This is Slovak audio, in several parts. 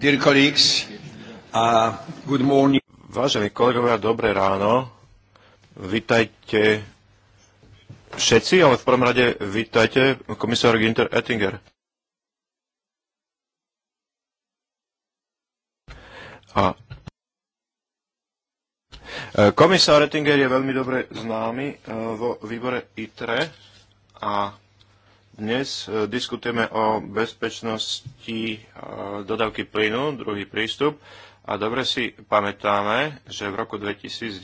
Dear colleagues, uh, good morning. Vážení kolegovia, dobré ráno. Vítajte všetci, ale v prvom rade vítajte e, komisár Ginter Ettinger. A Komisár Ettinger je veľmi dobre známy e, vo výbore ITRE a dnes e, diskutujeme o bezpečnosti e, dodávky plynu, druhý prístup. A dobre si pamätáme, že v roku 2010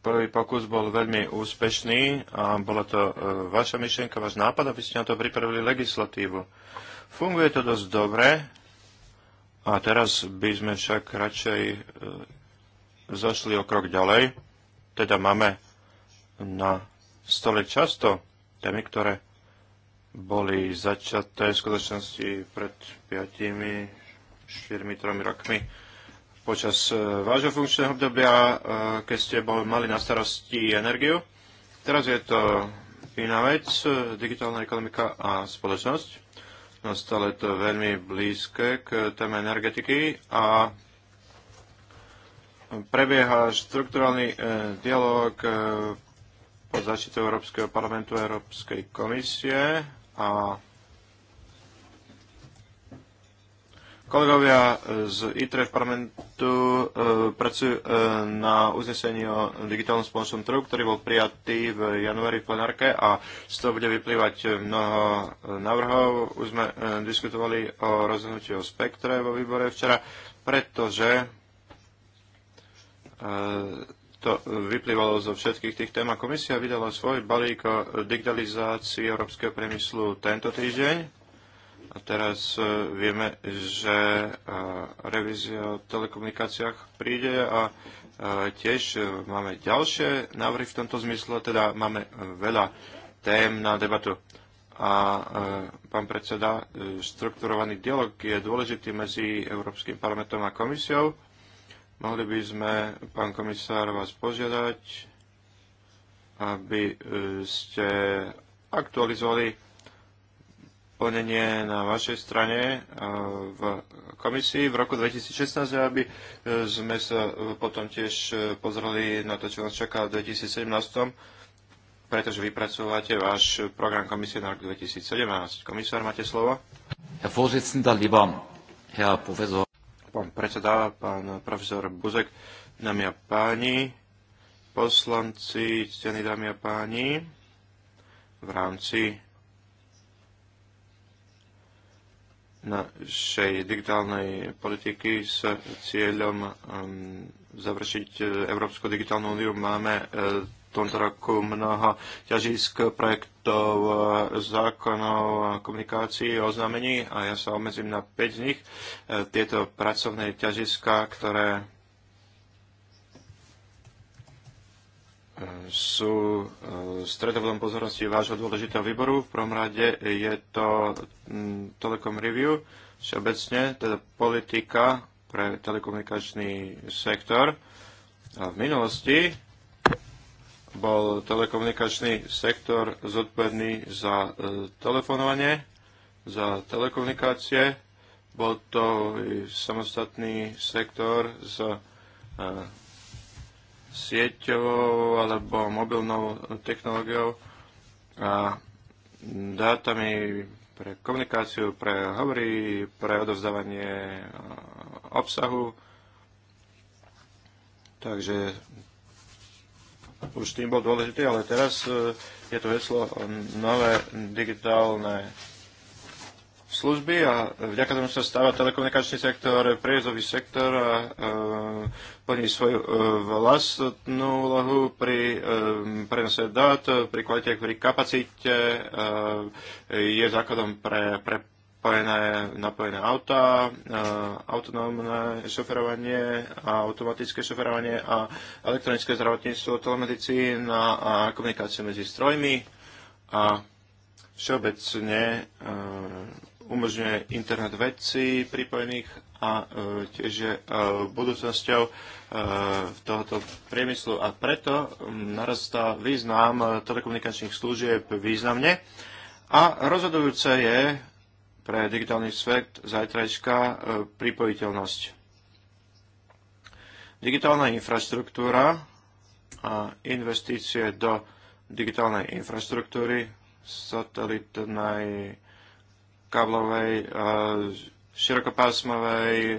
prvý pokus bol veľmi úspešný a bola to e, vaša myšlienka, váš nápad, aby ste na to pripravili legislatívu. Funguje to dosť dobre a teraz by sme však radšej zašli o krok ďalej. Teda máme na stole často témy, ktoré boli začaté v skutočnosti pred 5, 4, 3 rokmi. Počas e, vášho funkčného obdobia, e, keď ste bol, mali na starosti energiu, teraz je to iná vec, e, digitálna ekonomika a spoločnosť. No stále to veľmi blízke k téme energetiky a prebieha štrukturálny dialog zaštitu Európskeho parlamentu a Európskej komisie a kolegovia z ITRE v parlamentu e, pracujú e, na uznesení o digitálnom spoločnom trhu, ktorý bol prijatý v januári v plenárke a z toho bude vyplývať mnoho e, návrhov. Už sme diskutovali o rozhodnutí o spektre vo výbore včera, pretože to vyplývalo zo všetkých tých tém. Komisia vydala svoj balík o digitalizácii európskeho priemyslu tento týždeň. A teraz e, vieme, že e, revízia o telekomunikáciách príde a e, tiež máme ďalšie návrhy v tomto zmysle, teda máme veľa tém na debatu. A pán predseda, štrukturovaný dialog je dôležitý medzi Európskym parlamentom a komisiou Mohli by sme, pán komisár, vás požiadať, aby e, ste aktualizovali plnenie na vašej strane e, v komisii v roku 2016, aby e, sme sa potom tiež pozreli na to, čo nás čaká v 2017, pretože vypracovate váš program komisie na rok 2017. Komisár, máte slovo. Herr Vorsitzender, lieber Herr Professor pán predseda, pán profesor Buzek, dámy a páni, poslanci, ctení dámy a páni, v rámci našej digitálnej politiky s cieľom um, završiť Európsku digitálnu úniu máme eh, tomto mnoho ťažisk projektov, eh, zákonov, komunikácií, oznámení a ja sa obmedzím na 5 z nich. Eh, tieto pracovné ťažiska, ktoré eh, sú stredovodom pozornosti vášho dôležitého výboru. V prvom rade je to hm, Telekom Review, všeobecne, teda politika pre telekomunikačný sektor. A v minulosti bol telekomunikačný sektor zodpovedný za e, telefonovanie, za telekomunikácie. Bol to samostatný sektor s e, sieťovou alebo mobilnou technológiou a dátami pre komunikáciu, pre hovory, pre odovzdávanie e, obsahu. Takže už tým bol dôležitý, ale teraz e, je to heslo e, nové digitálne služby a vďaka tomu sa stáva telekomunikačný sektor, priezový sektor a e, plní svoju e, vlastnú úlohu pri e, prenose dát, pri kvalite, pri kapacite e, je základom pre, pre napojené, napojené auta, e, autonómne šoferovanie a automatické šoferovanie a elektronické zdravotníctvo, telemedicína a komunikácia medzi strojmi a všeobecne e, umožňuje internet vecí pripojených a e, tiež je budúcnosťou v tohoto priemyslu a preto narastá význam telekomunikačných služieb významne. A rozhodujúce je, pre digitálny svet zajtrajška e, pripojiteľnosť. Digitálna infraštruktúra a investície do digitálnej infraštruktúry, satelitnej, káblovej, e, širokopásmovej, e,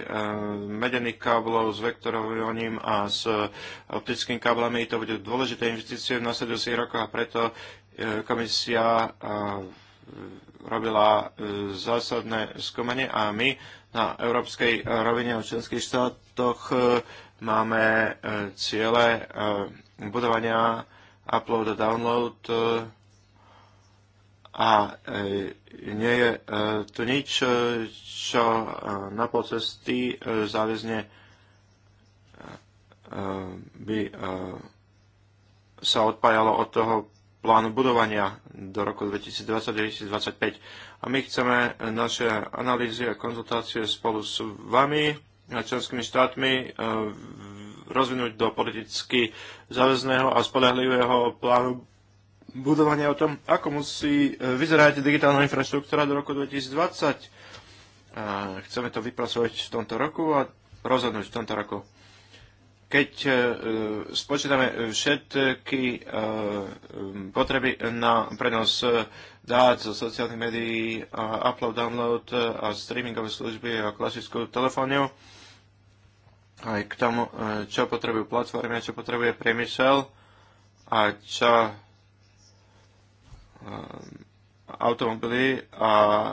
medených káblov s vektorovaním a s optickými káblami. To bude dôležité investície v nasledujúcich rokoch a preto komisia robila e, zásadné skúmanie a my na európskej rovine a členských štátoch e, máme e, ciele budovania upload a download a nie je tu nič, čo na pol záväzne by sa odpájalo od toho plánu budovania do roku 2020-2025. A my chceme naše analýzy a konzultácie spolu s vami a členskými štátmi e, rozvinúť do politicky záväzného a spolahlivého plánu budovania o tom, ako musí e, vyzerať digitálna infraštruktúra do roku 2020. chceme to vypracovať v tomto roku a rozhodnúť v tomto roku keď e, spočítame všetky e, potreby na prenos dát zo sociálnych médií, upload, download a streamingové služby a klasickú telefóniu, aj k tomu, e, čo potrebujú platformy a čo potrebuje priemysel a čo automobily a e,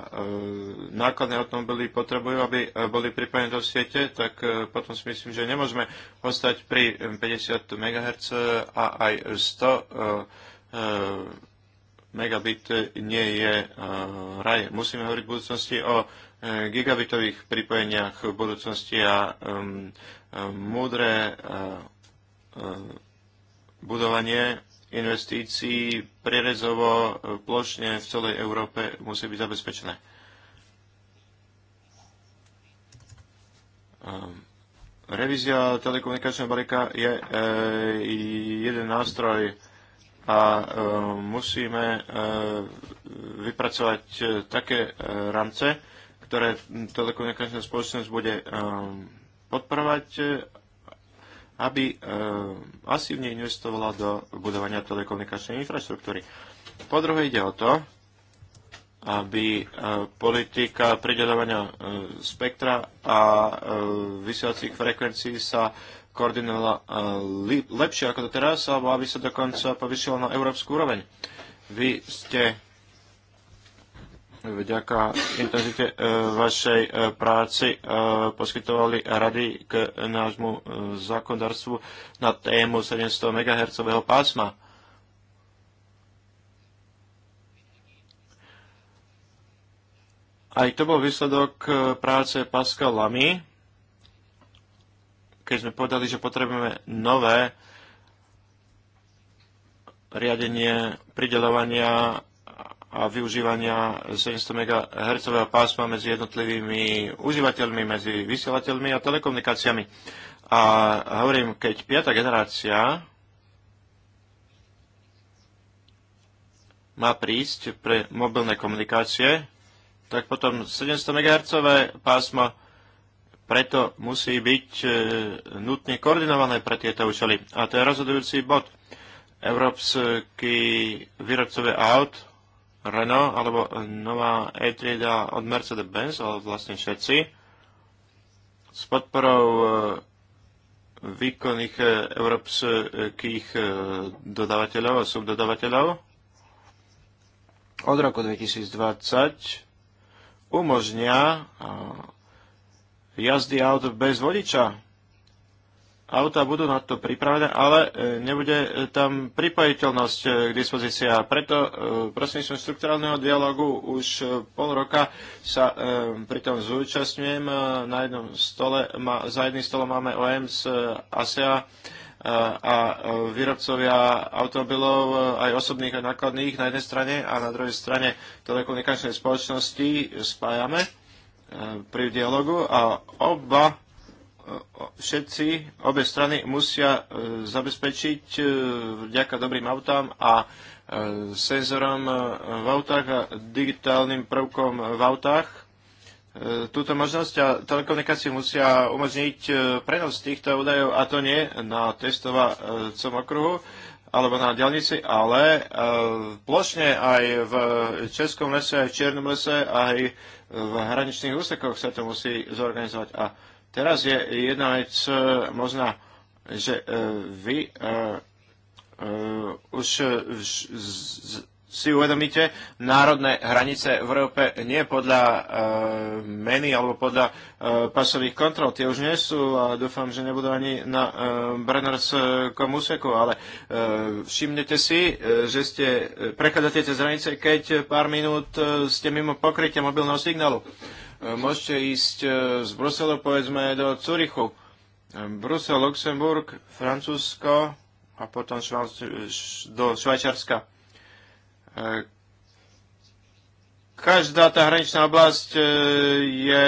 nákladné automobily potrebujú, aby e, boli pripojené do siete, tak e, potom si myslím, že nemôžeme ostať pri 50 MHz a aj 100 megabit nie je raj. Musíme hovoriť v budúcnosti o gigabitových pripojeniach v budúcnosti a múdre budovanie investícií prerezovo e, plošne v celej Európe musí byť zabezpečené. Ehm, revízia telekomunikačného balíka je e, jeden nástroj a e, musíme vypracovať také rámce, ktoré telekomunikačná spoločnosť bude ehm, podporovať aby eh, masívne investovala do budovania telekomunikačnej infraštruktúry. Po druhé ide o to, aby eh, politika pridelovania eh, spektra a vysielacích frekvencií sa koordinovala lepšie ako to teraz, alebo aby sa dokonca povyšila na európsku úroveň. Vy ste vďaka intenzite e, vašej e, práci e, poskytovali rady k nášmu zákonodárstvu na tému 700 MHz pásma. Aj to bol výsledok práce Pascal Lamy, keď sme povedali, že potrebujeme nové riadenie pridelovania a využívania 700 MHz pásma medzi jednotlivými užívateľmi, medzi vysielateľmi a telekomunikáciami. A hovorím, keď 5. generácia má prísť pre mobilné komunikácie, tak potom 700 MHz pásmo preto musí byť e, nutne koordinované pre tieto účely. A to je rozhodujúci bod. Európsky výrobcové aut Renault alebo nová e od Mercedes-Benz, ale vlastne všetci, s podporou e, výkonných e, európskych e, dodávateľov a subdodávateľov od roku 2020 umožňa jazdy aut bez vodiča auta budú na to pripravené, ale e, nebude tam pripojiteľnosť e, k dispozícii a preto e, som strukturálneho dialogu už pol roka sa pritom zúčastňujem. Na jednom stole, za jedným stolom máme OEMS, ASEA, a výrobcovia automobilov, aj osobných a nákladných na jednej strane a na druhej strane telekomunikačnej spoločnosti spájame pri dialogu a oba všetci, obe strany musia e, zabezpečiť e, vďaka dobrým autám a e, senzorom v autách a digitálnym prvkom v autách túto možnosť a telekomunikácie musia umožniť prenos týchto údajov a to nie na testovacom okruhu alebo na diálnici, ale plošne aj v Českom lese, aj v Čiernom lese, aj v hraničných úsekoch sa to musí zorganizovať. A Teraz je jedna vec e, možná, že e, vy e, už si uvedomíte, národné hranice v Európe nie podľa meny alebo podľa pasových kontrol. Tie už nie sú a dúfam, že nebudú ani na e, Brennerskom úseku, ale všimnete si, že ste prechádzate cez hranice, keď pár minút ste mimo pokrytia mobilného signálu. E, môžete ísť e, z Bruselu, povedzme, do Curichu. E, Brusel, Luxemburg, Francúzsko a potom do Švajčarska. Každá tá hraničná oblasť je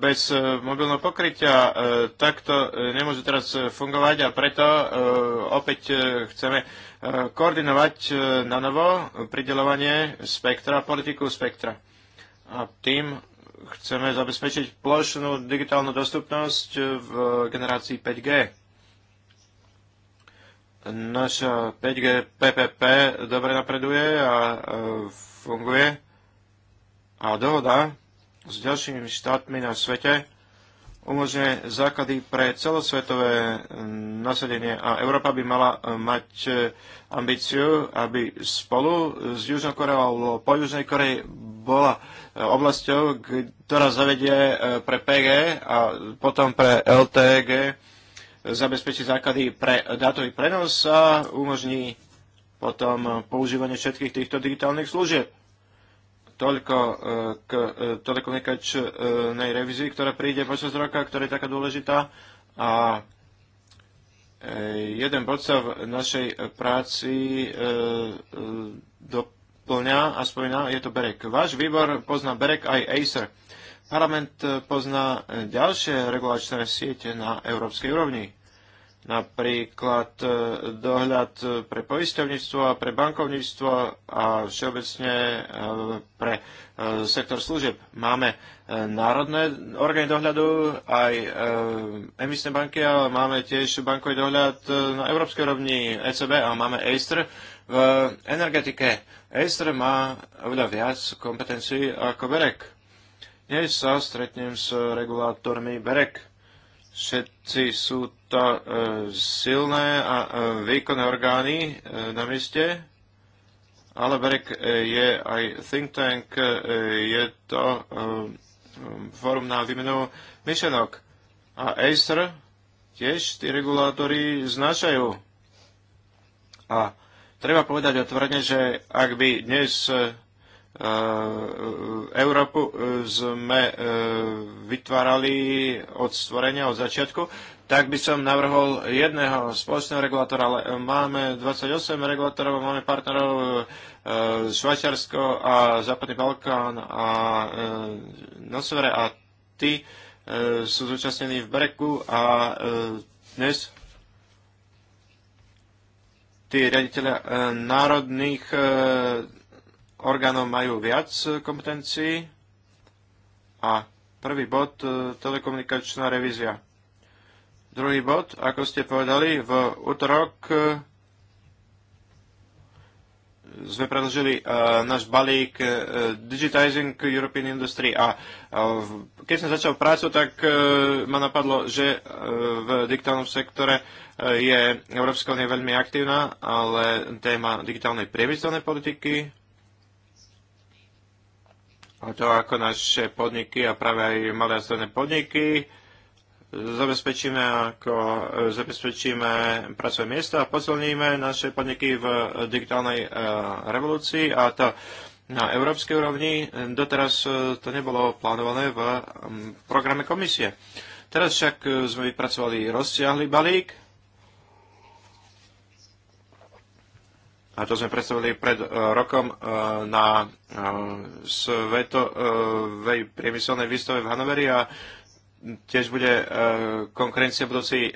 bez mobilného pokrytia. Takto nemôže teraz fungovať a preto opäť chceme koordinovať na novo pridelovanie spektra, politiku spektra. A tým chceme zabezpečiť plošnú digitálnu dostupnosť v generácii 5G. Naša 5G PPP dobre napreduje a e, funguje. A dohoda s ďalšími štátmi na svete umožňuje základy pre celosvetové e, nasadenie a Európa by mala e, mať ambíciu, aby spolu s Južnou Koreou alebo po Južnej Koreji bola oblasťou, ktorá zavedie e, pre PG a potom pre LTG zabezpečí základy pre dátový prenos a umožní potom používanie všetkých týchto digitálnych služieb. Toľko e, k e, telekomunikačnej revizii, ktorá príde počas roka, ktorá je taká dôležitá. A jeden bod sa v našej práci do plňa a je to Berek. Váš výbor pozná Berek aj Acer. Parlament e, pozná e, ďalšie regulačné siete na európskej úrovni. Napríklad e, dohľad pre poisťovníctvo a pre bankovníctvo a všeobecne pre sektor služieb. Máme národné orgány dohľadu, aj emisné banky, ale máme tiež bankový dohľad na európskej úrovni ECB a máme EISTR v energetike Ester má oveľa viac kompetencií ako Berek. Dnes sa stretnem s regulátormi Berek. Všetci sú to e, silné a e, výkonné orgány e, na mieste, ale Berek e, je aj think tank, e, je to e, fórum na výmenu myšlenok. A Acer tiež tí regulátori značajú. A Treba povedať otvorene, že ak by dnes e, e, Európu e, sme vytvárali od stvorenia, od začiatku, tak by som navrhol jedného spoločného regulátora, ale máme 28 regulátorov, máme partnerov Švajčiarsko a Západný Balkán a na severe a tí sú zúčastnení v Breku a dnes tí riaditeľe e, národných e, orgánov majú viac e, kompetencií. A prvý bod, telekomunikačná revízia. Druhý bod, ako ste povedali, v útorok sme predložili eh, náš balík eh, Digitizing European Industry a eh, keď som začal prácu, tak ma napadlo, že v digitálnom sektore je Európska unia veľmi aktívna, ale téma digitálnej priemyselnej politiky a to ako naše podniky a práve aj malé a stredné podniky zabezpečíme, ako e, zabezpečíme pracové miesta a posilníme naše podniky v digitálnej e, revolúcii a to na európskej úrovni doteraz e, to nebolo plánované v programe komisie. Teraz však sme vypracovali rozsiahly balík a to sme predstavili pred rokom na svetovej priemyselnej výstave v Hanoveri a tiež bude e, konkurencia budúci e,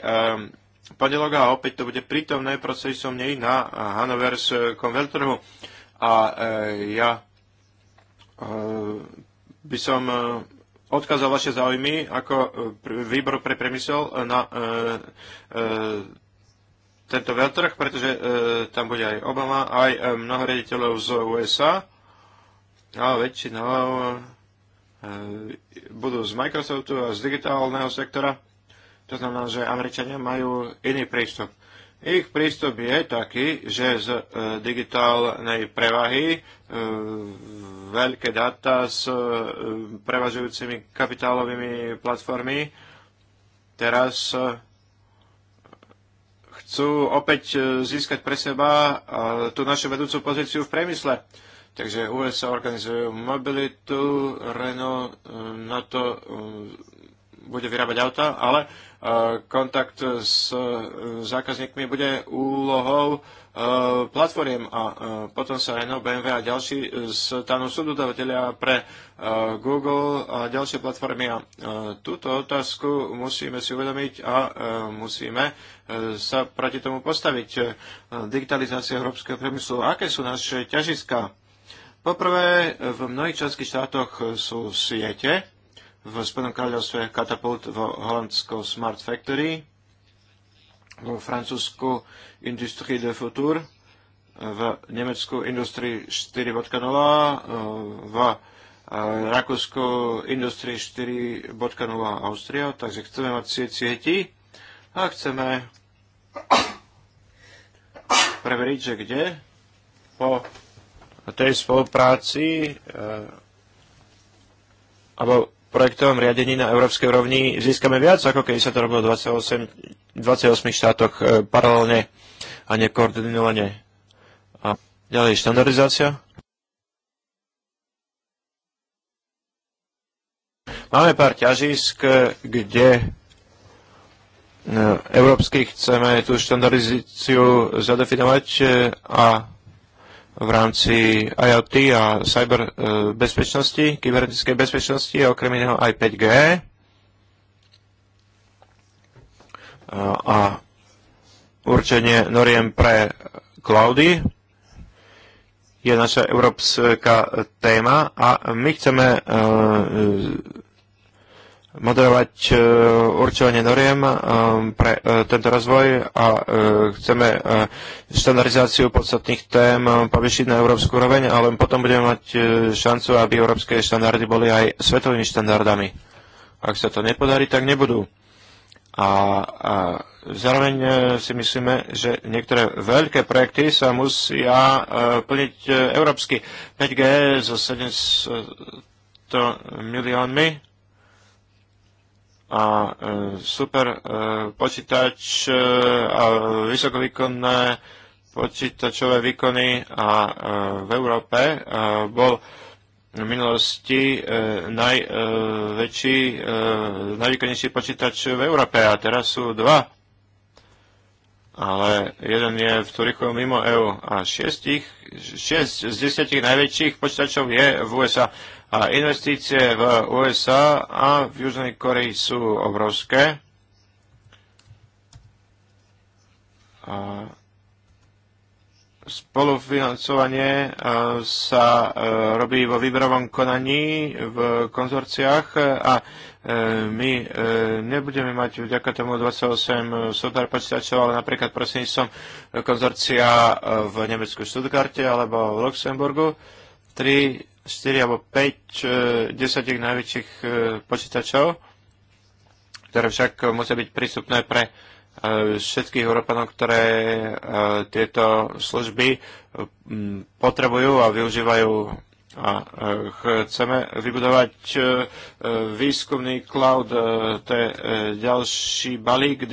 pondelok a opäť to bude prítomné procesom nej na Hanovers konvertrhu. A e, ja by som odkázal vaše záujmy ako výbor pre premysel na tento veľtrh, pretože tam bude aj Obama, aj mnoho rediteľov z USA a väčšinou Eh, budú z Microsoftu a z digitálneho sektora. To znamená, že Američania majú iný prístup. Ich prístup je taký, že z eh, digitálnej prevahy eh, veľké dáta s prevažujúcimi kapitálovými platformy teraz chcú opäť získať pre seba tú našu vedúcu pozíciu v priemysle. Takže USA organizujú mobilitu, Renault eh, na to eh, bude vyrábať auta, ale eh, kontakt s zákazníkmi bude úlohou platformiem a potom sa Renault, BMW a ďalší stanú subdodávateľia pre Google a ďalšie platformy. A túto otázku musíme si uvedomiť a musíme sa proti tomu postaviť. Digitalizácia európskeho priemyslu. Aké sú naše ťažiska? Poprvé, v mnohých členských štátoch sú siete, v Spodnom kráľovstve Katapult, v Holandsku Smart Factory, v Francúzsku Industrie de Futur, v Nemecku Industrie 4.0, v Rakúsku Industrie 4.0 Austria, takže chceme mať sieti a chceme preveriť, že kde po tej spolupráci eh, alebo projektovom riadení na európskej úrovni získame viac, ako keď sa to robilo v 28, 28 štátoch eh, paralelne a nekoordinovane. A ďalej štandardizácia. Máme pár ťažisk, kde eh, európsky chceme tú štandardizáciu zadefinovať a v rámci IoT a cyber e, bezpečnosti, kybernetickej bezpečnosti a okrem iného aj 5G. E, a určenie noriem pre cloudy je naša európska téma a my chceme e, moderovať e, určovanie noriem e, pre e, tento rozvoj a chceme štandardizáciu podstatných tém povyšiť na európsku úroveň, ale potom budeme mať šancu, aby európske štandardy boli aj svetovými štandardami. Ak sa to nepodarí, tak nebudú. A, a zároveň si myslíme, že niektoré veľké projekty sa musia plniť európsky. 5G so 700 miliónmi a e, super e, počítač e, a vysokovýkonné počítačové výkony a v Európe bol v minulosti najväčší, najvýkonnejší počítač v Európe a teraz sú dva ale jeden je v Turiku mimo EU a šiestich, šest z desiatich najväčších počítačov je v USA. A investície v USA a v Južnej Koreji sú obrovské. A spolufinancovanie e, sa e, robí vo výberovom konaní v konzorciách a e, my nebudeme mať vďaka tomu 28 sodár počítačov, ale napríklad som konzorcia v Nemecku Stuttgarte alebo v Luxemburgu 3, 4 alebo 5 desiatich najväčších počítačov, ktoré však musia byť prístupné pre E, všetkých Európanov, ktoré e, tieto služby e, potrebujú a využívajú. A chceme vybudovať výskumný cloud, to je ďalší balík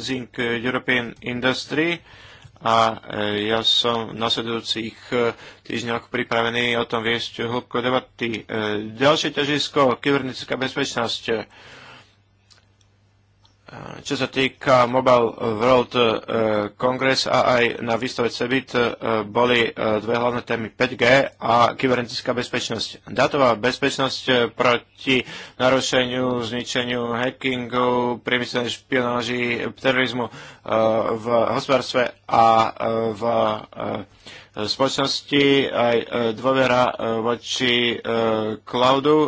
Zinc European Industry a ja som v nasledujúcich týždňoch pripravený o tom viesť hlubko debaty. Ďalšie ťažisko, kybernetická bezpečnosť čo sa týka Mobile World Congress e, a aj na výstave CEBIT e, boli e, dve hlavné témy 5G a kybernetická bezpečnosť. Dátová bezpečnosť proti narušeniu, zničeniu, hackingu, priemyselnej špionáži, terorizmu v hospodárstve a v spoločnosti aj dôvera voči cloudu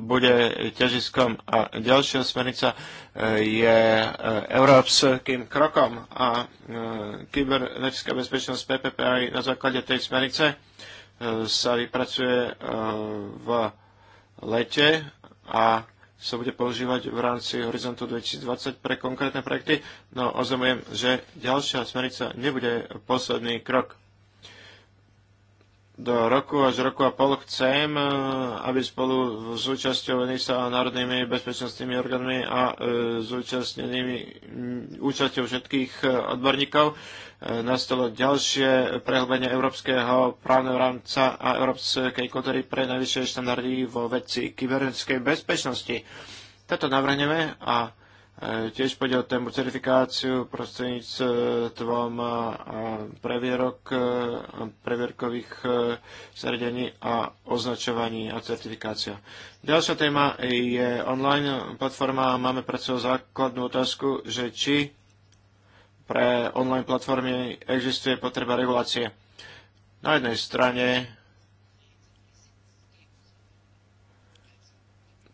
bude ťažiskom a ďalšia smernica je eh, európskym krokom a eh, kybernetická bezpečnosť PPP aj na základe tej smernice eh, sa vypracuje v lete a sa bude používať v rámci Horizontu 2020 pre konkrétne projekty. No ozumiem, že ďalšia smernica nebude posledný krok do roku až roku a pol chcem, e, aby spolu s účasťovaní sa národnými bezpečnostnými orgánmi a e, zúčastnenými účasťou všetkých e, odborníkov nastalo ďalšie prehlbenie európskeho právneho rámca a európskej kultúry pre najvyššie štandardy vo veci kybernetickej bezpečnosti. Toto navrhneme a Eh, tiež pôjde o tému certifikáciu prostredníctvom eh, previerok, eh, previerkových zariadení a označovaní a certifikácia. Ďalšia téma je online platforma. Máme pred sebou základnú otázku, že či pre online platformy existuje potreba regulácie. Na jednej strane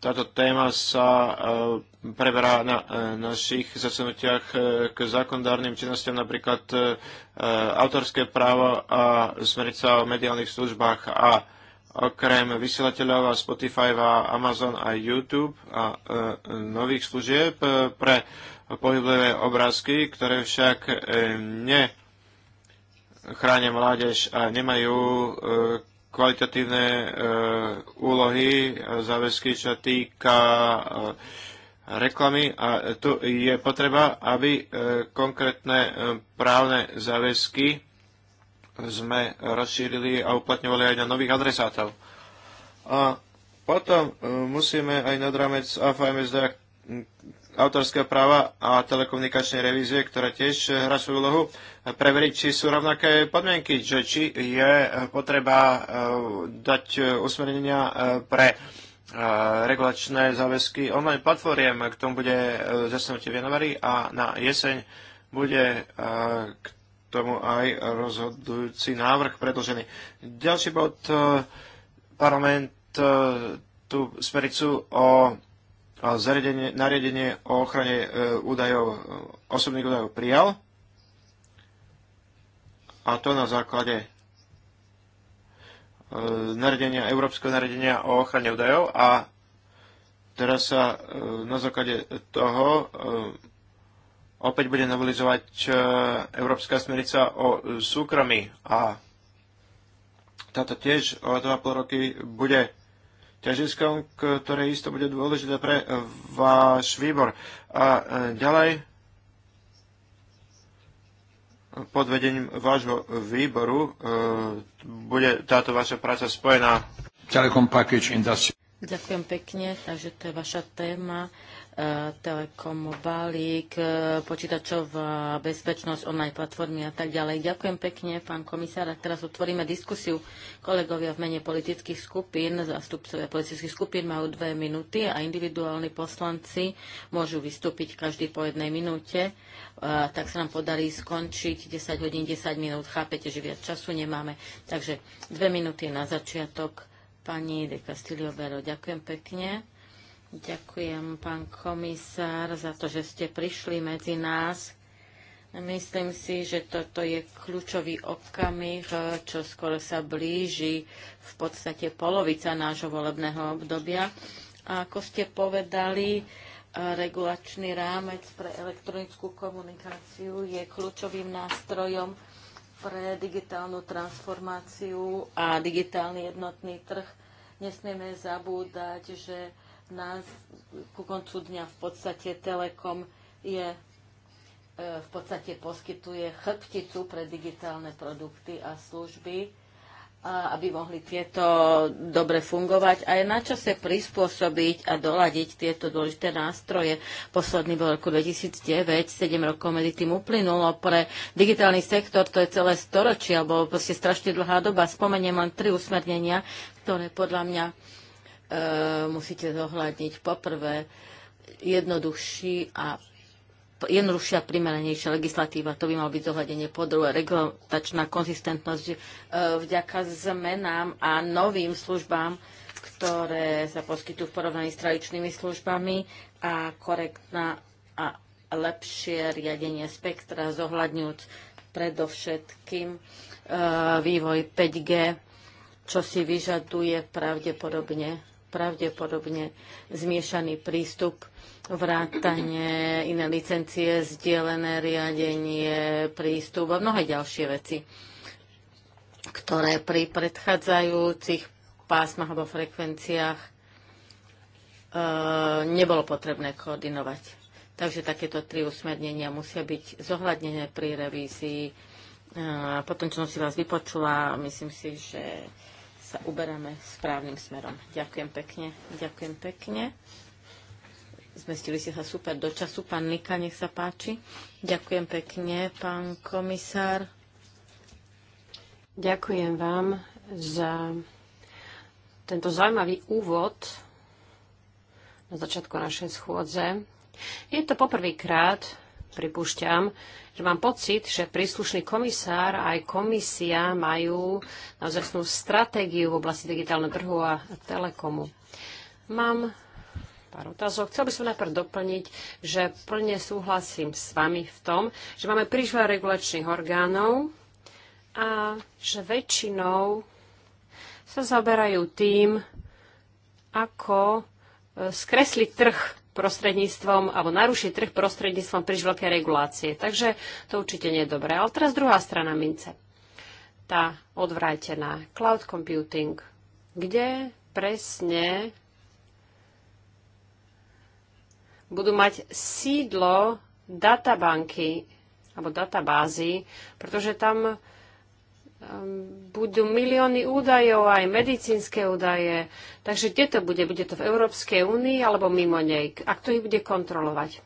Táto téma sa e, preberá na e, našich zasenutiach e, k zákondárnym činnostiam, napríklad autorské právo a smerica o mediálnych službách a okrem vysielateľov a Spotify a Amazon a YouTube a nových služieb pre pohyblivé obrázky, ktoré však nechránia mládež a nemajú kvalitatívne e, úlohy, záväzky, čo týka e, reklamy a tu je potreba, aby e, konkrétne e, právne záväzky sme rozšírili a uplatňovali aj na nových adresátov. A potom e, musíme aj nad rámec AFMSD autorského práva a telekomunikačnej revízie, ktorá tiež eh, hrá svoju úlohu, preveriť, či sú rovnaké podmienky, že či je eh, potreba eh, dať usmernenia pre regulačné záväzky online platformiem. K tomu bude zasnutie v januári a na jeseň bude k tomu aj rozhodujúci návrh predložený. Ďalší bod parlament tú smericu o nariadenie o ochrane e, údajov, osobných údajov prijal a to na základe e, nariadenia, Európskeho nariadenia o ochrane údajov a teraz sa e, na základe toho opäť bude novelizovať Európska smernica o súkromí a táto tiež o 2,5 roky bude ťažiskom, ktoré isto bude dôležité pre váš výbor. A e, ďalej, pod vedením vášho výboru, e, bude táto vaša práca spojená. Ďakujem pekne, takže to je vaša téma Eh, Telekom balík, eh, počítačová eh, bezpečnosť, online platformy a tak ďalej. Ďakujem pekne, pán komisár. A teraz otvoríme diskusiu. Kolegovia v mene politických skupín, zástupcovia politických skupín majú dve minúty a individuálni poslanci môžu vystúpiť každý po jednej minúte. Tak sa nám podarí skončiť 10 hodín, 10 minút. Chápete, že viac času nemáme. Takže dve minúty na začiatok. Pani de Castillo Vero, ďakujem pekne. Ďakujem, pán komisár, za to, že ste prišli medzi nás. Myslím si, že toto je kľúčový okamih, čo skoro sa blíži v podstate polovica nášho volebného obdobia. A ako ste povedali, regulačný rámec pre elektronickú komunikáciu je kľúčovým nástrojom pre digitálnu transformáciu a digitálny jednotný trh. Nesmieme zabúdať, že na, ku koncu dňa v podstate Telekom je e, v podstate poskytuje chrbticu pre digitálne produkty a služby, aby mohli tieto dobre fungovať a je na čase prispôsobiť a doladiť tieto dôležité nástroje. Posledný bol roku 2009, 7 rokov medzi tým uplynulo pre digitálny sektor, to je celé storočie, alebo proste strašne dlhá doba. Spomeniem len tri usmernenia, ktoré podľa mňa E, musíte zohľadniť poprvé jednoduchší a jednoduchšia primeranejšia legislatíva, to by mal byť zohľadenie po druhé, regulačná konzistentnosť e, vďaka zmenám a novým službám, ktoré sa poskytujú v porovnaní s tradičnými službami a korektná a lepšie riadenie spektra, zohľadňujúc predovšetkým e, vývoj 5G, čo si vyžaduje pravdepodobne pravdepodobne zmiešaný prístup vrátanie, iné licencie, zdielené riadenie, prístup a mnohé ďalšie veci, ktoré pri predchádzajúcich pásmach alebo frekvenciách e, nebolo potrebné koordinovať. Takže takéto tri usmernenia musia byť zohľadnené pri revízii. E, potom, čo som si vás vypočula, myslím si, že sa uberáme správnym smerom. Ďakujem pekne. Ďakujem pekne. Zmestili ste sa super do času. Pán Nika, nech sa páči. Ďakujem pekne, pán komisár. Ďakujem vám za tento zaujímavý úvod na začiatku našej schôdze. Je to poprvýkrát, pripúšťam, že mám pocit, že príslušný komisár a aj komisia majú naozaj stratégiu v oblasti digitálneho trhu a telekomu. Mám pár otázok. Chcel by som najprv doplniť, že plne súhlasím s vami v tom, že máme príliš veľa regulačných orgánov a že väčšinou sa zaberajú tým, ako e, skresliť trh prostredníctvom, alebo narušiť trh prostredníctvom príliš veľkej regulácie. Takže to určite nie je dobré. Ale teraz druhá strana mince. Tá odvrátená. Cloud computing. Kde presne budú mať sídlo databanky alebo databázy, pretože tam Ehm, budú milióny údajov, aj medicínske údaje. Takže kde to bude? Bude to v Európskej únii alebo mimo nej? A kto ich bude kontrolovať?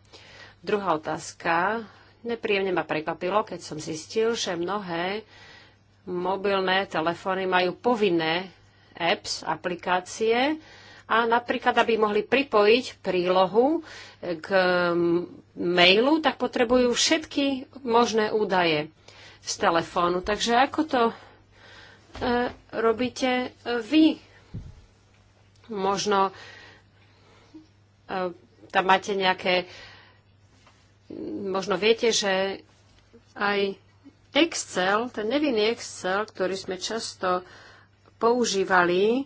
Druhá otázka. Nepríjemne ma prekvapilo, keď som zistil, že mnohé mobilné telefóny majú povinné apps, aplikácie a napríklad, aby mohli pripojiť prílohu k mailu, tak potrebujú všetky možné údaje z telefónu. Takže ako to e, robíte vy? Možno e, tam máte nejaké, možno viete, že aj Excel, ten nevinný Excel, ktorý sme často používali,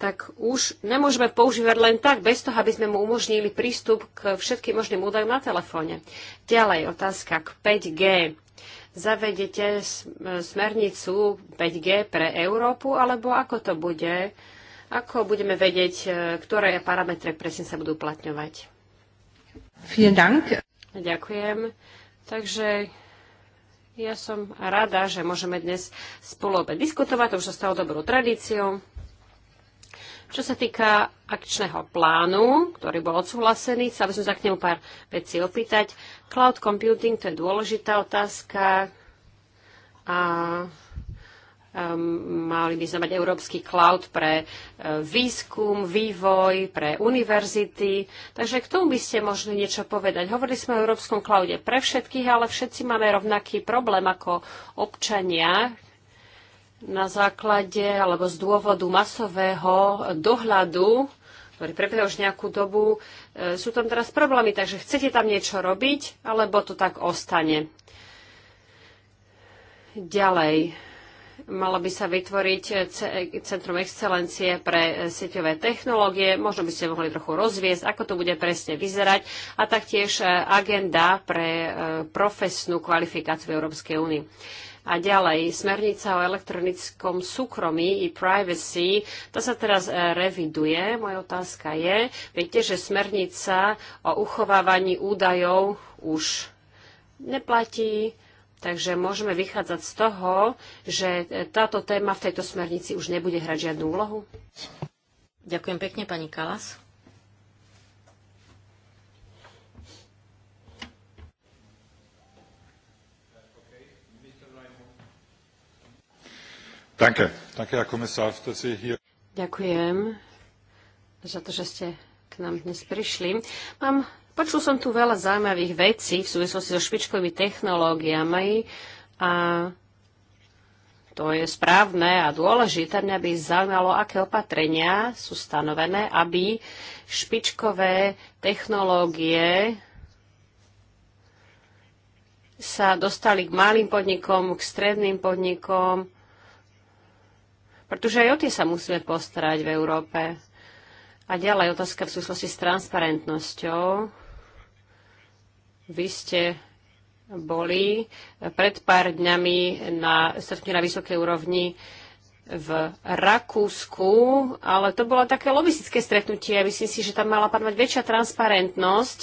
tak už nemôžeme používať len tak, bez toho, aby sme mu umožnili prístup k všetkým možným údajom na telefóne. Ďalej otázka k 5G zavedete smernicu 5G pre Európu, alebo ako to bude? Ako budeme vedieť, e, ktoré parametre presne sa budú uplatňovať? Ďakujem. Takže ja som rada, že môžeme dnes spolu diskutovať, to už sa stalo dobrou tradíciou. Čo sa týka akčného plánu, ktorý bol odsúhlasený, sa by som sa k nemu pár vecí opýtať. Cloud computing to je dôležitá otázka a um, mali by sme mať európsky cloud pre uh, výskum, vývoj, pre univerzity. Takže k tomu by ste možno niečo povedať. Hovorili sme o európskom cloude pre všetkých, ale všetci máme rovnaký problém ako občania, na základe alebo z dôvodu masového dohľadu, ktorý prebieha už nejakú dobu, e, sú tam teraz problémy, takže chcete tam niečo robiť, alebo to tak ostane. Ďalej, malo by sa vytvoriť e, Centrum excelencie pre e, sieťové technológie. Možno by ste mohli trochu rozviesť, ako to bude presne vyzerať a taktiež agenda pre profesnú kvalifikáciu v Európskej únii. A ďalej, smernica o elektronickom súkromí i privacy, to sa teraz e, reviduje. Moja otázka je, viete, že smernica o uchovávaní údajov už neplatí, takže môžeme vychádzať z toho, že e, táto téma v tejto smernici už nebude hrať žiadnu úlohu? Ďakujem pekne, pani Kalas. Danke. Danke, Herr Kommissar, dass Sie hier... Ďakujem za to, že ste k nám dnes prišli. Mám, počul som tu veľa zaujímavých vecí v súvislosti so špičkovými technológiami a to je správne a dôležité. Mňa by zaujímalo, aké opatrenia sú stanovené, aby špičkové technológie sa dostali k malým podnikom, k stredným podnikom, pretože aj o tie sa musíme postarať v Európe. A ďalej otázka v súvislosti s transparentnosťou. Vy ste boli pred pár dňami na stretnutí na vysokej úrovni v Rakúsku, ale to bolo také lobistické stretnutie. Ja myslím si, že tam mala padnúť väčšia transparentnosť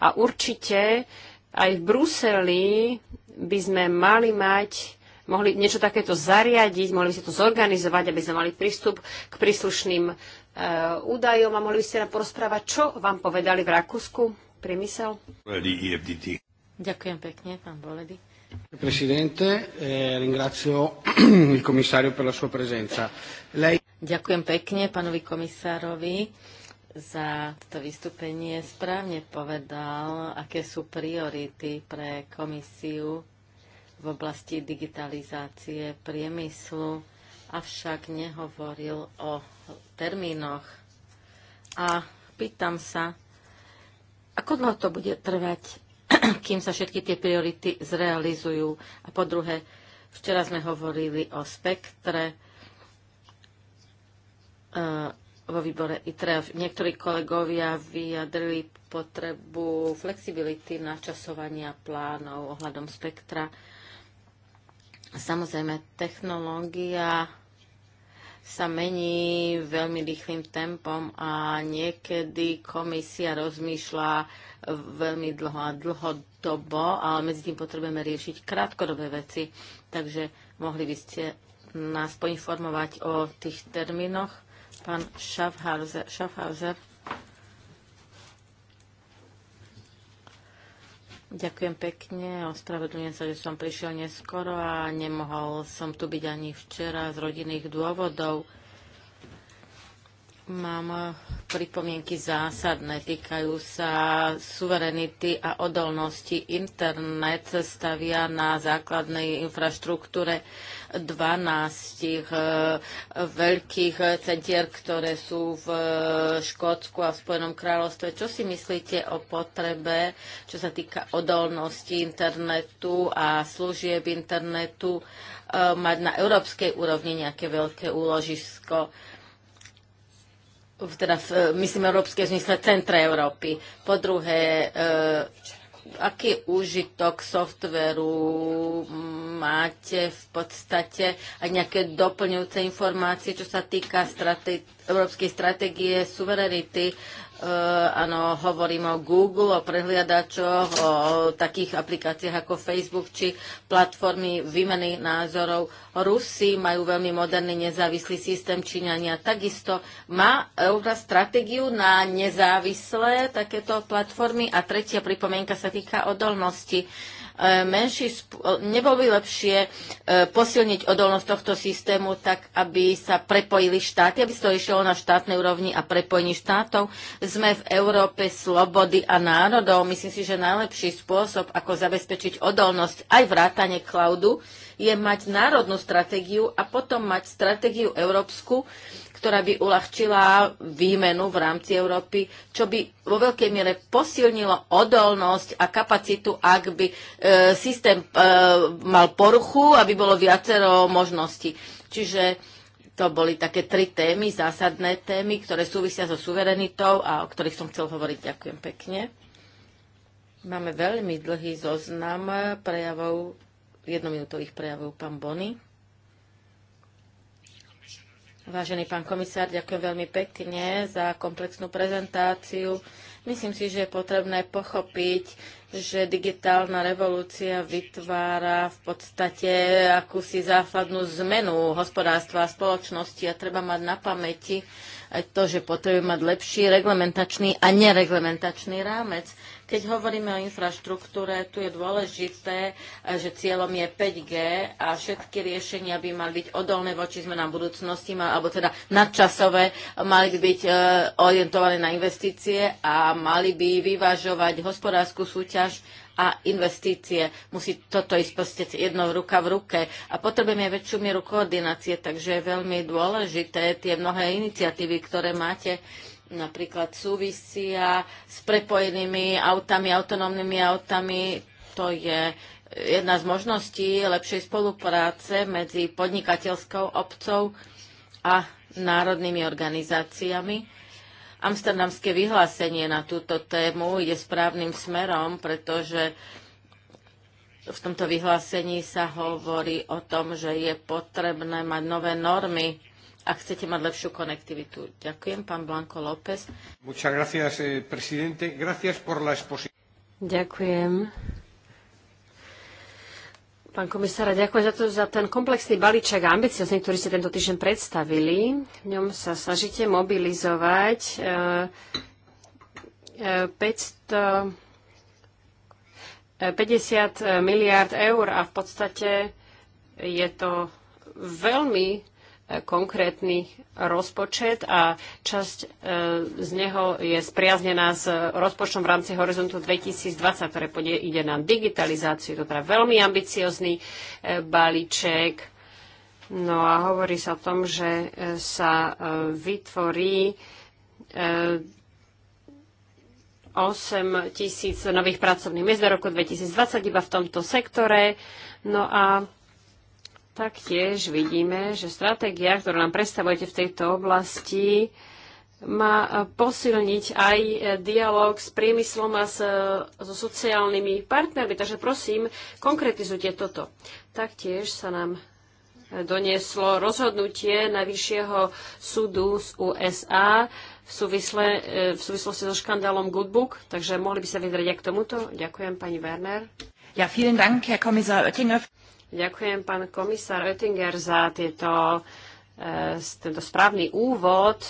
a určite aj v Bruseli by sme mali mať mohli niečo takéto zariadiť, mohli by ste to zorganizovať, aby sme mali prístup k príslušným e, údajom a mohli by ste nám porozprávať, čo vám povedali v Rakúsku priemysel. Ďakujem pekne, pán Boledy. Presidente, eh, il commissario per la sua presenza. Lei... Ďakujem pekne pánovi komisárovi za toto vystúpenie. Správne povedal, aké sú priority pre komisiu v oblasti digitalizácie priemyslu, avšak nehovoril o termínoch. A pýtam sa, ako dlho to bude trvať, kým sa všetky tie priority zrealizujú? A po druhé, včera sme hovorili o spektre, e, vo výbore ITRE. Niektorí kolegovia vyjadrili potrebu flexibility na časovania plánov ohľadom spektra. Samozrejme, technológia sa mení veľmi rýchlým tempom a niekedy komisia rozmýšľa veľmi dlho a dlhodobo, ale medzi tým potrebujeme riešiť krátkodobé veci. Takže mohli by ste nás poinformovať o tých termínoch. Pán Schaffhauser. Schaffhauser. Ďakujem pekne, ospravedlňujem sa, že som prišiel neskoro a nemohol som tu byť ani včera z rodinných dôvodov. Mám eh, pripomienky zásadné, týkajú sa suverenity a odolnosti. Internet stavia na základnej infraštruktúre 12 eh, veľkých centier, ktoré sú v eh, Škótsku a v Spojenom kráľovstve. Čo si myslíte o potrebe, čo sa týka odolnosti internetu a služieb internetu, mať na európskej úrovni nejaké veľké úložisko? v, teda v, e, myslím európske v zmysle centra Európy. Po druhé, uh, aký úžitok softveru máte v podstate a nejaké doplňujúce informácie, čo sa týka strate- európskej stratégie suverenity Eh, áno, hovorím o Google, o prehliadačoch, o takých aplikáciách ako Facebook či platformy výmeny názorov. Rusi majú veľmi moderný nezávislý systém Číňania. Takisto má Európa stratégiu na nezávislé takéto platformy. A tretia pripomienka sa týka odolnosti. E, menší, e, nebol by lepšie e, posilniť odolnosť tohto systému tak, aby sa prepojili štáty, aby to išlo na štátnej úrovni a prepojení štátov. Sme v Európe slobody a národov. Myslím si, že najlepší spôsob, ako zabezpečiť odolnosť aj vrátane cloudu, je mať národnú stratégiu a potom mať stratégiu európsku, ktorá by uľahčila výmenu v rámci Európy, čo by vo veľkej miere posilnilo odolnosť a kapacitu, ak by e, systém e, mal poruchu, aby bolo viacero možností. Čiže to boli také tri témy, zásadné témy, ktoré súvisia so suverenitou a o ktorých som chcel hovoriť. Ďakujem pekne. Máme veľmi dlhý zoznam prejavov, jednominútových prejavov, pán Bony. Vážený pán komisár, ďakujem veľmi pekne za komplexnú prezentáciu. Myslím si, že je potrebné pochopiť, že digitálna revolúcia vytvára v podstate akúsi základnú zmenu hospodárstva a spoločnosti a treba mať na pamäti aj to, že potrebujeme mať lepší reglementačný a nereglementačný rámec. Keď hovoríme o infraštruktúre, tu je dôležité, eh, že cieľom je 5G a všetky riešenia by mali byť odolné voči zmenám budúcnosti, alebo teda nadčasové, mali by byť eh, orientované na investície a mali by vyvážovať hospodárskú súťaž a investície. Musí toto ísť proste jedno ruka v ruke. A potrebujeme väčšiu mieru koordinácie, takže je veľmi dôležité tie mnohé iniciatívy, ktoré máte napríklad súvisia s prepojenými autami, autonómnymi autami. To je jedna z možností lepšej spolupráce medzi podnikateľskou obcov a národnými organizáciami. Amsterdamské vyhlásenie na túto tému je správnym smerom, pretože v tomto vyhlásení sa hovorí o tom, že je potrebné mať nové normy ak chcete mať lepšiu konektivitu. Ďakujem, pán Blanko López. Gracias, eh, gracias ďakujem. Pán komisára, ďakujem za, to, za ten komplexný balíček a ambiciozný, ktorý ste tento týždeň predstavili. V ňom sa snažíte mobilizovať 500 50 miliard eur a v podstate je to veľmi konkrétny rozpočet a časť e, z neho je spriaznená s rozpočtom v rámci Horizontu 2020, ktoré ide na digitalizáciu. Je to teda veľmi ambiciozný e, balíček. No a hovorí sa o tom, že e, sa vytvorí 8 tisíc nových pracovných miest do roku 2020 iba v tomto sektore. No a taktiež vidíme, že stratégia, ktorú nám predstavujete v tejto oblasti, má posilniť aj dialog s priemyslom a so sociálnymi partnermi. Takže prosím, konkretizujte toto. Taktiež sa nám donieslo rozhodnutie Najvyššieho súdu z USA v, súvisle, v súvislosti so škandálom Goodbook, takže mohli by sa vyzrieť aj k tomuto. Ďakujem, pani Werner. Ja, vielen Dank, Herr Kommissar Oettinger. Ďakujem, pán komisár Oettinger, za tieto e, tento správny úvod e,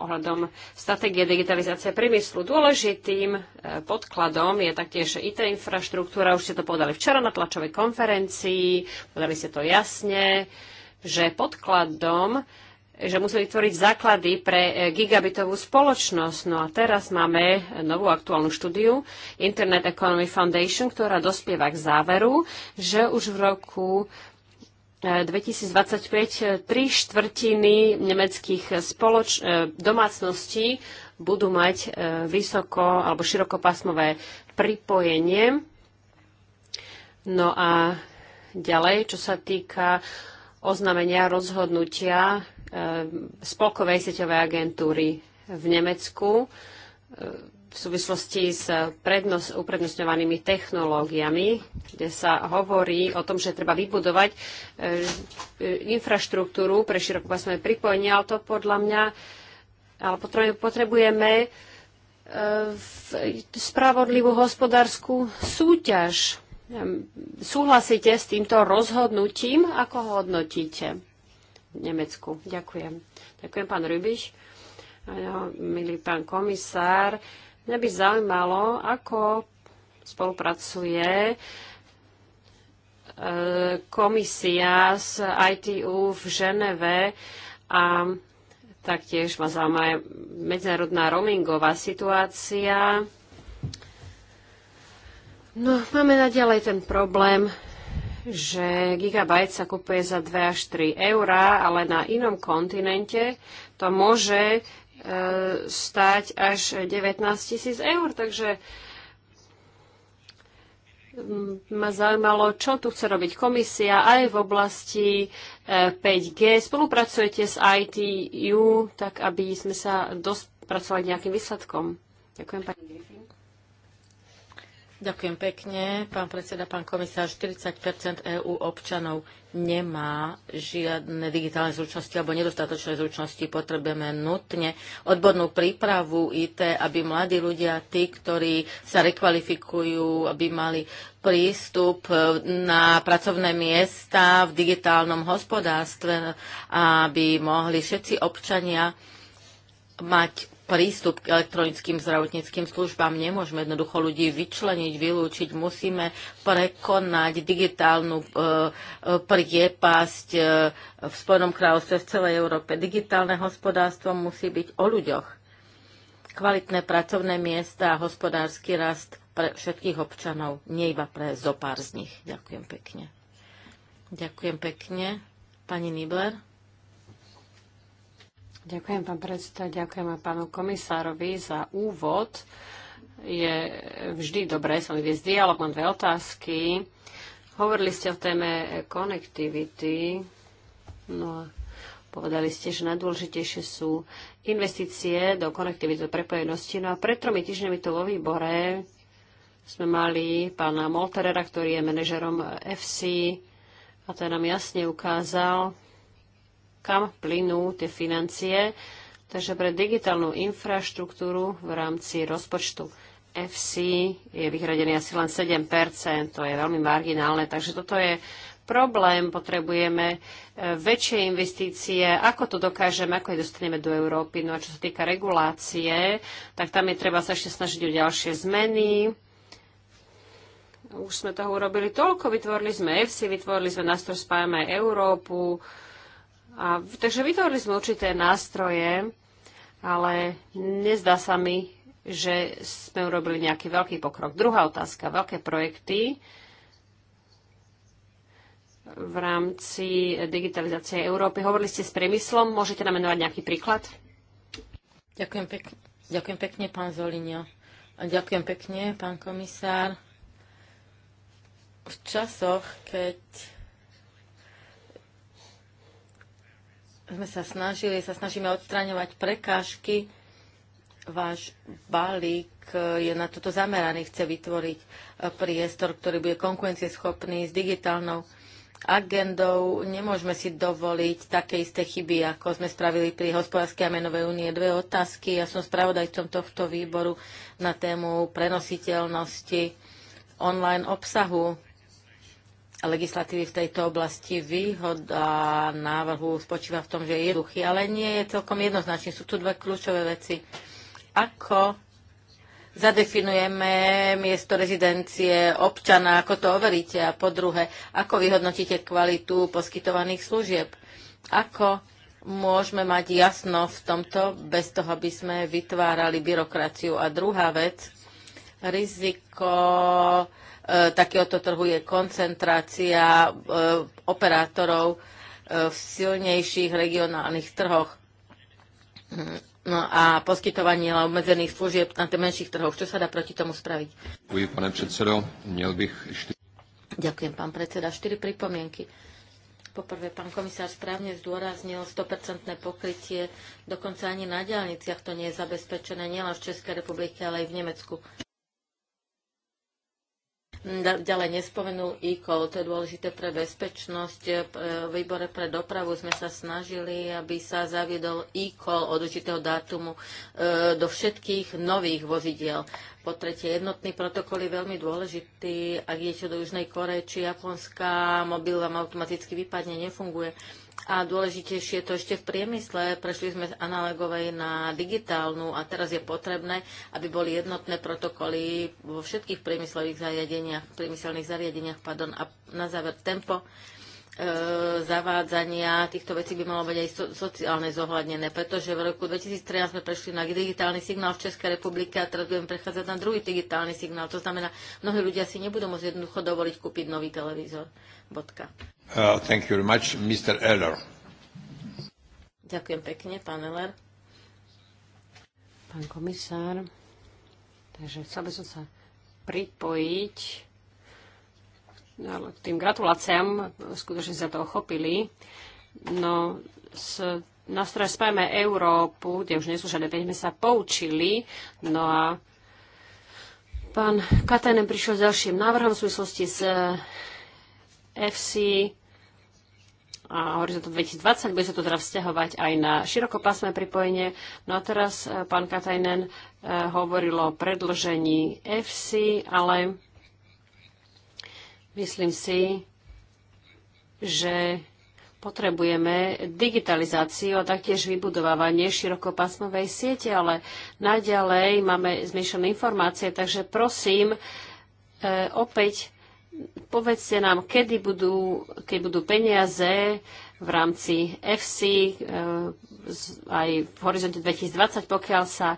ohľadom stratégie digitalizácie priemyslu. Dôležitým e, podkladom je taktiež IT infraštruktúra. Už ste to povedali včera na tlačovej konferencii, povedali ste to jasne, že podkladom že museli vytvoriť základy pre e, gigabitovú spoločnosť. No a teraz máme novú aktuálnu štúdiu Internet Economy Foundation, ktorá dospieva k záveru, že už v roku 2025 e, tri štvrtiny nemeckých spoloč- e, domácností budú mať vysoko alebo širokopásmové pripojenie. No a ďalej, čo sa týka oznámenia rozhodnutia Eh, spolkovej sieťovej agentúry v Nemecku eh, v súvislosti s prednos, uprednostňovanými technológiami, kde sa hovorí o tom, že treba vybudovať eh, infraštruktúru pre širokopásmové pripojenie, ale to podľa mňa ale potrebujeme spravodlivú hospodárskú súťaž. Súhlasíte s týmto rozhodnutím? Ako ho hodnotíte? Nemecku. Ďakujem. Ďakujem, pán Rybiš. Milý pán komisár, mňa by zaujímalo, ako spolupracuje e, komisia z ITU v Ženeve a taktiež ma zaujíma medzinárodná roamingová situácia. No, máme naďalej ten problém že gigabajt sa kupuje za 2 až 3 eurá, ale na inom kontinente to môže e, stať až 19 tisíc eur. Takže mm, ma zaujímalo, čo tu chce robiť komisia aj v oblasti 5G. E, Spolupracujete s ITU, tak aby sme sa dospracovali nejakým výsledkom. Ďakujem, pani Griffin. Ďakujem pekne. Pán predseda, pán komisár, 40 EÚ občanov nemá žiadne digitálne zručnosti alebo nedostatočné zručnosti. Potrebujeme nutne odbornú prípravu IT, aby mladí ľudia, tí, ktorí sa rekvalifikujú, aby mali prístup na pracovné miesta v digitálnom hospodárstve, aby mohli všetci občania mať prístup k elektronickým zdravotníckým službám. Nemôžeme jednoducho ľudí vyčleniť, vylúčiť. Musíme prekonať digitálnu e, e, priepasť e, v Spojenom kráľovstve, v celej Európe. Digitálne hospodárstvo musí byť o ľuďoch. Kvalitné pracovné miesta a hospodársky rast pre všetkých občanov, nie iba pre zopár z nich. Ďakujem pekne. Ďakujem pekne. Pani Nibler. Ďakujem, pán predseda, ďakujem aj pánu komisárovi za úvod. Je vždy dobré som viesť dialog, mám dve otázky. Hovorili ste o téme konektivity. No a Povedali ste, že najdôležitejšie sú investície do konektivity, do prepojenosti. No a pred tromi týždňami to vo výbore sme mali pána Molterera, ktorý je manažerom FC a ten nám jasne ukázal, kam plynú tie financie. Takže pre digitálnu infraštruktúru v rámci rozpočtu FC je vyhradený asi len 7 to je veľmi marginálne, takže toto je problém, potrebujeme e, väčšie investície, ako to dokážeme, ako je dostaneme do Európy. No a čo sa týka regulácie, tak tam je treba sa ešte snažiť o ďalšie zmeny. Už sme toho urobili toľko, vytvorili sme EFSI, vytvorili sme nástroj Spájame Európu, a, takže vytvorili sme určité nástroje, ale nezdá sa mi, že sme urobili nejaký veľký pokrok. Druhá otázka, veľké projekty v rámci digitalizácie Európy. Hovorili ste s priemyslom, môžete nám menovať nejaký príklad? Ďakujem pekne, ďakujem pekne pán Zolinia. A ďakujem pekne, pán komisár. V časoch, keď sme sa snažili, sa snažíme odstraňovať prekážky. Váš balík e, je na toto zameraný, chce vytvoriť e, priestor, ktorý bude konkurencieschopný s digitálnou agendou. Nemôžeme si dovoliť také isté chyby, ako sme spravili pri hospodárskej a menovej únie. Dve otázky. Ja som spravodajcom tohto výboru na tému prenositeľnosti online obsahu legislatívy v tejto oblasti výhoda návrhu spočíva v tom, že je jednoduchý, ale nie je celkom jednoznačný. Sú tu dve kľúčové veci. Ako zadefinujeme miesto rezidencie občana, ako to overíte a po druhé, ako vyhodnotíte kvalitu poskytovaných služieb, ako môžeme mať jasno v tomto bez toho, aby sme vytvárali byrokraciu. A druhá vec, riziko E, takéhoto trhu je koncentrácia e, operátorov e, v silnejších regionálnych trhoch no a poskytovanie obmedzených služieb na tých menších trhoch. Čo sa dá proti tomu spraviť? Ďakujem, pane predsedo. Miel bych šty... Ďakujem, pán predseda. Štyri pripomienky. Poprvé, pán komisár správne zdôraznil 100% pokrytie, dokonca ani na diálniciach to nie je zabezpečené, nielen v Českej republike, ale aj v Nemecku. Mm, ďalej nespomenul e to je dôležité pre bezpečnosť. V e, e, výbore pre dopravu sme sa snažili, aby sa zaviedol e od určitého dátumu e, do všetkých nových vozidiel. Po tretie, jednotný protokol je veľmi dôležitý. Ak idete do Južnej Koreje či Japonska, mobil vám automaticky vypadne, nefunguje a dôležitejšie je to ešte v priemysle. Prešli sme z analogovej na digitálnu a teraz je potrebné, aby boli jednotné protokoly vo všetkých priemyslových zariadeniach, priemyselných zariadeniach. Pardon. A na záver tempo. E, zavádzania týchto vecí by malo byť aj sociálne zohľadnené, pretože v roku 2013 sme prešli na digitálny signál v Českej republike a teraz budeme prechádzať na druhý digitálny signál. To znamená, mnohí ľudia si nebudú môcť jednoducho dovoliť kúpiť nový televízor. Bodka. Uh, thank you very much, Mr. Eller. Ďakujem pekne, pán Eller. Pán komisár, takže chcel by som sa pripojiť No, tým gratuláciám, skutočne sa to ochopili. No, s strane Spajme Európu, kde už nie sú žiadne peniaze, sa poučili. No a pán Katajnen prišiel s ďalším návrhom v súvislosti s eh, FC a Horizontu 2020. Bude sa to teda vzťahovať aj na širokopásme pripojenie. No a teraz eh, pán Katajnen eh, hovoril o predlžení FC, ale Myslím si, že potrebujeme digitalizáciu a taktiež vybudovávanie širokopásmovej siete, ale naďalej máme zmiešané informácie, takže prosím, e, opäť povedzte nám, kedy budú, keď budú peniaze v rámci FC, e, aj v horizonte 2020, pokiaľ sa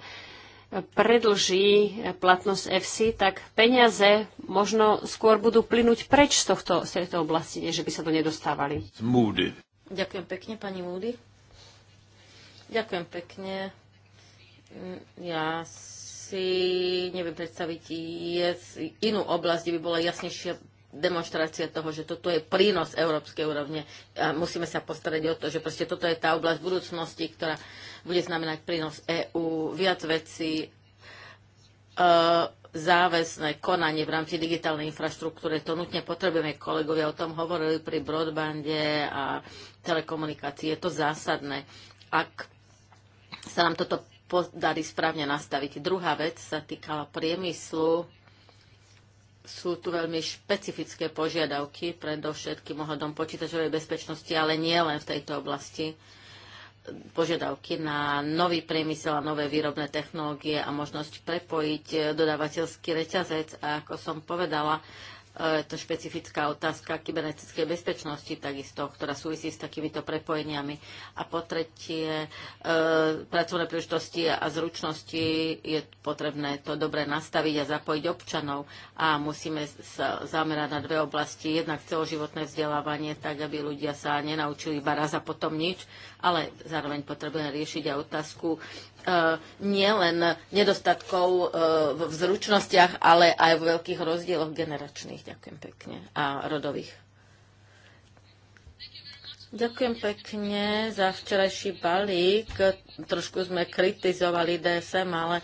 predlží platnosť EFSI, tak peniaze možno skôr budú plynúť preč z, tohto, z tejto oblasti, než by sa to nedostávali. Moody. Ďakujem pekne, pani Moody. Ďakujem pekne. Ja si neviem predstaviť inú oblasť, kde by bola jasnejšia demonstrácia toho, že toto je prínos európskej úrovne. A musíme sa postarať o to, že proste toto je tá oblasť budúcnosti, ktorá bude znamenať prínos EÚ, viac vecí, e, záväzné konanie v rámci digitálnej infraštruktúry. To nutne potrebujeme, kolegovia o tom hovorili pri broadbande a telekomunikácii. Je to zásadné, ak sa nám toto podarí správne nastaviť. Druhá vec sa týkala priemyslu sú tu veľmi špecifické požiadavky, predovšetkým ohľadom počítačovej bezpečnosti, ale nie len v tejto oblasti. Požiadavky na nový priemysel a nové výrobné technológie a možnosť prepojiť dodávateľský reťazec. A ako som povedala, Eh, je to špecifická otázka kybernetickej bezpečnosti takisto, ktorá súvisí s takýmito prepojeniami. A po tretie, eh, pracovné príležitosti a zručnosti je potrebné to dobre nastaviť a zapojiť občanov a musíme sa zamerať na dve oblasti. Jednak celoživotné vzdelávanie, tak aby ľudia sa nenaučili iba raz a potom nič, ale zároveň potrebujeme riešiť aj otázku E, nielen nedostatkov e, v zručnostiach, ale aj v veľkých rozdieloch generačných. Ďakujem pekne. A rodových. Ďakujem pekne za včerajší balík. Trošku sme kritizovali DSM, ale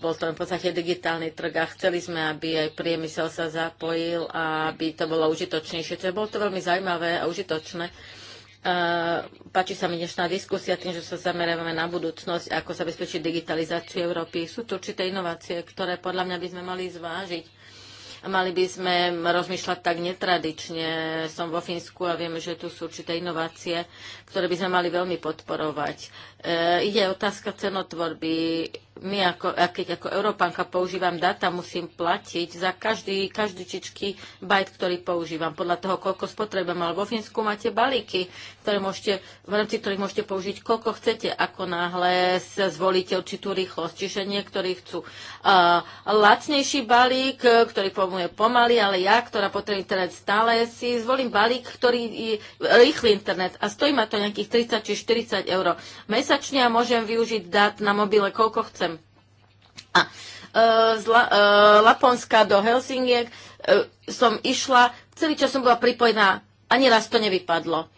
bol to v podstate digitálny trh a chceli sme, aby aj priemysel sa zapojil a aby to bolo užitočnejšie. Čiže bolo to veľmi zaujímavé a užitočné Eh, páči sa mi dnešná diskusia tým, že sa zameriavame na budúcnosť, ako zabezpečiť digitalizáciu Európy. Sú to určité inovácie, ktoré podľa mňa by sme mali zvážiť. Mali by sme rozmýšľať tak netradične. Som vo Fínsku a vieme, že tu sú určité inovácie, ktoré by sme mali veľmi podporovať. E, ide otázka cenotvorby. My ako, keď ako Európanka používam data, musím platiť za každý, čičký bajt, ktorý používam. Podľa toho, koľko spotrebujem. Ale vo Fínsku máte balíky, ktoré môžete, v rámci ktorých môžete použiť koľko chcete, ako náhle sa zvolíte určitú rýchlosť. Čiže niektorí chcú uh, lacnejší balík, ktorý pomôže pomaly, ale ja, ktorá potrebuje internet stále, si zvolím balík, ktorý je rýchly internet a stojí ma to to nejakých 30 či 40 eur mesačne a môžem využiť dát na mobile, koľko chcem. A e, z La, e, Laponska do Helsingiek e, som išla, celý čas som bola pripojená, ani raz to nevypadlo.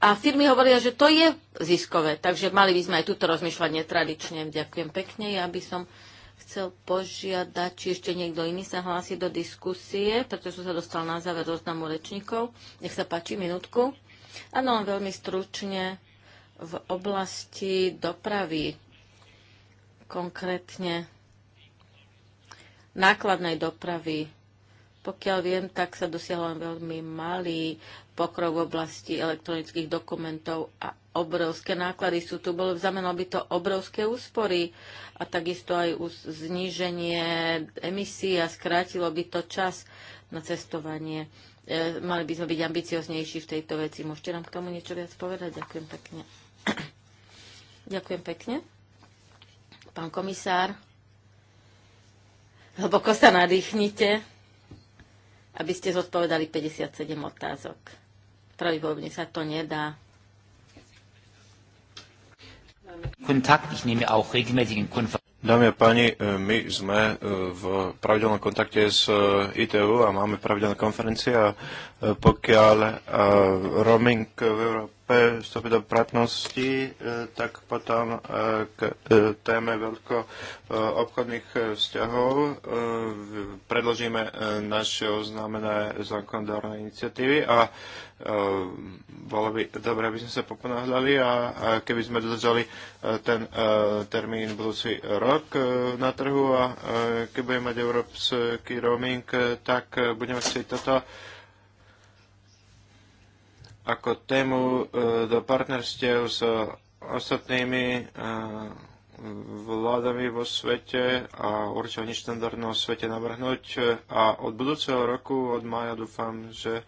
A firmy hovoria, že to je ziskové, takže mali by sme aj túto rozmýšľať netradične. Ďakujem pekne, ja by som chcel požiadať, či ešte niekto iný sa hlási do diskusie, pretože som sa dostal na záver zoznamu rečníkov. Nech sa páči, minútku. Áno, veľmi stručne v oblasti dopravy, konkrétne nákladnej dopravy. Pokiaľ viem, tak sa dosiahol veľmi malý pokrok v oblasti elektronických dokumentov a obrovské náklady sú tu. Bolo, znamenalo by to obrovské úspory a takisto aj zníženie emisí a skrátilo by to čas na cestovanie. E, mali by sme byť ambicioznejší v tejto veci. Môžete nám k tomu niečo viac povedať? Ďakujem pekne. Ďakujem pekne. Pán komisár, hlboko sa nadýchnite, aby ste zodpovedali 57 otázok. Pravdepodobne sa to nedá. Kontakt, ich nehme auch regelmäßigen Konferenzen. Dámy a páni, e, my sme e, v pravidelnom kontakte s e, ITU a máme pravidelné konferencie a pokiaľ roaming v Európe Európe vstúpi do platnosti, e, tak potom e, k e, téme veľko obchodných vzťahov predložíme naše oznámené zákonodárne iniciatívy a bolo by dobré, aby sme sa poponáhľali a, keby sme dodržali ten termín budúci rok na trhu a keď budeme mať európsky roaming, tak budeme chcieť toto ako tému e, do partnerstiev s ostatnými e, vládami vo svete a určite štandardného svete navrhnúť. E, a od budúceho roku, od mája dúfam, že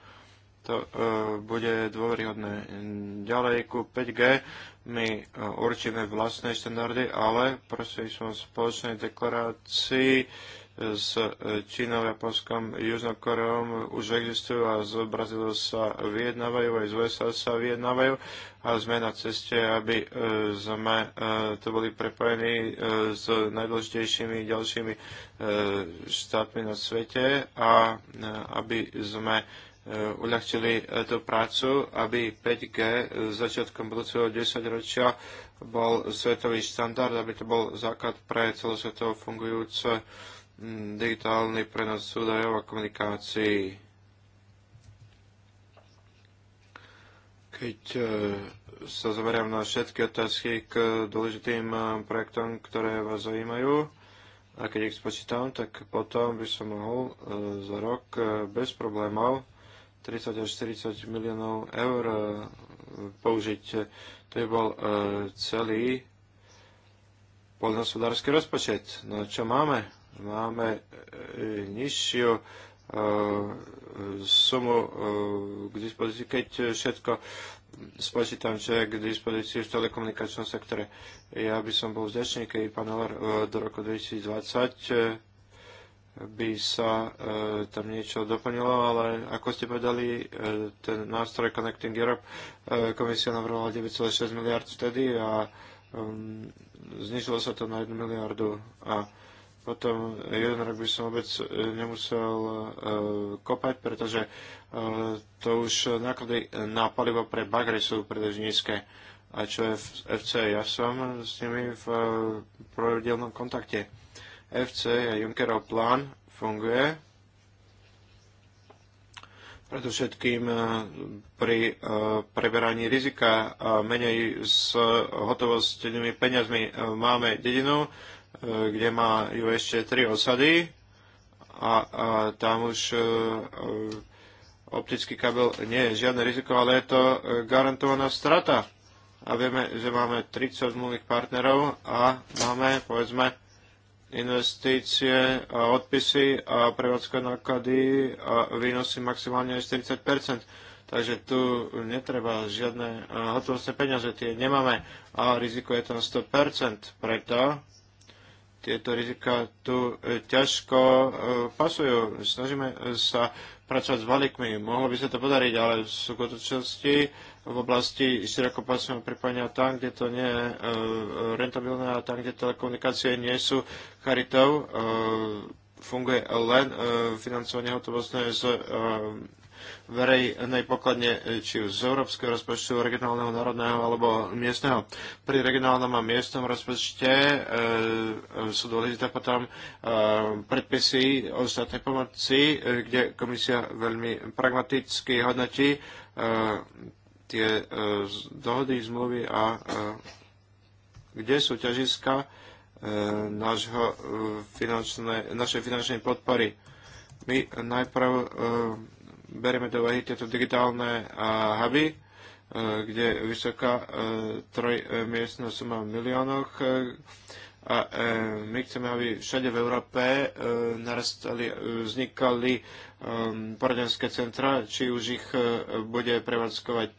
to bude dôveryhodné. Ďalej ku 5G my určíme vlastné štandardy, ale prosím som spoločnej deklarácii s Čínou, Japonskom, Južnou Koreou už existujú a z Brazíliou sa vyjednávajú, aj z USA sa vyjednávajú a sme na ceste, aby e, sme e, to boli prepojení e, s najdôležitejšími ďalšími štátmi na svete a aby sme uľahčili tú prácu, aby 5G začiatkom budúceho 10 ročia bol svetový štandard, aby to bol základ pre celosvetovo fungujúce digitálny prenos údajov a komunikácií. Keď e, sa zamerám na všetky otázky k dôležitým e, projektom, ktoré vás zaujímajú, a keď ich spočítam, tak potom by som mohol e, za rok bez problémov 30 až 40 miliónov eur použiť. To je bol celý poľnohospodársky rozpočet. No čo máme? máme e, nižšiu e, sumu e, k dispozícii, keď všetko spočítam, čo je k dispozícii v telekomunikačnom sektore. Ja by som bol vzdečný, keď pán Heller do roku 2020 by sa tam niečo doplnilo, ale ako ste povedali, ten nástroj Connecting Europe komisia navrhovala 9,6 miliard vtedy a um, znižilo sa to na 1 miliardu a potom jeden rok by som vôbec e, nemusel e, kopať, pretože e, to už náklady na palivo pre bagre sú príliš nízke. A čo je FC? Ja som s nimi v pravidelnom kontakte. FC a Junckerov plán funguje všetkým pri preberaní rizika a menej s hotovosťnými peniazmi máme dedinu, E, kde má ju ešte tri osady a, a tam už e, e, optický kabel nie je žiadne riziko, ale je to garantovaná strata. A vieme, že máme 30 zmluvných partnerov a máme, povedzme, investície a odpisy a prevádzkové náklady a výnosy maximálne 40 Takže tu netreba žiadne hotovostné peniaze, tie nemáme a riziko je tam 100%. Preto tieto rizika tu e, ťažko e, pasujú. Snažíme e, sa pracovať s balíkmi. Mohlo by sa to podariť, ale v skutočnosti v oblasti širokopásmeho pripojenia tam, kde to nie je rentabilné a tam, kde telekomunikácie nie sú charitou, funguje len financovanie hotovostné z verejnej pokladne, e, či už z európskeho rozpočtu, regionálneho, národného alebo miestneho. Pri regionálnom a miestnom rozpočte e, e sú dôležité potom e, predpisy o státnej pomoci, e, kde komisia veľmi pragmaticky hodnotí e, tie e, dohody, zmluvy a e, kde sú ťažiska e, našho finančnej, našej finančnej podpory. My najprv berieme do vahy tieto digitálne huby, e, kde vysoká e, trojmiestná suma v miliónoch. E, a my chceme, aby všade v Európe narastali, vznikali poradenské centra, či už ich bude prevádzkovať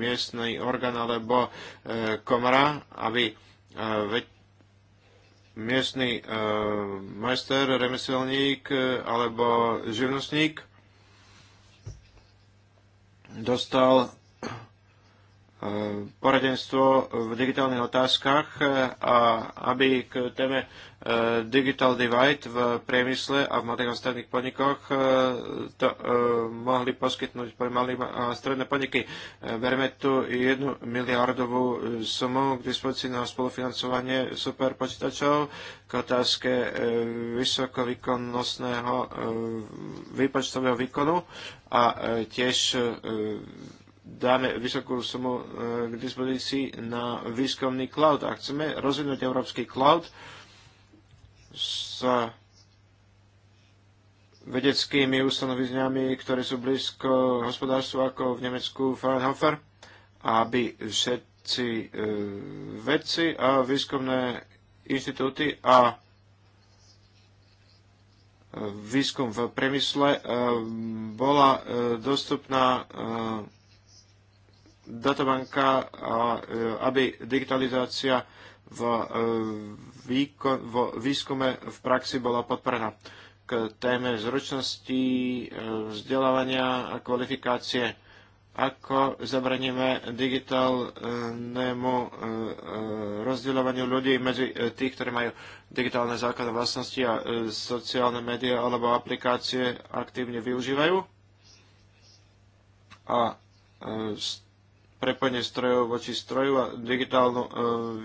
miestný orgán alebo komora, aby miestny e, majster, remeselník eh, alebo živnostník dostal poradenstvo v digitálnych otázkach a aby k téme e, Digital Divide v priemysle a v malých a stredných podnikoch e, to e, mohli poskytnúť pre malé a stredné podniky. Berme tu jednu miliardovú sumu k dispozícii na spolufinancovanie superpočítačov k otázke vysokovýkonnostného výpočtového výkonu a tiež dáme vysokú sumu e, k dispozícii na výskumný cloud a chceme rozvinúť európsky cloud s vedeckými ustanovizňami, ktoré sú blízko hospodárstvu ako v Nemecku Fraunhofer, aby všetci e, vedci a výskumné inštitúty a e, výskum v priemysle bola dostupná databanka, e, aby digitalizácia v, e, výkon, v výskume v praxi bola podporená. K téme zručnosti, e, vzdelávania a kvalifikácie. Ako zabraníme digitálnemu rozdeľovaniu ľudí medzi tých, ktorí majú digitálne základné vlastnosti a sociálne médiá alebo aplikácie aktívne využívajú? A z prepojenie strojov voči stroju a digitálnu e,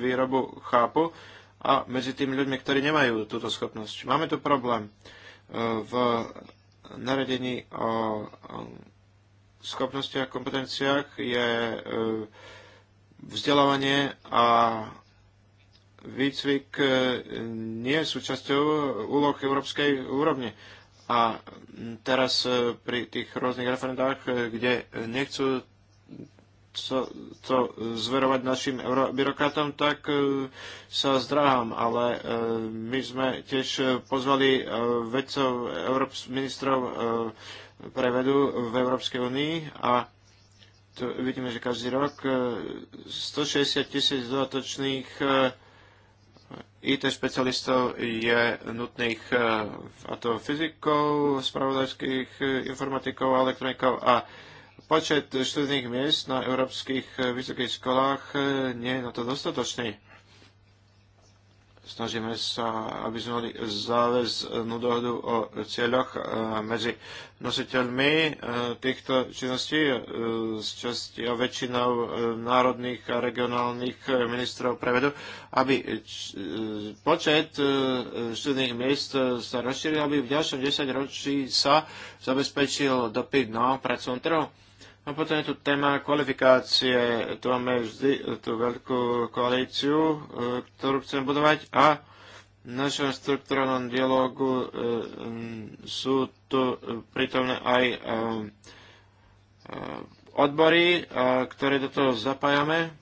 výrobu chápu a medzi tými ľuďmi, ktorí nemajú túto schopnosť. Máme tu problém e, v naredení o schopnostiach a kompetenciách je e, vzdelávanie a výcvik nie je súčasťou úloh európskej úrovne. A teraz pri tých rôznych referendách, kde nechcú to e, zverovať našim eurobyrokratom, tak e, sa zdráham, ale e, my sme tiež pozvali vedcov, ministrov pre vedu v Európskej únii a tu vidíme, že každý rok 160 tisíc dodatočných IT špecialistov je nutných, a to fyzikov, spravodajských informatikov, elektronikov a Počet študijných miest na európskych eh, vysokých školách eh, nie je na to dostatočný. Snažíme sa, aby sme mali záväznú dohodu o cieľoch eh, medzi nositeľmi týchto činností, z časti a väčšinou národných a regionálnych ministrov prevedu, aby počet študijných miest sa rozšíril, aby v ďalšom desaťročí sa zabezpečil dopyt na pracovnú trhu a no, potom je tu téma kvalifikácie. Tu máme vždy tú veľkú koalíciu, e, ktorú chcem budovať a v našom strukturálnom dialogu e, sú tu prítomné aj e, odbory, ktoré do toho zapájame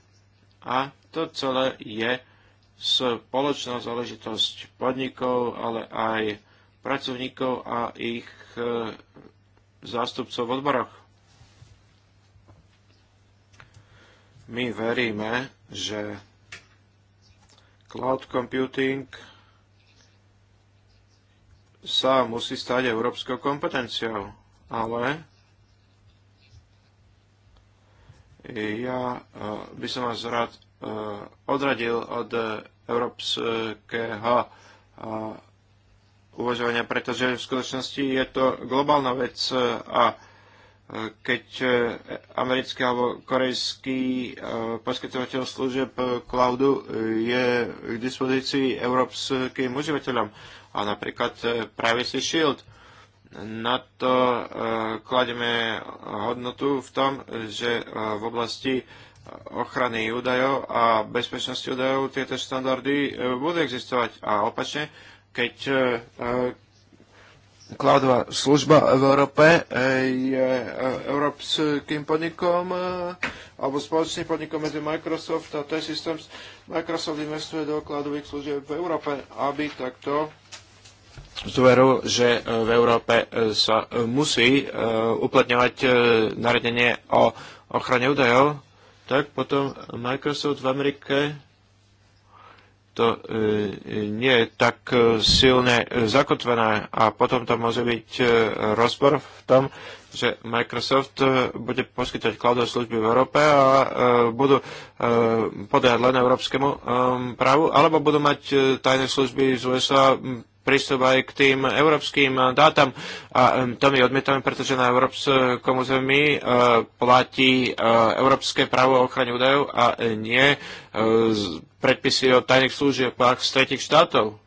a to celé je spoločná záležitosť podnikov, ale aj pracovníkov a ich zástupcov v odboroch. My veríme, že cloud computing sa musí stať európskou kompetenciou, ale ja eh, by som vás rád eh, odradil od európskeho eh, uvažovania, pretože v skutočnosti je to globálna vec a keď e, americký alebo korejský e, poskytovateľ služieb e, cloudu je k dispozícii európskym užívateľom. A napríklad Privacy Shield. Na to klademe hodnotu v tom, že v oblasti ochrany údajov a bezpečnosti údajov tieto štandardy budú existovať. A opačne, keď Kladová služba v Európe eh, je eh, európskym podnikom eh, alebo spoločným podnikom medzi Microsoft a T-Systems. Microsoft investuje do kladových služieb v Európe, aby takto zveril, že v Európe sa musí uplatňovať nariadenie o ochrane údajov, tak potom Microsoft v Amerike to e, e, nie je tak e, silne zakotvené a potom to môže byť rozpor v tom, že Microsoft bude poskytovať cloudové služby v Európe a budú podať len európskemu právu, alebo budú mať tajné služby z USA prístup aj k tým európskym dátam. A to my odmietame, pretože na európskom území platí európske právo o ochrane údajov a nie predpisy o tajných služiebách z tretich štátov.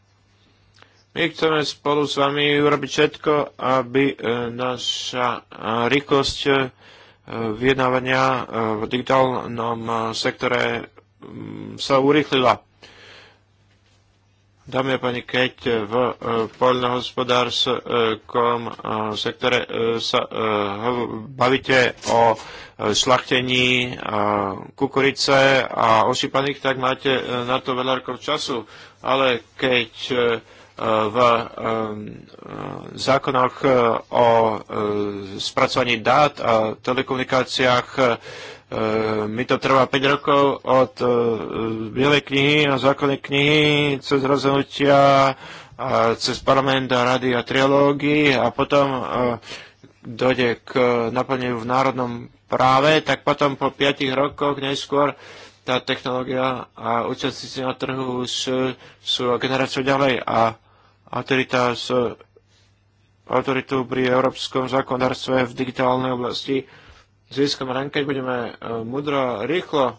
My chceme spolu s vami urobiť všetko, aby e, naša e, rýchlosť e, vyjednávania v digitálnom sektore sa urýchlila. Dámy a páni, keď e, v e, poľnohospodárskom e, sektore sa bavíte o šlachtení kukurice a ošípaných, tak máte na to veľa rokov času. Ale keď v zákonoch o spracovaní dát a telekomunikáciách E, mi to trvá 5 rokov od e, Bielej knihy a zákonnej knihy cez rozhodnutia, cez parlament a rady a trialógy a potom e, dojde k naplneniu v národnom práve, tak potom po 5 rokoch neskôr tá technológia a účastníci na trhu sú, sú generáciou ďalej a autorita s autoritu pri európskom zákonodárstve v digitálnej oblasti získame len keď budeme e, mudro, rýchlo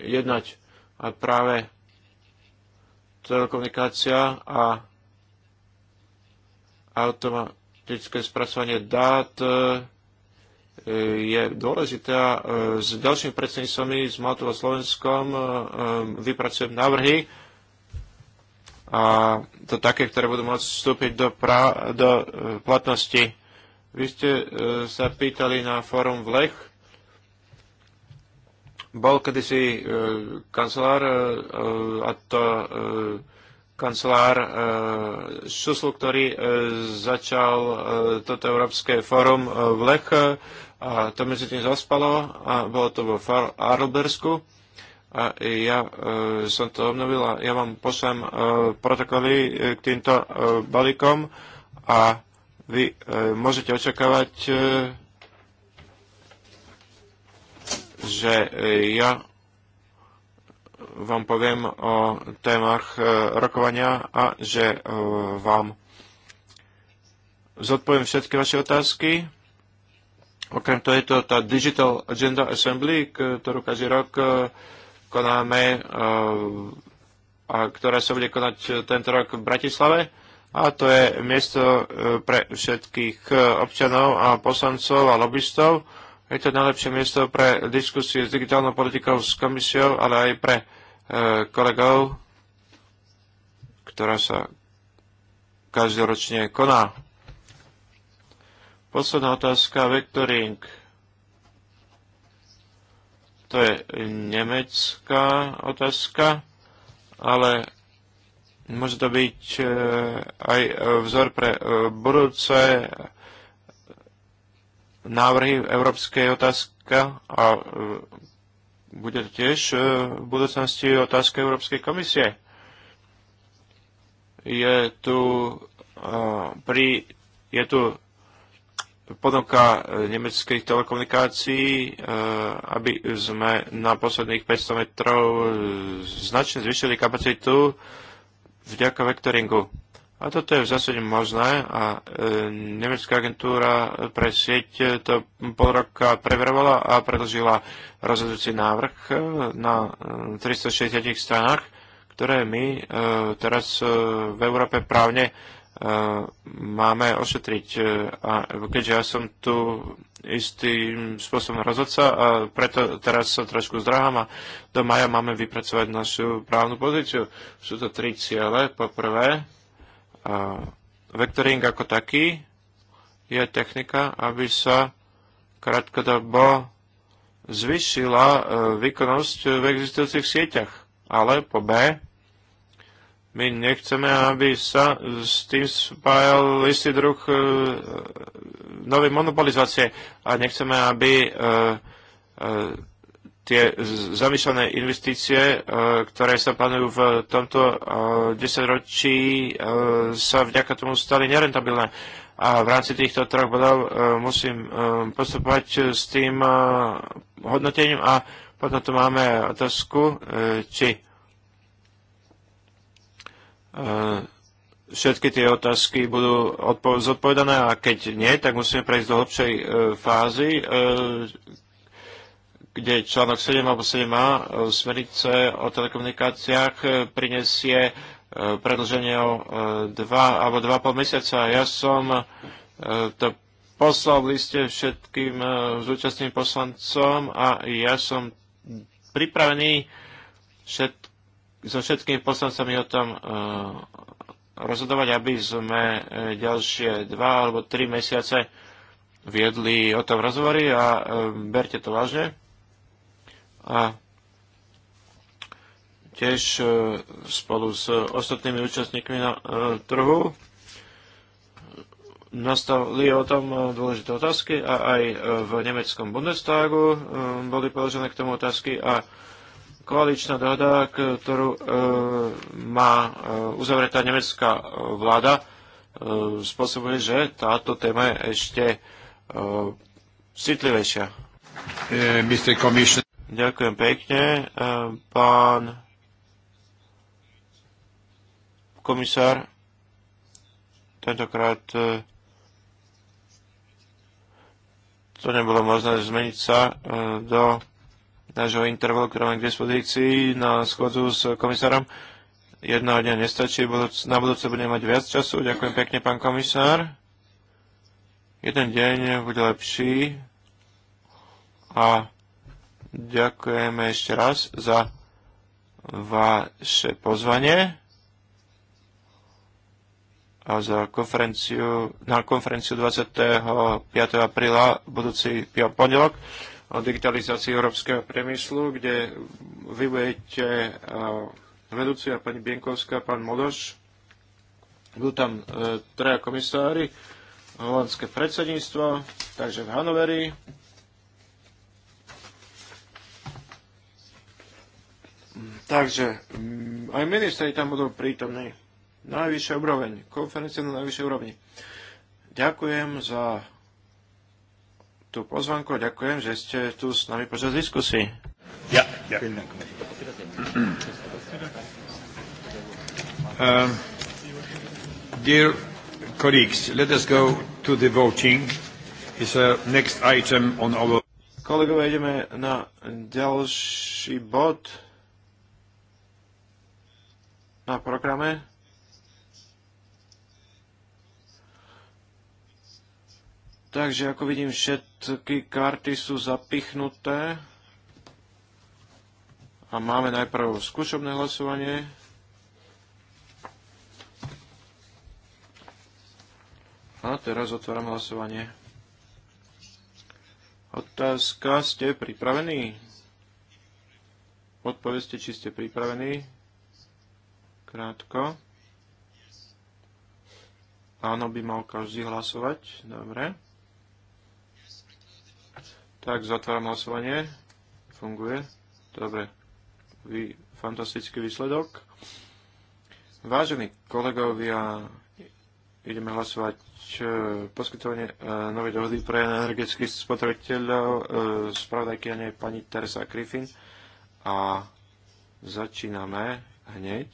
jednať. A práve telekomunikácia a automatické spracovanie dát e, je dôležité a e, s ďalšími predsedníctvami z Maltu a Slovenskom vypracujem návrhy a to také, ktoré budú môcť vstúpiť do, pra- do platnosti vy ste e, sa pýtali na fórum v Lech. Bol kedysi e, kancelár e, a to e, kancelár e, Šusl, ktorý e, začal e, toto Európske fórum e, v Lech e, a to medzi tým zaspalo a bolo to vo Arlbersku. A ja e, som to obnovil a ja vám pošlem e, protokoly e, k týmto e, balíkom a vy e, môžete očakávať, e, že e, ja vám poviem o témach e, rokovania a že e, vám zodpoviem všetky vaše otázky. Okrem toho je to tá Digital Agenda Assembly, ktorú každý rok e, konáme e, a ktorá sa bude konať tento rok v Bratislave a to je miesto e, pre všetkých e, občanov a poslancov a lobbystov. Je to najlepšie miesto pre diskusie s digitálnou politikou, s komisiou, ale aj pre e, kolegov, ktorá sa každoročne koná. Posledná otázka, vectoring. To je nemecká otázka, ale Môže to byť e, aj e, vzor pre e, budúce návrhy v európskej otázka a bude to tiež v budúcnosti otázka Európskej komisie. Je tu, pri, je tu ponuka nemeckých telekomunikácií, aby sme na posledných 500 metrov značne zvyšili kapacitu vďaka vektoringu. A toto je v zásade možné a e, nemecká agentúra pre sieť to pol roka preverovala a predložila rozhodujúci návrh e, na 360 e, stranách, ktoré my e, teraz e, v Európe právne máme ošetriť. E, a keďže ja som tu istým spôsobom rozhodca a preto teraz sa trošku zdrahám a do maja máme vypracovať našu právnu pozíciu. Sú to tri ciele. Po prvé, e, vektoring ako taký je technika, aby sa krátkodobo zvyšila e, výkonnosť v existujúcich sieťach. Ale po B, my nechceme, aby sa s tým spájal istý druh e, novej monopolizácie a nechceme, aby e, e, tie zamýšľané investície, ktoré sa plánujú v tomto desaťročí, sa vďaka tomu stali nerentabilné. A v rámci týchto troch bodov musím postupovať s tým hodnotením a potom tu máme otázku, či všetky tie otázky budú odpo- zodpovedané a keď nie, tak musíme prejsť do hlbšej e, fázy, e, kde článok 7 alebo 7a e, smernice o telekomunikáciách e, prinesie e, predlženie o e, 2 alebo 2,5 mesiaca. Ja som e, to poslal v liste všetkým e, zúčastným poslancom a ja som pripravený všetko so všetkými poslancami o tom e, rozhodovať, aby sme e, ďalšie dva alebo tri mesiace viedli o tom rozhovory a e, berte to vážne. A tiež spolu s ostatnými účastníkmi na trhu nastali o tom dôležité otázky a aj v nemeckom Bundestagu boli položené k tomu otázky a koaličná dohoda, ktorú e, má e, uzavretá nemecká e, vláda, spôsobuje, že táto téma je ešte citlivejšia. Ďakujem pekne. Pán komisár, tentokrát to nebolo možné zmeniť sa do nášho intervalu, ktorý máme k dispozícii na schodzu s komisárom. Jedna dňa nestačí, na budúce budeme mať viac času. Ďakujem pekne, pán komisár. Jeden deň bude lepší. A ďakujeme ešte raz za vaše pozvanie a za konferenciu, na konferenciu 25. apríla budúci pondelok o digitalizácii európskeho priemyslu, kde vy budete e, vedúci a pani Bienkovská, pán Modoš. Budú tam e, traja komisári, holandské predsedníctvo, takže v Hanoveri. Takže mm, aj ministri tam budú prítomní. Najvyššia úroveň, konferencia na najvyššej úrovni. Ďakujem za tú pozvanku a ďakujem, že ste tu s nami počas diskusí. Ja, ja. Um, dear colleagues, let us go to the voting. It's a next item on our... Kolegové, ideme na ďalší bod na programe. Takže ako vidím, všetko všetky karty sú zapichnuté a máme najprv skúšobné hlasovanie. A teraz otváram hlasovanie. Otázka, ste pripravení? Odpovedzte, či ste pripravení. Krátko. Áno, by mal každý hlasovať. Dobre. Tak zatváram hlasovanie. Funguje. Dobre. Vy, fantastický výsledok. Vážení kolegovia, ideme hlasovať e, poskytovanie e, novej dohody pre energetických spotrebiteľov. E, Spravodajkyňa je pani Teresa Griffin a začíname hneď.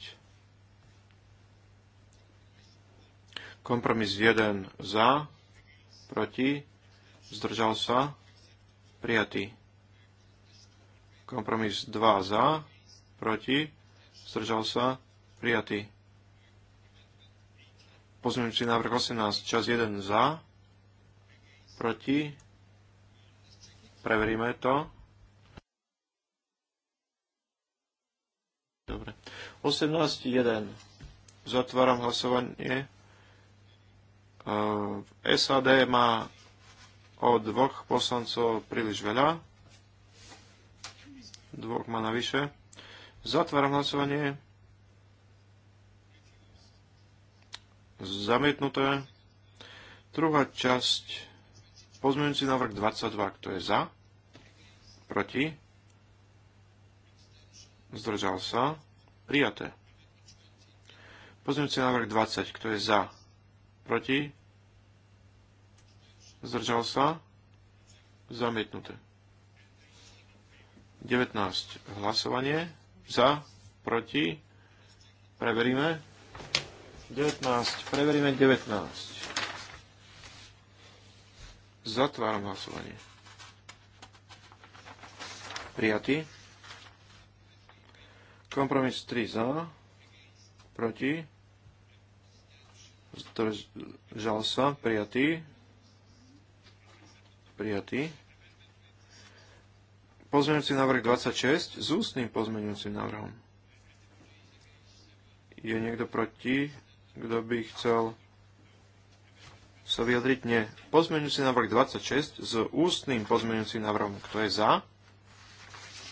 Kompromis 1 za, proti, zdržal sa, prijatý. Kompromis 2 za, proti, zdržal sa, prijatý. Pozmeňujúci návrh 18, čas 1 za, proti, preveríme to. Dobre. 1. Zatváram hlasovanie. Ehm, SAD má o dvoch poslancov príliš veľa. Dvoch má navyše. Zatváram hlasovanie. Zamietnuté. Druhá časť. Pozmeňujúci návrh 22. Kto je za? Proti? Zdržal sa. Prijaté. Pozmeňujúci návrh 20. Kto je za? Proti? zdržal sa, zamietnuté. 19. Hlasovanie za, proti, preveríme. 19. Preveríme 19. Zatváram hlasovanie. Prijatý. Kompromis 3 za, proti, zdržal sa, prijatý prijatý. Pozmeňujúci návrh 26 s ústnym pozmeňujúcim návrhom. Je niekto proti, kto by chcel sa vyjadriť? Nie. Pozmeňujúci návrh 26 s ústnym pozmeňujúcim návrhom. Kto je za?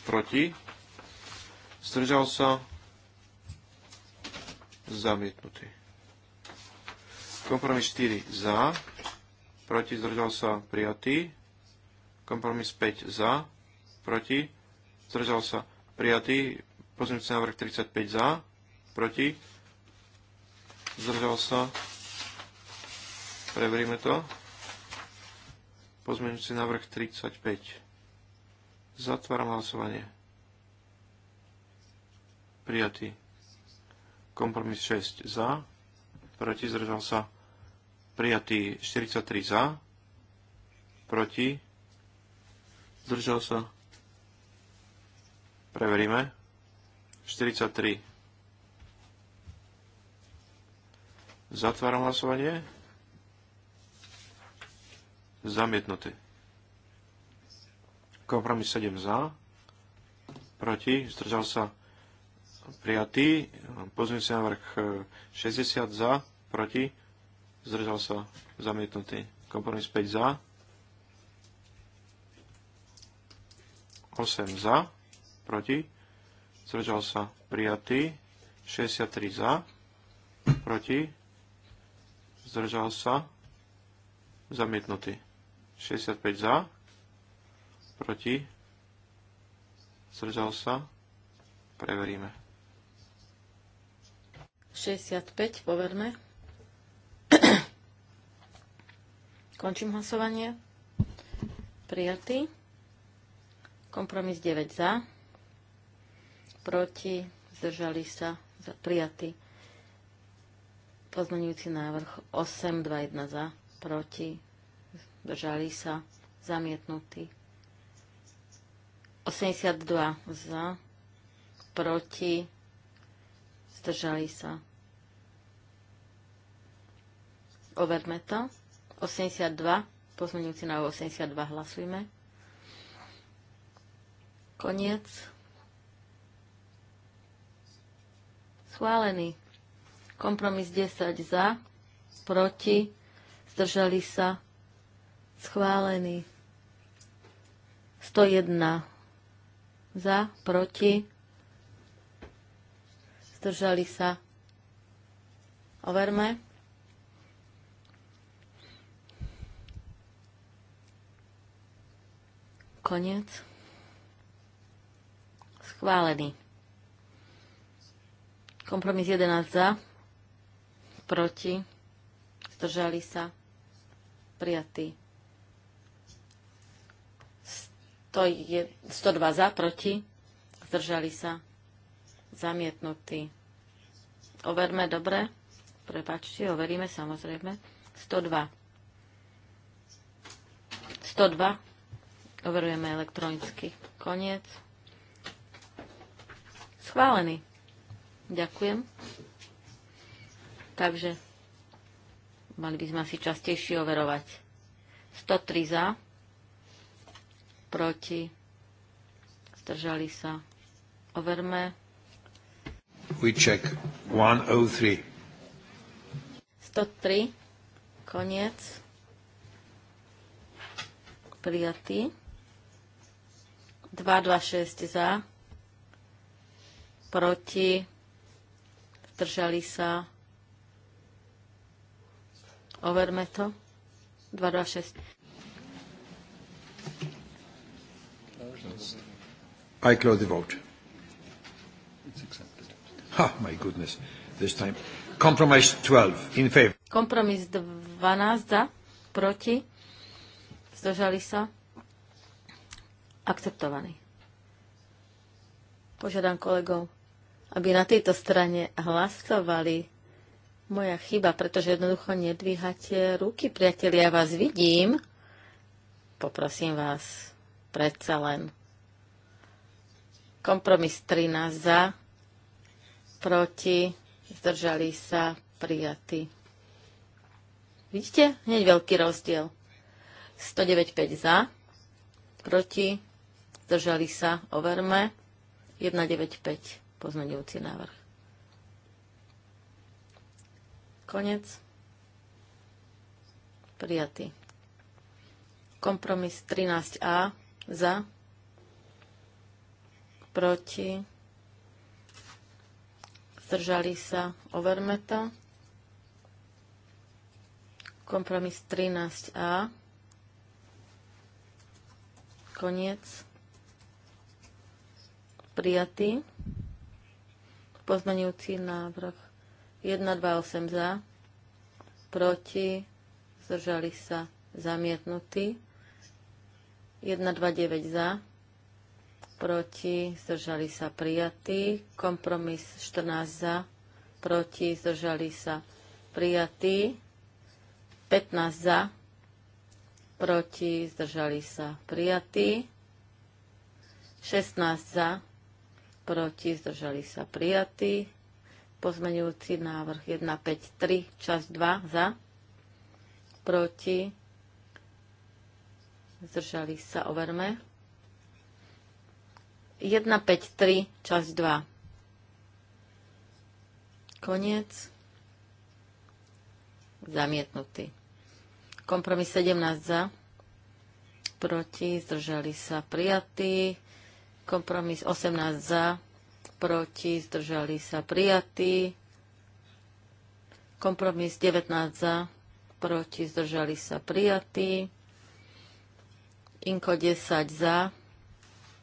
Proti? Zdržal sa? Zamietnutý. Kompromis 4 za, proti, zdržal sa, prijatý. Kompromis 5 za, proti, zdržal sa, prijatý. Pozmeňujúci návrh 35 za, proti, zdržal sa, preveríme to. Pozmeňujúci návrh 35. Zatváram hlasovanie. Prijatý. Kompromis 6 za, proti, zdržal sa, prijatý prijatý 43 za, proti, zdržal sa, preveríme, 43. Zatváram hlasovanie. Zamietnutý. Kompromis 7 za, proti, zdržal sa, prijatý, sa návrh 60 eh, za, proti, zdržal sa, zamietnutý. Kompromis 5 za, 8 za, proti, zdržal sa, prijatý. 63 za, proti, zdržal sa, zamietnutý. 65 za, proti, zdržal sa, preveríme. 65, poverme. Končím hlasovanie. Prijatý. Kompromis 9 za. Proti. Zdržali sa. Prijatý. Pozmenujúci návrh 8, 2, 1 za. Proti. Zdržali sa. Zamietnutý. 82 za. Proti. Zdržali sa. Overme to. 82, pozmeňujúci návrh 82, hlasujme. Koniec. Schválený. Kompromis 10 za, proti, zdržali sa, schválený. 101 za, proti, zdržali sa. Overme. Koniec. Schválený. Kompromis 11 za. Proti. Zdržali sa. Prijatý. 102 za, proti. Zdržali sa. Zamietnutý. Overme dobre. Prepačte, overíme samozrejme. 102. 102. Overujeme elektronicky. Koniec. Schválený. Ďakujem. Takže mali by sme asi častejšie overovať. 103 za, proti, zdržali sa. Overme. We check 103. 103, koniec. Prijatý. 226 za, proti, zdržali sa. Overme to. 226. I close the vote. It's accepted. Ha, my goodness, this time. Compromise 12, in favor. Compromise 12 za, proti, zdržali sa akceptovaný. Požiadam kolegov, aby na tejto strane hlasovali. Moja chyba, pretože jednoducho nedvíhate ruky, priatelia, ja vás vidím. Poprosím vás, predsa len. Kompromis 13 za, proti, zdržali sa, prijatí. Vidíte? Hneď veľký rozdiel. 109,5 za, proti, zdržali sa, overme. 195, pozmenujúci návrh. Konec. Prijatý. Kompromis 13a za, proti, zdržali sa, overme to. Kompromis 13a. Koniec. Prijatý. Pozmenujúci návrh 128 za. Proti. Zdržali sa. Zamietnutý. 129 za. Proti. Zdržali sa. Prijatý. Kompromis 14 za. Proti. Zdržali sa. Prijatý. 15 za. Proti. Zdržali sa. Prijatý. 16 za proti, zdržali sa prijatí. Pozmenujúci návrh 153, časť 2, za, proti, zdržali sa, overme. 153, časť 2. Koniec. Zamietnutý. Kompromis 17 za. Proti, zdržali sa prijatí. Kompromis 18 za, proti, zdržali sa prijatí. Kompromis 19 za, proti, zdržali sa prijatí. Inko 10 za,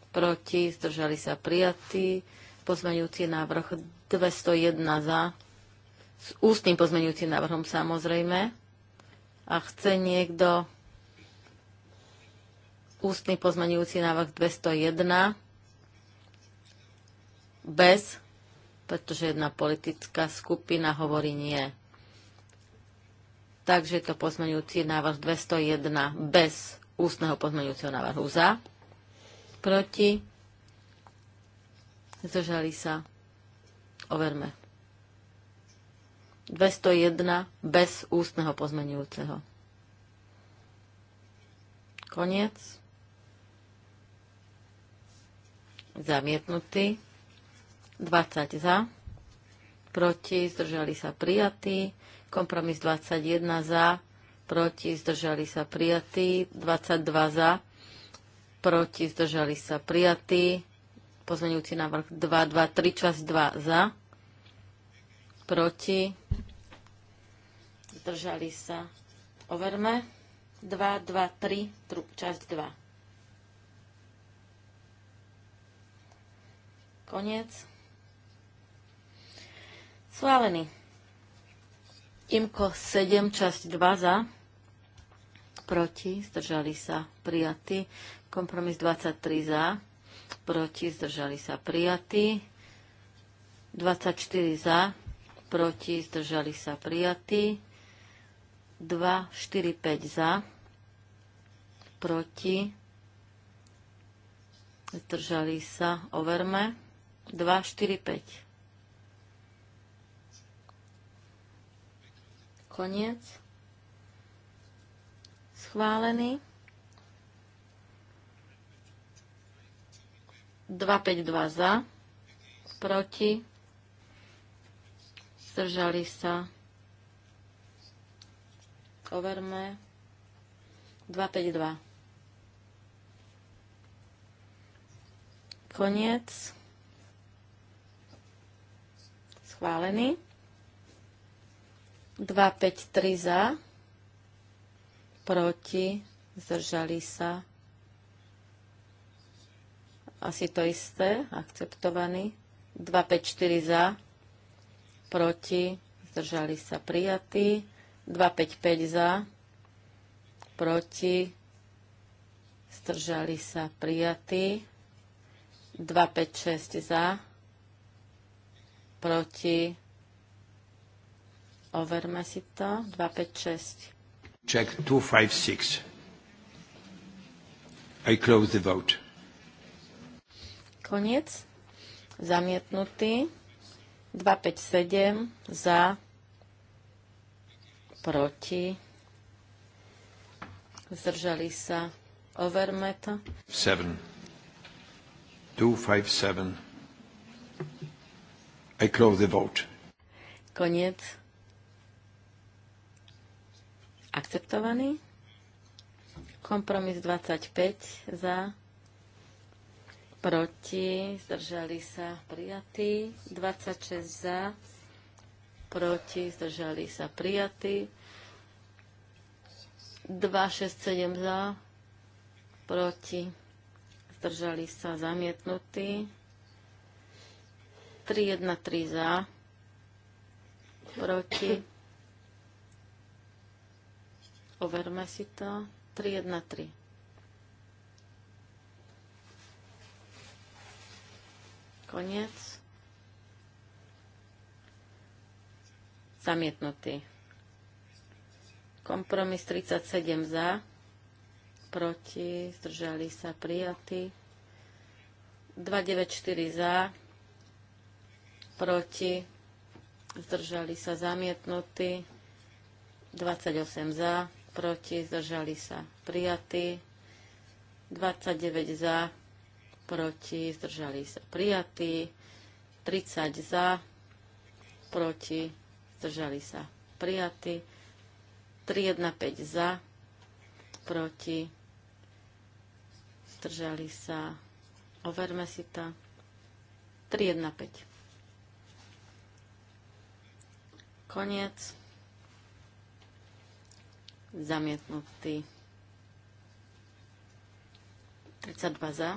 proti, zdržali sa prijatí. Pozmeňujúci návrh 201 za, s ústnym pozmeňujúcim návrhom samozrejme. A chce niekto ústny pozmeňujúci návrh 201 bez, pretože jedna politická skupina hovorí nie. Takže to pozmeňujúci návrh 201 bez ústneho pozmeňujúceho návrhu za, proti, zdržali sa, overme. 201 bez ústneho pozmeňujúceho. Koniec. Zamietnutý. 20 za, proti, zdržali sa prijatí, kompromis 21 za, proti, zdržali sa prijatí, 22 za, proti, zdržali sa prijatí, pozmeňujúci návrh 2, 2, 3, časť 2 za, proti, zdržali sa, overme, 2, 2, 3, časť 2. Koniec. Schválený. Imko 7, časť 2 za. Proti, zdržali sa prijatí. Kompromis 23 za. Proti, zdržali sa prijatí. 24 za. Proti, zdržali sa prijatí. 2, 4, 5 za. Proti, zdržali sa. Overme. 2, 4, 5. Koniec. Schválený. 252 za, proti, zdržali sa, overme, 252. Koniec. Schválený. 2, 5, 3 za, proti, zdržali sa. Asi to isté, akceptovaný. 2, 5, 4 za, proti, zdržali sa, prijatý. 2, 5, 5 za, proti, zdržali sa, prijatý. 2, 5, 6 za, proti, zdržali sa, prijatý. Overme si to. 256. Check 6. I close the vote. Koniec. Zamietnutý. 7. za, proti, zdržali sa, overme to. 7. 7. I close the vote. Koniec akceptovaný. Kompromis 25 za, proti, zdržali sa prijatí. 26 za, proti, zdržali sa prijatí. 267 za, proti, zdržali sa zamietnutí. 313 za, proti, Overme si to. 3, 3. Koniec. Zamietnutý. Kompromis 37 za, proti, zdržali sa prijatí. 294 za, proti, zdržali sa zamietnutí. 28 za, proti, zdržali sa prijatí. 29 za, proti, zdržali sa prijatí. 30 za, proti, zdržali sa prijatí. 315 za, proti, zdržali sa. Overme si to. 315. Koniec. Zamietnutý. 32 za.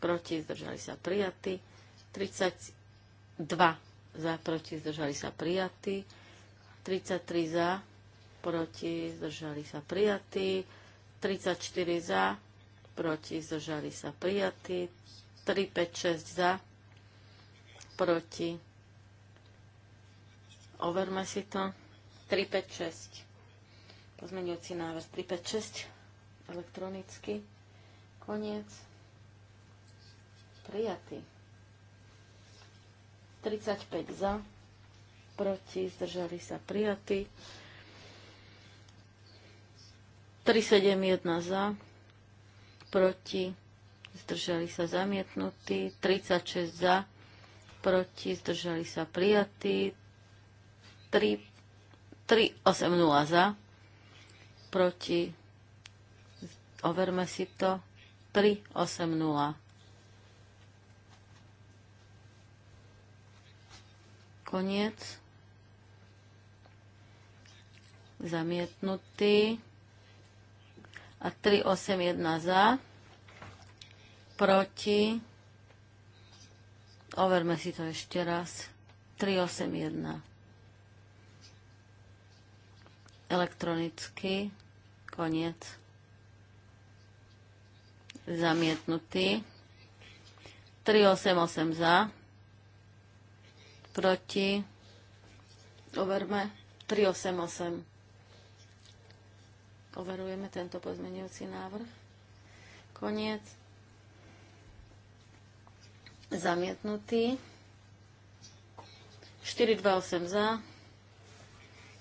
Proti zdržali sa prijatí. 32 za. Proti zdržali sa prijatí. 33 za. Proti zdržali sa prijatí. 34 za. Proti zdržali sa prijatí. 3, 5, 6 za. Proti. Overme si to. 3, 5, 6. Pozmeňujúci návrh 356 elektronicky. Koniec. Prijatý. 35 za, proti, zdržali sa prijatí. 371 za, proti, zdržali sa zamietnutí. 36 za, proti, zdržali sa prijatí. 3, 380 za, proti, overme si to, 3-8 3-8-0. Koniec. Zamietnutý. A 8-1 za. Proti. Overme si to ešte raz. 3-1. Elektronicky. Koniec. Zamietnutý. 388 za. Proti. Overme. 388. Overujeme tento pozmeňujúci návrh. Koniec. Zamietnutý. 428 za.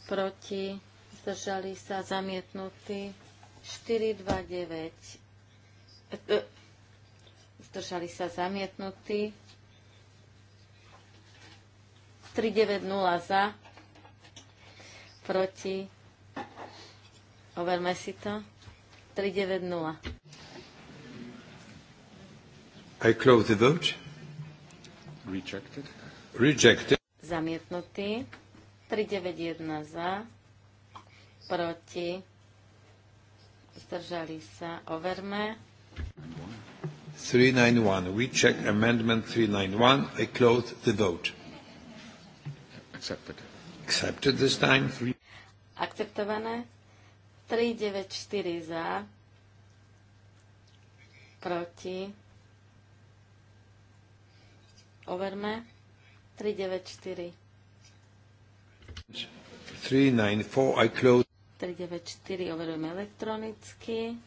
Proti zdržali sa zamietnutí 429. E, e, zdržali sa zamietnutí 390 za, proti, overme si to, 390. I close the vote. Rejected. Rejected. Zamietnutý. 391 za proti, zdržali sa, overme. 391. We check amendment 391. I close the vote. Accepted. Accepted this time. Akceptované. 394 za. Proti. Overme. 394. 394. I close. 394 overujeme elektronicky.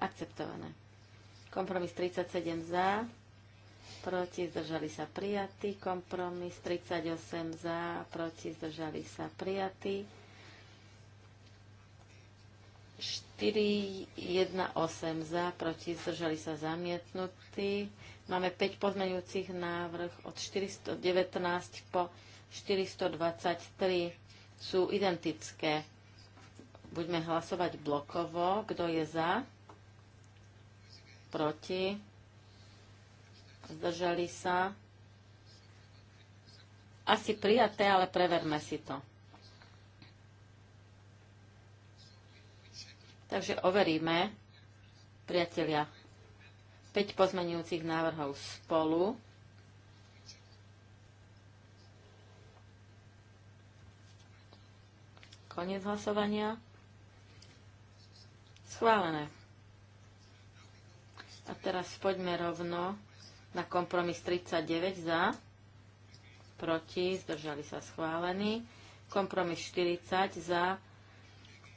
Akceptované. Kompromis 37 za, proti zdržali sa prijatí. Kompromis 38 za, proti zdržali sa prijatí. 4, 1, 8 za, proti zdržali sa zamietnutí. Máme 5 pozmeňujúcich návrh od 419 po 423 sú identické. Buďme hlasovať blokovo. Kto je za? Proti? Zdržali sa? Asi prijaté, ale preverme si to. Takže overíme, priatelia, 5 pozmenujúcich návrhov spolu. Koniec hlasovania. Schválené. A teraz poďme rovno na kompromis 39 za, proti, zdržali sa schválení. Kompromis 40 za,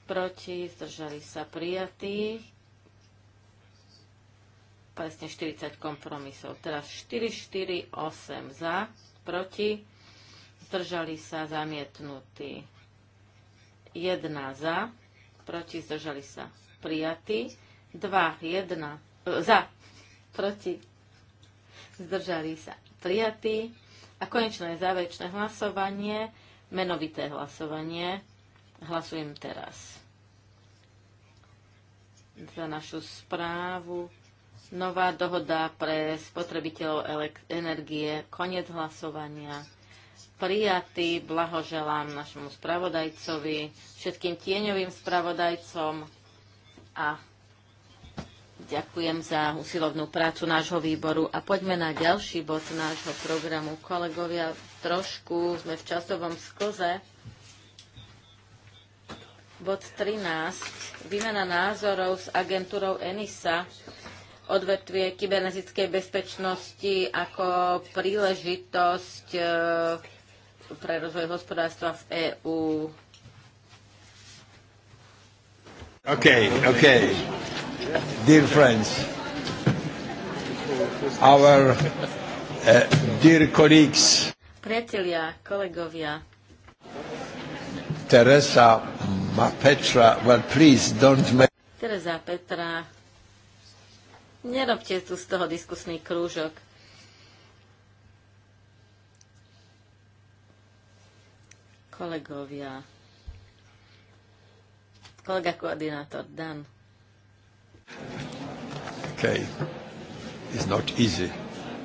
proti, zdržali sa prijatí. Presne 40 kompromisov. Teraz 4, 4, 8 za, proti, zdržali sa zamietnutí. 1 za, proti, zdržali sa prijatí. 2, 1 e, za, proti, zdržali sa prijatí. A konečné záväčné hlasovanie, menovité hlasovanie. Hlasujem teraz za našu správu. Nová dohoda pre spotrebiteľov energie. Koniec hlasovania prijatý. Blahoželám našemu spravodajcovi, všetkým tieňovým spravodajcom a ďakujem za usilovnú prácu nášho výboru. A poďme na ďalší bod nášho programu. Kolegovia, trošku sme v časovom skoze. Bod 13. Výmena názorov s agentúrou ENISA odvetvie kybernetickej bezpečnosti ako príležitosť e, pre rozvoj hospodárstva v EÚ. OK, OK. Dear friends, our uh, dear colleagues, Priatelia, kolegovia. Teresa ma Petra, well please don't make... Teresa Petra, nerobte tu z toho diskusný krúžok. Kolegovia. Kolega koordinátor Dan. OK. It's not easy.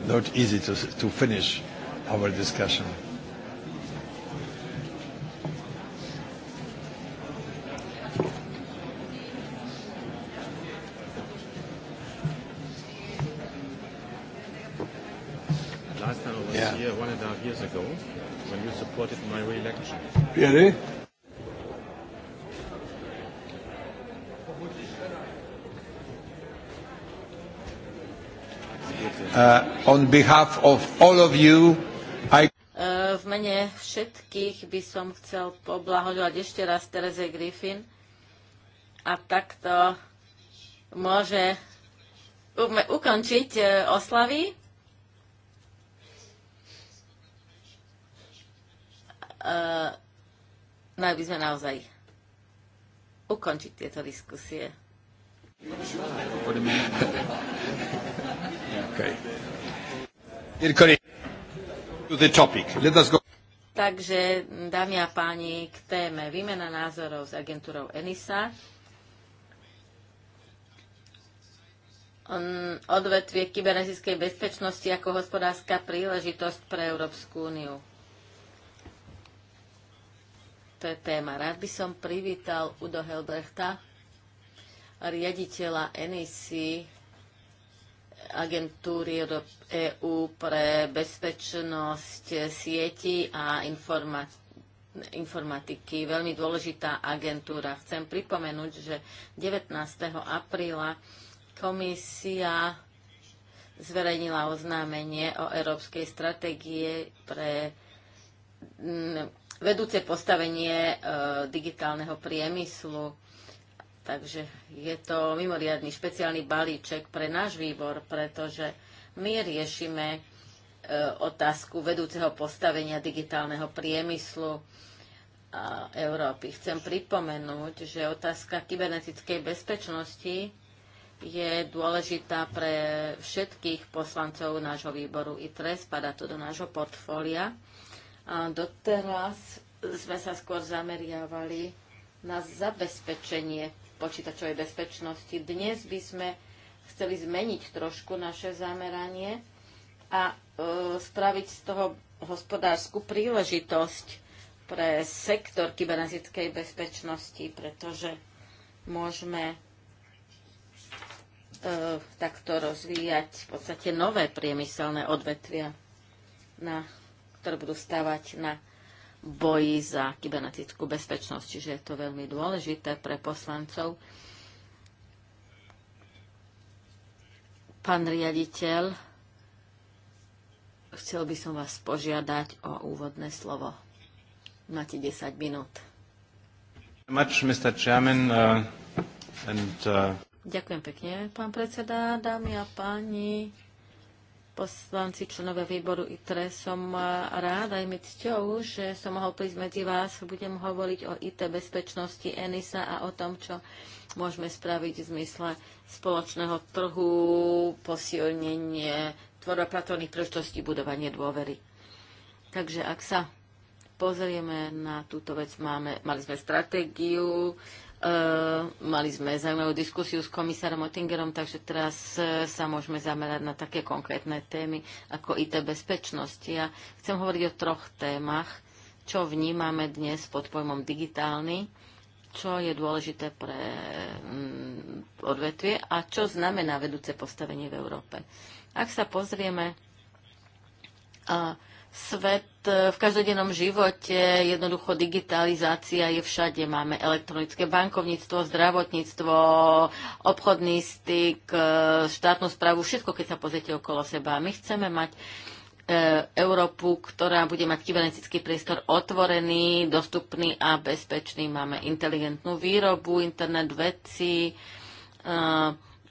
Not easy to, to finish our discussion. Uh, on behalf of all of you, I... Uh, v mene všetkých by som chcel poblahoďovať ešte raz Tereze Griffin a takto môže ukončiť uh, oslavy. Eh, mali by sme naozaj ukončiť tieto diskusie. Takže, dámy a páni, k téme výmena názorov s agentúrou ENISA. Odvetvie kybernetickej bezpečnosti ako hospodárska príležitosť pre Európsku úniu je téma. rád by som privítal Udo Helbrechta, riaditeľa NEC, agentúry EU e pre bezpečnosť sieti a informácií informatiky, veľmi dôležitá agentúra. Chcem pripomenúť, že 19. apríla komisia zverejnila oznámenie o európskej stratégie pre vedúce postavenie e, digitálneho priemyslu. Takže je to mimoriadný špeciálny balíček pre náš výbor, pretože my riešime e, otázku vedúceho postavenia digitálneho priemyslu Európy. Chcem pripomenúť, že otázka kybernetickej bezpečnosti je dôležitá pre všetkých poslancov nášho výboru ITRE, spada to do nášho portfólia. A doteraz sme sa skôr zameriavali na zabezpečenie počítačovej bezpečnosti. Dnes by sme chceli zmeniť trošku naše zameranie a e, spraviť z toho hospodárskú príležitosť pre sektor kybernetickej bezpečnosti, pretože môžeme e, takto rozvíjať v podstate nové priemyselné odvetvia na ktoré budú stavať na boji za kybernetickú bezpečnosť. Čiže je to veľmi dôležité pre poslancov. Pán riaditeľ, chcel by som vás požiadať o úvodné slovo. Máte 10 minút. Much, Chairman, uh, and, uh... Ďakujem pekne, pán predseda, dámy a páni poslanci, členové výboru ITRE. Som eh, rád aj mi cťou, že som mohol prísť medzi vás. Budem hovoriť o IT bezpečnosti ENISA a o tom, čo môžeme spraviť v zmysle spoločného trhu, posilnenie, tvorba pracovných príležitostí, budovanie dôvery. Takže ak sa pozrieme na túto vec, máme, mali sme stratégiu, Eh, mali sme zaujímavú diskusiu s komisárom Otingerom, takže teraz eh, sa môžeme zamerať na také konkrétne témy ako IT bezpečnosť. Ja chcem hovoriť o troch témach, čo vnímame dnes pod pojmom digitálny, čo je dôležité pre mm, odvetvie a čo znamená vedúce postavenie v Európe. Ak sa pozrieme, eh, svet eh, v každodennom živote, jednoducho digitalizácia je všade. Máme elektronické bankovníctvo, zdravotníctvo, obchodný styk, eh, štátnu správu, všetko, keď sa pozriete okolo seba. My chceme mať eh, Európu, ktorá bude mať kybernetický priestor otvorený, dostupný a bezpečný. Máme inteligentnú výrobu, internet veci,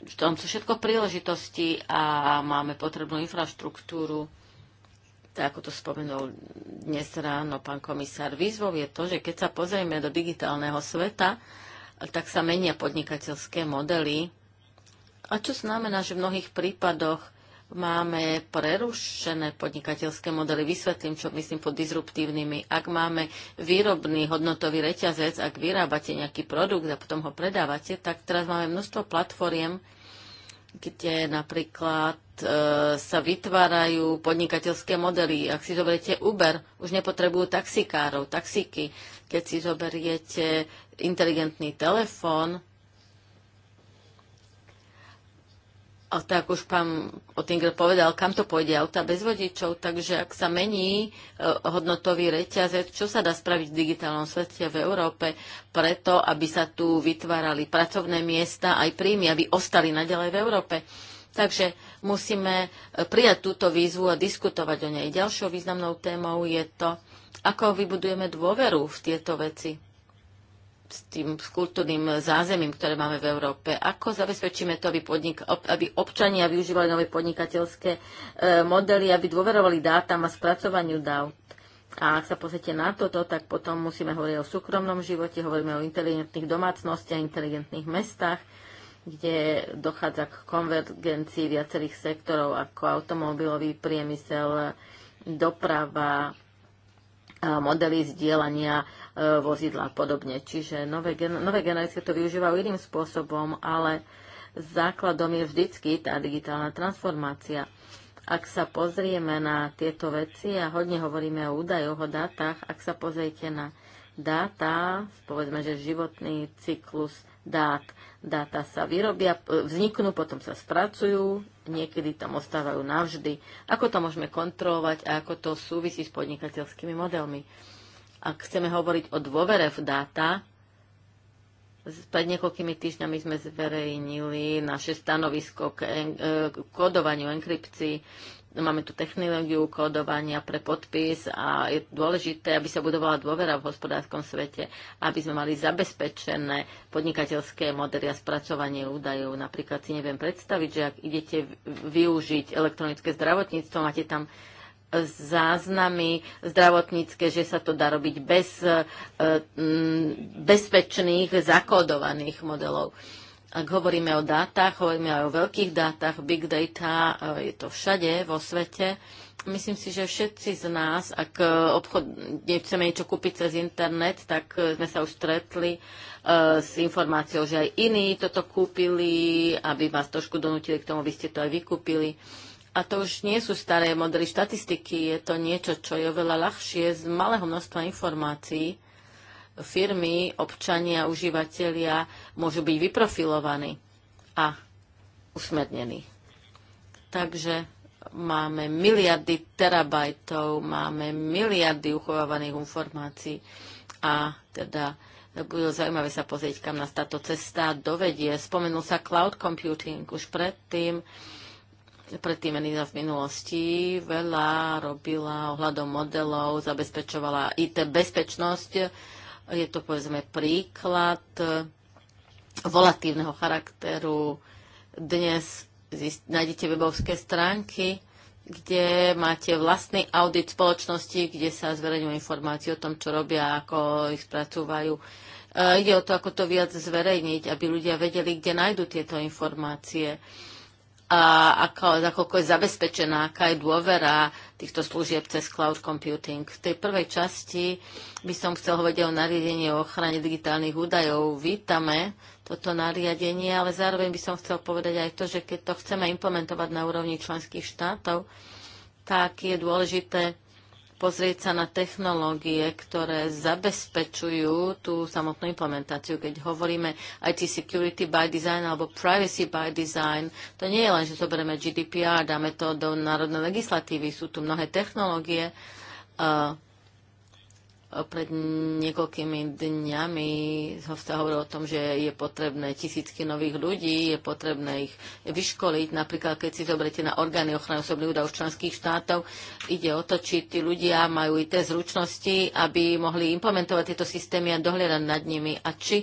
v tom sú všetko príležitosti a máme potrebnú infraštruktúru tak ako to spomenul dnes ráno pán komisár, výzvou je to, že keď sa pozrieme do digitálneho sveta, tak sa menia podnikateľské modely. A čo znamená, že v mnohých prípadoch máme prerušené podnikateľské modely. Vysvetlím, čo myslím pod disruptívnymi. Ak máme výrobný hodnotový reťazec, ak vyrábate nejaký produkt a potom ho predávate, tak teraz máme množstvo platformiem, kde napríklad e, sa vytvárajú podnikateľské modely. Ak si zoberiete Uber, už nepotrebujú taxikárov, taxíky. Keď si zoberiete inteligentný telefón, a tak už pán Otinger povedal, kam to pôjde auta bez vodičov, takže ak sa mení e, hodnotový reťazec, čo sa dá spraviť v digitálnom svete v Európe preto, aby sa tu vytvárali pracovné miesta, aj príjmy, aby ostali naďalej v Európe. Takže musíme e, prijať túto výzvu a diskutovať o nej. Ďalšou významnou témou je to, ako vybudujeme dôveru v tieto veci s tým kultúrnym zázemím, ktoré máme v Európe. Ako zabezpečíme to, aby, podnik, aby občania využívali nové podnikateľské e, modely, aby dôverovali dátam a spracovaniu dát? A ak sa pozrite na toto, tak potom musíme hovoriť o súkromnom živote, hovoríme o inteligentných domácnostiach, inteligentných mestách, kde dochádza k konvergencii viacerých sektorov ako automobilový priemysel, doprava, e, modely zdieľania Eh, vozidla a podobne. Čiže nové, gen- nové generácie to využívajú iným spôsobom, ale základom je vždycky tá digitálna transformácia. Ak sa pozrieme na tieto veci, a hodne hovoríme o údajoch, o dátach, ak sa pozriete na dáta, povedzme, že životný cyklus dát, dáta sa vyrobia, eh, vzniknú, potom sa spracujú, niekedy tam ostávajú navždy. Ako to môžeme kontrolovať a ako to súvisí s podnikateľskými modelmi? Ak chceme hovoriť o dôvere v dáta, pred niekoľkými týždňami sme zverejnili naše stanovisko k e, kódovaniu, enkrypcii. Máme tu technológiu kódovania pre podpis a je dôležité, aby sa budovala dôvera v hospodárskom svete, aby sme mali zabezpečené podnikateľské modely a spracovanie údajov. Napríklad si neviem predstaviť, že ak idete využiť elektronické zdravotníctvo, máte tam záznamy zdravotnícke, že sa to dá robiť bez e, bezpečných, zakódovaných modelov. Ak hovoríme o dátach, hovoríme aj o veľkých dátach, big data, e, je to všade vo svete. Myslím si, že všetci z nás, ak e, obchod, nechceme niečo kúpiť cez internet, tak sme sa už stretli s informáciou, že aj iní toto kúpili, aby vás trošku donútili k tomu, aby ste to aj vykúpili. kúpili a to už nie sú staré modely štatistiky, je to niečo, čo je oveľa ľahšie z malého množstva informácií. Firmy, občania, užívateľia môžu byť vyprofilovaní a usmernení. Takže máme miliardy terabajtov, máme miliardy uchovávaných informácií a teda bude zaujímavé sa pozrieť, kam nás táto cesta dovedie. Spomenul sa cloud computing už predtým predtým Enida v minulosti veľa robila ohľadom modelov, zabezpečovala IT bezpečnosť. Je to povedzme príklad volatívneho charakteru. Dnes nájdete webovské stránky, kde máte vlastný audit spoločnosti, kde sa zverejňujú informácie o tom, čo robia, ako ich spracúvajú. E, ide o to, ako to viac zverejniť, aby ľudia vedeli, kde nájdú tieto informácie a ako, akoľko je zabezpečená, aká je dôvera týchto služieb cez cloud computing. V tej prvej časti by som chcel hovoriť o nariadení o ochrane digitálnych údajov. Vítame toto nariadenie, ale zároveň by som chcel povedať aj to, že keď to chceme implementovať na úrovni členských štátov, tak je dôležité pozrieť sa na technológie, ktoré zabezpečujú tú samotnú implementáciu. Keď hovoríme IT security by design alebo privacy by design, to nie je len, že zoberieme GDPR, dáme to do národnej legislatívy, sú tu mnohé technológie, uh, pred niekoľkými dňami som sa hovoril o tom, že je potrebné tisícky nových ľudí, je potrebné ich vyškoliť. Napríklad, keď si zoberiete na orgány ochrany osobných údajov členských štátov, ide o to, či tí ľudia majú IT zručnosti, aby mohli implementovať tieto systémy a dohľadať nad nimi a či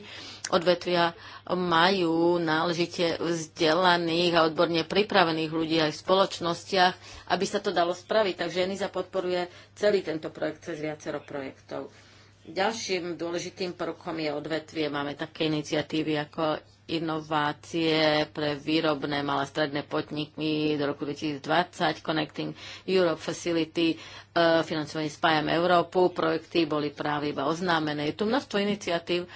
odvetvia majú náležite vzdelaných a odborne pripravených ľudí aj v spoločnostiach, aby sa to dalo spraviť. Takže ENISA podporuje celý tento projekt cez viacero projektov. Ďalším dôležitým prvkom je odvetvie. Máme také iniciatívy ako inovácie pre výrobné malé stredné podniky do roku 2020, Connecting Europe Facility, e, financovanie Spájam Európu. Projekty boli práve iba oznámené. Je tu množstvo iniciatív,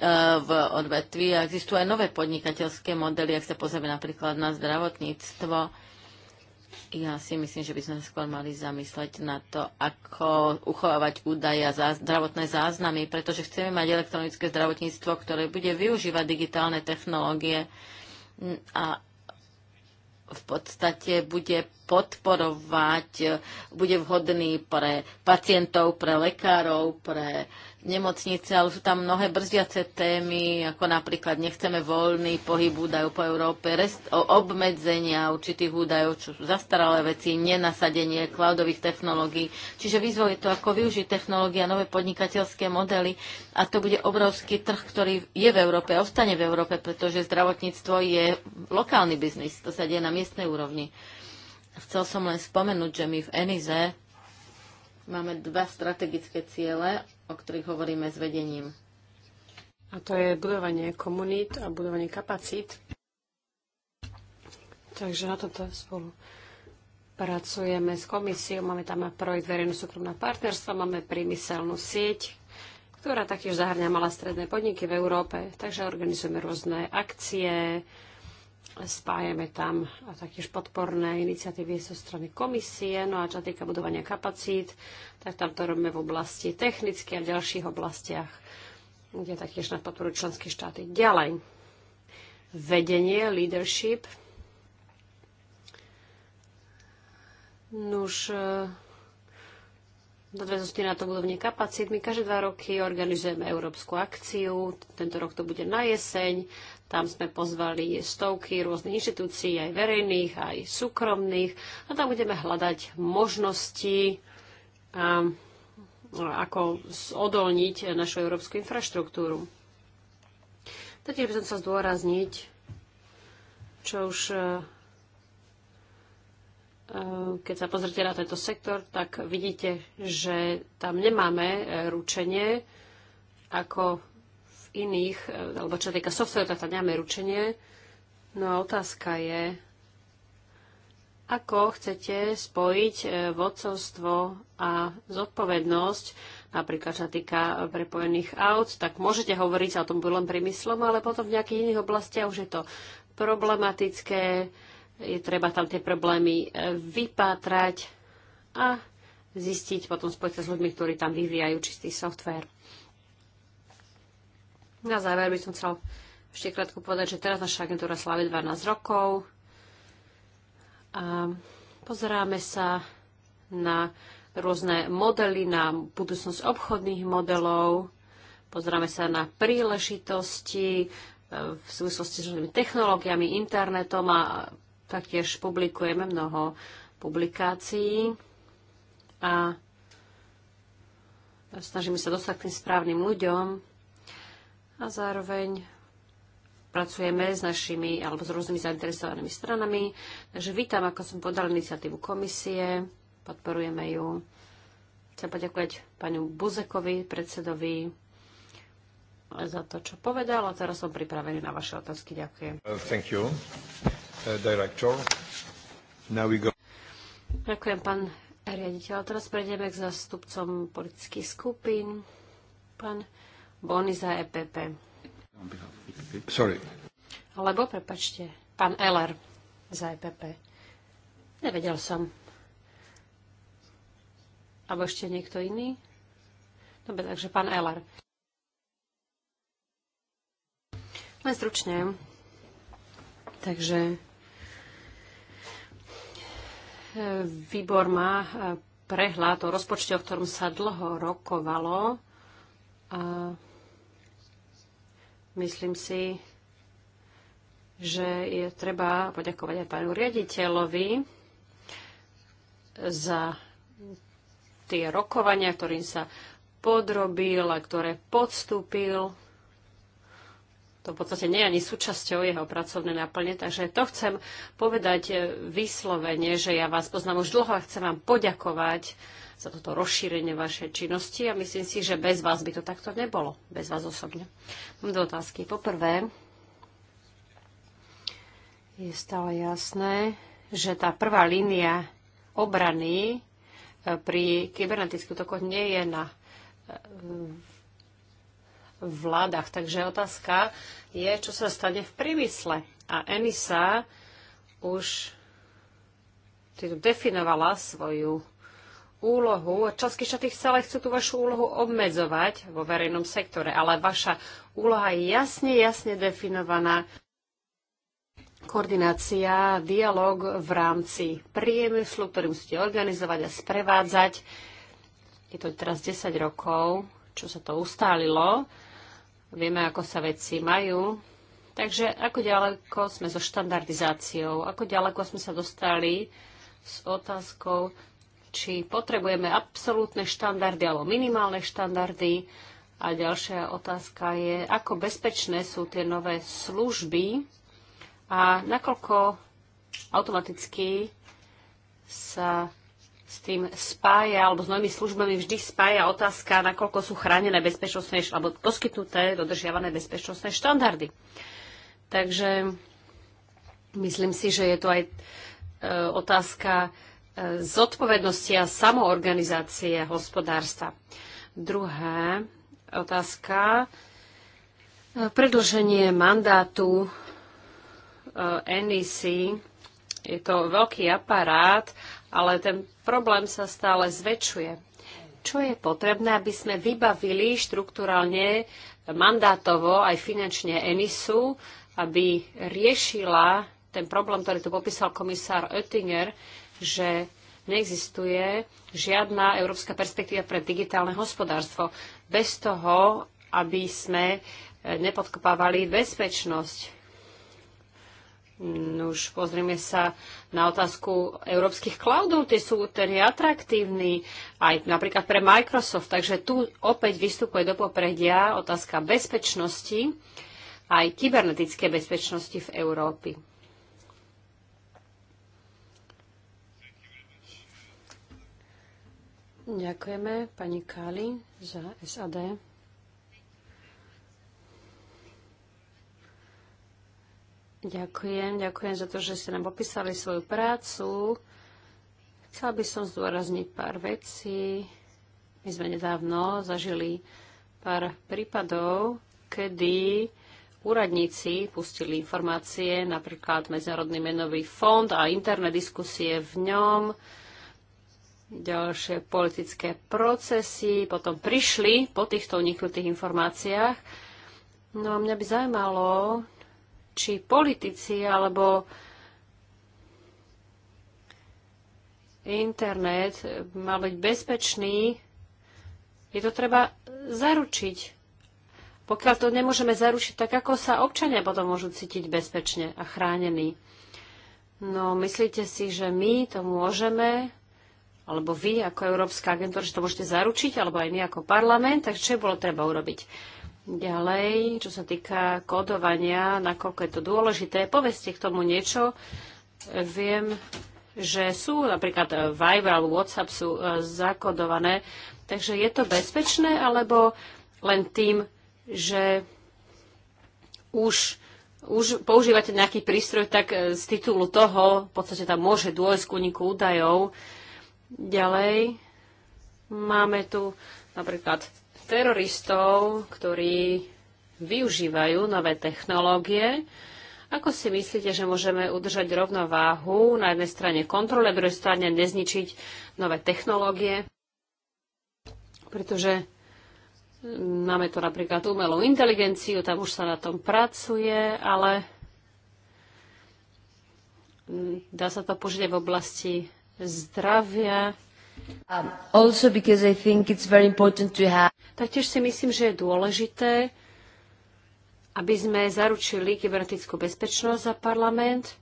Eh, v odvetví a existujú aj nové podnikateľské modely, ak sa pozrieme napríklad na zdravotníctvo. Ja si myslím, že by sme skôr mali zamysleť na to, ako uchovávať údaje a zdravotné záznamy, pretože chceme mať elektronické zdravotníctvo, ktoré bude využívať digitálne technológie a v podstate bude podporovať, bude vhodný pre pacientov, pre lekárov, pre uh, nemocnice, ale sú tam mnohé brzdiace témy, ako napríklad nechceme voľný pohyb údajov po Európe, rest, obmedzenia určitých údajov, čo sú zastaralé veci, nenasadenie cloudových technológií. Čiže výzvou je to, ako využiť technológie a nové podnikateľské modely a to bude obrovský trh, ktorý je v Európe a ostane v Európe, pretože zdravotníctvo je lokálny biznis, to sa deje na miestnej úrovni. Chcel som len spomenúť, že my v ENIZE máme dva strategické ciele o ktorých hovoríme s vedením. A to je budovanie komunít a budovanie kapacít. Takže na toto spolu pracujeme s komisiou. Máme tam projekt verejno-súkromná partnerstva, máme priemyselnú sieť, ktorá taktiež zahrňa malé stredné podniky v Európe. Takže organizujeme rôzne akcie, Spájame tam a taktiež podporné iniciatívy zo so strany komisie. No a čo týka budovania kapacít, tak tam to robíme v oblasti technických a v ďalších oblastiach, kde taktiež na podporu členské štáty. Ďalej, vedenie, leadership. Nuž, no nadväznosti na to budovne kapacít. My každé dva roky organizujeme európsku akciu. Tento rok to bude na jeseň. Tam sme pozvali stovky rôznych inštitúcií, aj verejných, aj súkromných. A tam budeme hľadať možnosti, a, um, ako odolniť našu európsku infraštruktúru. Taktiež by som chcel zdôrazniť, čo už Eh, keď sa pozrite na tento sektor, tak vidíte, že tam nemáme eh, ručenie ako v iných, eh, alebo čo týka software, tak tam nemáme ručenie. No a otázka je, ako chcete spojiť vodcovstvo a zodpovednosť, napríklad čo týka prepojených aut, tak môžete hovoriť o tom bylom priemyslom, ale potom v nejakých iných oblastiach už je to problematické, je treba tam tie problémy e, vypátrať a zistiť, potom spojiť sa s ľuďmi, ktorí tam vyvíjajú čistý software. Na záver by som chcel ešte krátko povedať, že teraz naša agentúra slávi 12 rokov a pozeráme sa na rôzne modely, na budúcnosť obchodných modelov, pozeráme sa na príležitosti e, v súvislosti s rôznymi technológiami, internetom a Taktiež publikujeme mnoho publikácií a snažíme sa dostať k tým správnym ľuďom a zároveň pracujeme s našimi alebo s rôznymi zainteresovanými stranami. Takže vítam, ako som podal iniciatívu komisie, podporujeme ju. Chcem poďakovať pani Buzekovi, predsedovi, za to, čo povedal a teraz som pripravený na vaše otázky. Ďakujem. Uh, thank you. Eh, director. Now we go. Ďakujem, pán riaditeľ. Teraz prejdeme k zastupcom politických skupín. Pán Bony za EPP. Sorry. Alebo, prepačte, pán Eller za EPP. Nevedel som. Alebo ešte niekto iný? Dobre, takže pán Eller. Len stručne. Takže výbor má e, prehľad o rozpočte, o ktorom sa dlho rokovalo. A myslím si, že je treba poďakovať aj pánu riaditeľovi za tie rokovania, ktorým sa podrobil a ktoré podstúpil to v podstate nie je ani súčasťou jeho pracovnej naplne, takže to chcem povedať e, vyslovene, že ja vás poznám už dlho a chcem vám poďakovať za toto rozšírenie vašej činnosti a myslím si, že bez vás by to takto nebolo, bez vás osobne. Mám dve otázky. Poprvé, je stále jasné, že tá prvá línia obrany e, pri kybernetických útokoch nie je na e, vládach. Takže otázka je, čo sa stane v priemysle. A ENISA už definovala svoju úlohu. Členské štáty chcela, chcú tú vašu úlohu obmedzovať vo verejnom sektore, ale vaša úloha je jasne, jasne definovaná. Koordinácia, dialog v rámci priemyslu, ktorý musíte organizovať a sprevádzať. Je to teraz 10 rokov, čo sa to ustálilo vieme, ako sa veci majú. Takže ako ďaleko sme so štandardizáciou, ako ďaleko sme sa dostali s otázkou, či potrebujeme absolútne štandardy alebo minimálne štandardy. A ďalšia otázka je, ako bezpečné sú tie nové služby a nakoľko automaticky sa s tým spája, alebo s novými službami vždy spája otázka, nakoľko sú chránené bezpečnostné, alebo poskytnuté, dodržiavané bezpečnostné štandardy. Takže myslím si, že je to aj e, otázka e, zodpovednosti a samoorganizácie hospodárstva. Druhá otázka. E, predlženie mandátu e, NEC. Je to veľký aparát ale ten problém sa stále zväčšuje. Čo je potrebné, aby sme vybavili štruktúralne, mandátovo, aj finančne ENISu, aby riešila ten problém, ktorý tu popísal komisár Oettinger, že neexistuje žiadna európska perspektíva pre digitálne hospodárstvo. Bez toho, aby sme nepodkopávali bezpečnosť No už pozrieme sa na otázku európskych cloudov, tie sú tedy atraktívni aj napríklad pre Microsoft, takže tu opäť vystupuje do popredia otázka bezpečnosti, aj kybernetické bezpečnosti v Európe. Ďakujeme pani Kali za SAD. Ďakujem, ďakujem za to, že ste nám popísali svoju prácu. Chcela by som zdôrazniť pár vecí. My sme nedávno zažili pár prípadov, kedy úradníci pustili informácie, napríklad Medzinárodný menový fond a interné diskusie v ňom, ďalšie politické procesy, potom prišli po týchto uniknutých informáciách. No a mňa by zaujímalo, či politici alebo internet mal byť bezpečný, je to treba zaručiť. Pokiaľ to nemôžeme zaručiť, tak ako sa občania potom môžu cítiť bezpečne a chránení? No, myslíte si, že my to môžeme, alebo vy ako Európska agentúra, že to môžete zaručiť, alebo aj my ako parlament, tak čo bolo treba urobiť? Ďalej, čo sa týka kódovania, nakoľko je to dôležité, povedzte k tomu niečo. Viem, že sú napríklad Viber alebo WhatsApp sú e, zakodované, takže je to bezpečné, alebo len tým, že už, už používate nejaký prístroj, tak e, z titulu toho v podstate tam môže dôjsť k úniku údajov. Ďalej máme tu napríklad teroristov, ktorí využívajú nové technológie. Ako si myslíte, že môžeme udržať rovnováhu na jednej strane kontrole, druhej strane nezničiť nové technológie? Pretože máme tu napríklad umelú inteligenciu, tam už sa na tom pracuje, ale dá sa to požiť v oblasti zdravia. Um, also because I think it's very important to have Taktiež si myslím, že je dôležité, aby sme zaručili kybernetickú bezpečnosť za parlament.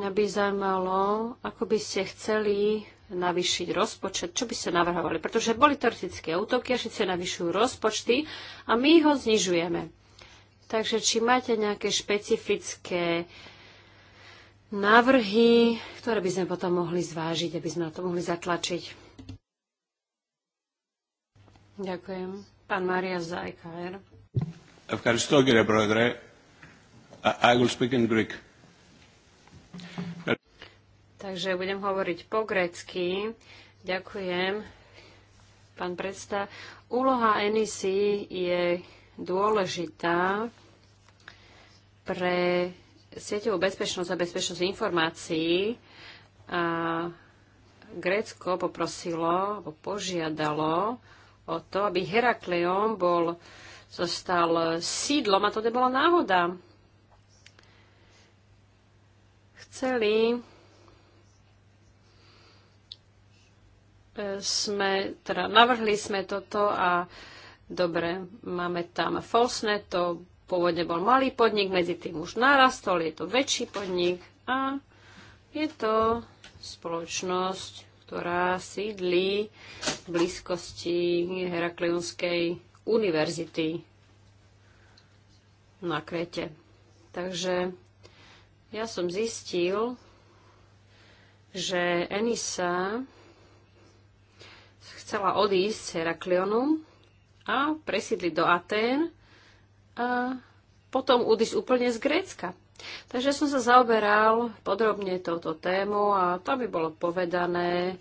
Mňa by zaujímalo, ako by ste chceli navýšiť rozpočet, čo by ste navrhovali. Pretože boli teoretické útoky a všetci navyšujú rozpočty a my ho znižujeme. Takže či máte nejaké špecifické návrhy, ktoré by sme potom mohli zvážiť, aby sme na to mohli zatlačiť. Ďakujem. Pán Maria za EKR. Ευχαριστώ κύριε Πρόεδρε. I will speak in Greek. Takže budem hovoriť po grecky. Ďakujem, pán predsta. Úloha NEC je dôležitá pre sieťovú bezpečnosť a bezpečnosť informácií. A Grécko poprosilo, alebo požiadalo o to, aby Herakleon bol, zostal sídlom a to nebola náhoda. Chceli e, sme, teda navrhli sme toto a dobre, máme tam Fosnet, to pôvodne bol malý podnik, medzi tým už narastol, je to väčší podnik a je to spoločnosť ktorá sídli v blízkosti Heraklionskej univerzity na Krete. Takže ja som zistil, že Enisa chcela odísť z Heraklionu a presídliť do Atén a potom odísť úplne z Grécka. Takže som sa zaoberal podrobne touto tému a to by bolo povedané,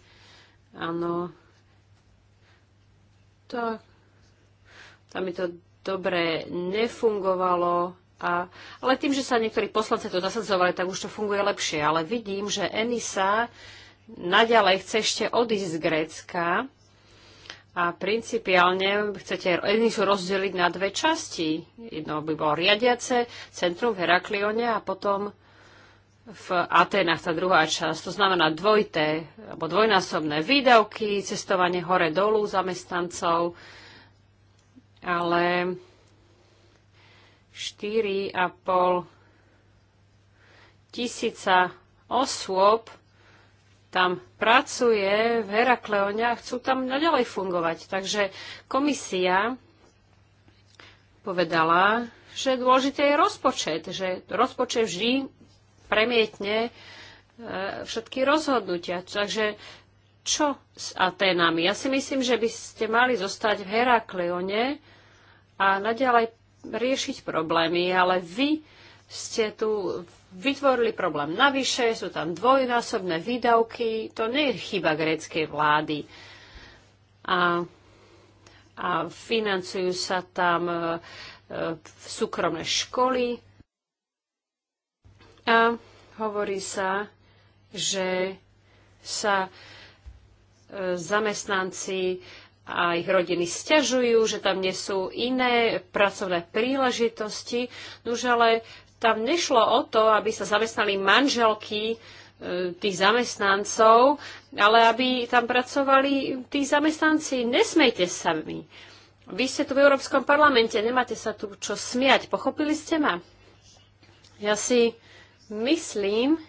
áno, to, tam mi to dobre nefungovalo, a, ale tým, že sa niektorí poslanci to zasadzovali, tak už to funguje lepšie. Ale vidím, že Enisa naďalej chce ešte odísť z Grécka, a principiálne chcete Enisu rozdeliť na dve časti. Jedno by bolo riadiace, centrum v Heraklione a potom v Atenách tá druhá časť. To znamená dvojité, alebo dvojnásobné výdavky, cestovanie hore-dolu zamestnancov, ale 4,5 tisíca osôb tam pracuje v Herakleone a chcú tam naďalej fungovať. Takže komisia povedala, že dôležité je rozpočet, že rozpočet vždy premietne e, všetky rozhodnutia. Takže čo s Aténami? Ja si myslím, že by ste mali zostať v Herakleone a naďalej riešiť problémy, ale vy ste tu vytvorili problém navyše, sú tam dvojnásobné výdavky, to nie je chyba gréckej vlády. A, a financujú sa tam e, v e, súkromné školy a hovorí sa, že sa e, zamestnanci a ich rodiny stiažujú, že tam nie sú iné pracovné príležitosti. Nož ale tam nešlo o to, aby sa zamestnali manželky e, tých zamestnancov, ale aby tam pracovali tí zamestnanci. Nesmejte sa mi. Vy ste tu v Európskom parlamente, nemáte sa tu čo smiať. Pochopili ste ma? Ja si myslím,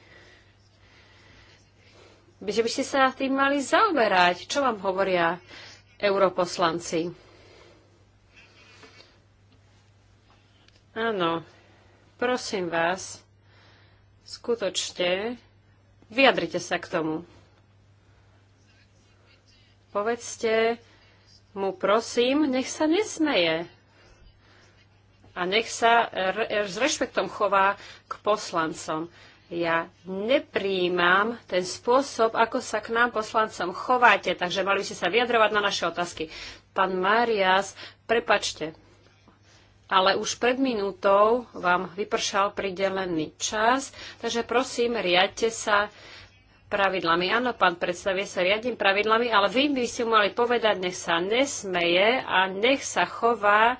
že by ste sa tým mali zaoberať. Čo vám hovoria europoslanci? Áno, Prosím vás, skutočne, vyjadrite sa k tomu. Povedzte mu, prosím, nech sa nesmeje a nech sa s rešpektom chová k poslancom. Ja nepríjmam ten spôsob, ako sa k nám poslancom chováte, takže mali ste sa vyjadrovať na naše otázky. Pán Marias, prepačte, ale už pred minútou vám vypršal pridelený čas, takže prosím, riadte sa pravidlami. Áno, pán predstavie sa riadím pravidlami, ale vy by ste mali povedať, nech sa nesmeje a nech sa chová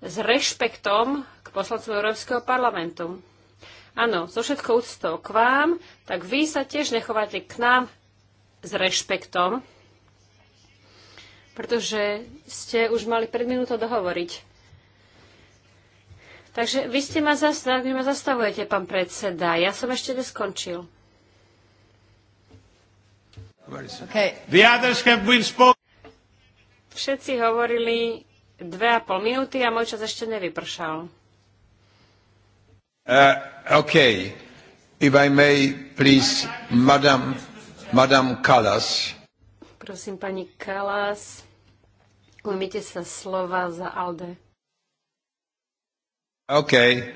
s rešpektom k poslancu Európskeho parlamentu. Áno, so všetkou úctou k vám, tak vy sa tiež nechováte k nám s rešpektom, pretože ste už mali pred minútou dohovoriť. Takže vy ste ma, zastav, vy ma zastavujete, pán predseda. Ja som ešte neskončil. Okay. Všetci hovorili dve a pol minúty a môj čas ešte nevypršal. Uh, OK. If I may, please, Madam, Madam Kalas. Prosím, pani Kalas, ujmite sa slova za Alde. Okay.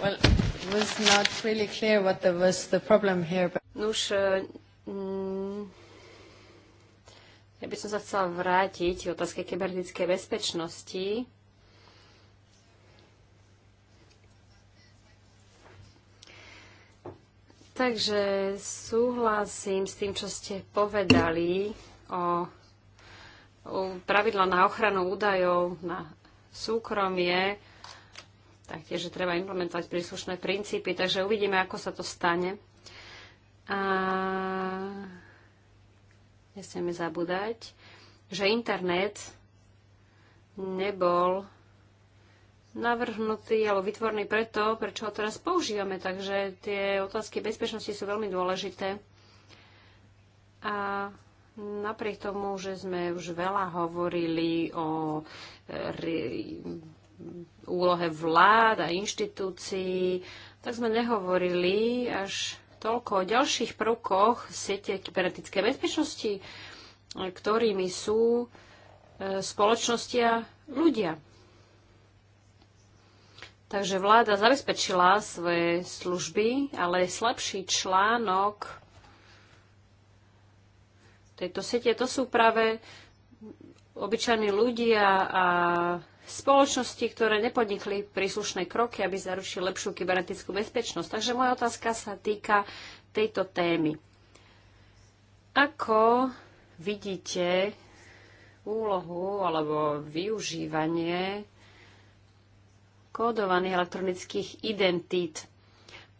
Well, it was not really clear what the, was the problem here. But... Nuž, no eh, mm, ja by som sa chcela vrátiť k otázke kybernetickej bezpečnosti. Takže súhlasím s tým, čo ste povedali o pravidla na ochranu údajov na súkromie, taktiež, že treba implementovať príslušné princípy, takže uvidíme, ako sa to stane. A nesmieme zabúdať, že internet nebol navrhnutý alebo vytvorný preto, prečo ho teraz používame. Takže tie otázky bezpečnosti sú veľmi dôležité. A Napriek tomu, že sme už veľa hovorili o úlohe vlád a inštitúcií, tak sme nehovorili až toľko o ďalších prvkoch siete kybernetickej bezpečnosti, ktorými sú e, spoločnosti a ľudia. Takže vláda zabezpečila svoje služby, ale slabší článok tejto siete. To sú práve obyčajní ľudia a spoločnosti, ktoré nepodnikli príslušné kroky, aby zaručili lepšiu kybernetickú bezpečnosť. Takže moja otázka sa týka tejto témy. Ako vidíte úlohu alebo využívanie kódovaných elektronických identít,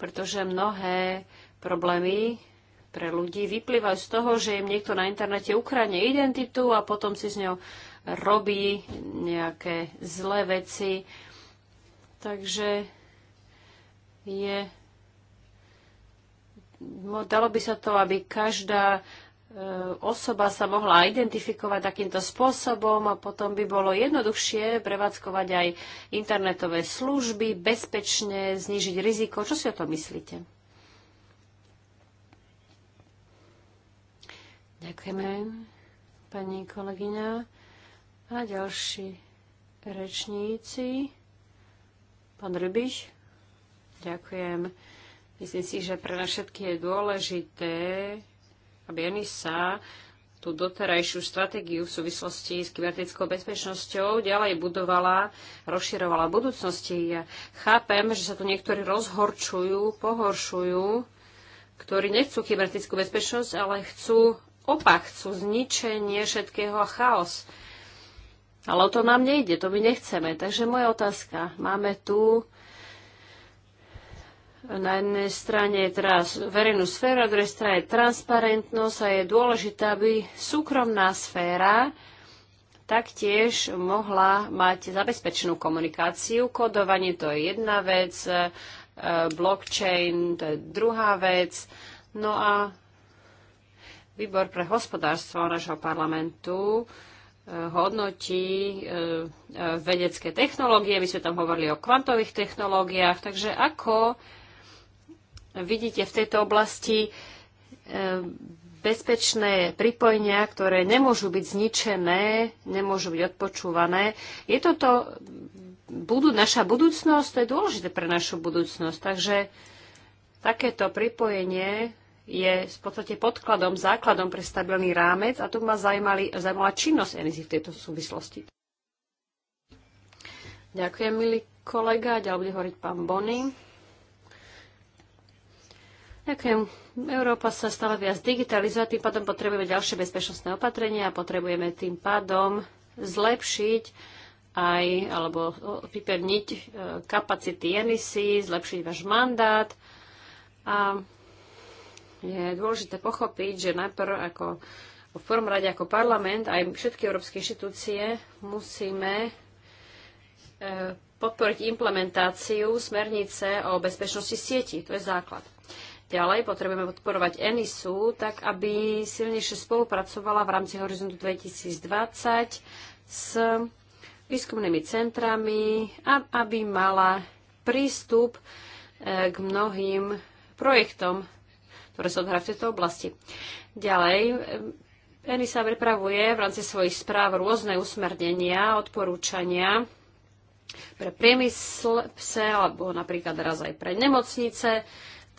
pretože mnohé problémy pre ľudí vyplývajú z toho, že im niekto na internete ukradne identitu a potom si s ňou robí nejaké zlé veci. Takže je... Dalo by sa to, aby každá e, osoba sa mohla identifikovať takýmto spôsobom a potom by bolo jednoduchšie prevádzkovať aj internetové služby, bezpečne znižiť riziko. Čo si o to myslíte? Ďakujeme, pani kolegyňa. A ďalší rečníci. Pán Rybiš. Ďakujem. Myslím si, že pre nás všetky je dôležité, aby sa tú doterajšiu stratégiu v súvislosti s kybernetickou bezpečnosťou ďalej budovala, rozširovala budúcnosti. Ja chápem, že sa tu niektorí rozhorčujú, pohoršujú, ktorí nechcú kybernetickú bezpečnosť, ale chcú opak, chcú zničenie všetkého a chaos. Ale o to nám nejde, to my nechceme. Takže moja otázka. Máme tu na jednej strane je teraz verejnú sféru, na druhej strane transparentnosť a je dôležité, aby súkromná sféra taktiež mohla mať zabezpečenú komunikáciu. Kodovanie to je jedna vec, eh, blockchain to je druhá vec. No a Výbor pre hospodárstvo nášho parlamentu eh, hodnotí eh, vedecké technológie. My sme tam hovorili o kvantových technológiách. Takže ako vidíte v tejto oblasti eh, bezpečné pripojenia, ktoré nemôžu byť zničené, nemôžu byť odpočúvané. Je toto budú, naša budúcnosť, to je dôležité pre našu budúcnosť. Takže takéto pripojenie je v podstate podkladom, základom pre stabilný rámec a tu ma zaujímali, zaujímala činnosť ENISI v tejto súvislosti. Ďakujem, milý kolega. Ďalej bude hovoriť pán Bonny. Ďakujem. Európa sa stále viac digitalizuje, tým pádom potrebujeme ďalšie bezpečnostné opatrenia a potrebujeme tým pádom zlepšiť aj, alebo vypevniť eh, kapacity emisí, zlepšiť váš mandát. A je dôležité pochopiť, že najprv ako v prvom rade ako parlament, aj všetky európske inštitúcie musíme e, podporiť implementáciu smernice o bezpečnosti sieti. To je základ. Ďalej potrebujeme podporovať ENISu, tak aby silnejšie spolupracovala v rámci Horizontu 2020 s výskumnými centrami a aby mala prístup e, k mnohým projektom ktoré sa odhrajú v tejto oblasti. Ďalej, sa pripravuje v rámci svojich správ rôzne usmernenia, odporúčania pre pse, alebo napríklad raz aj pre nemocnice.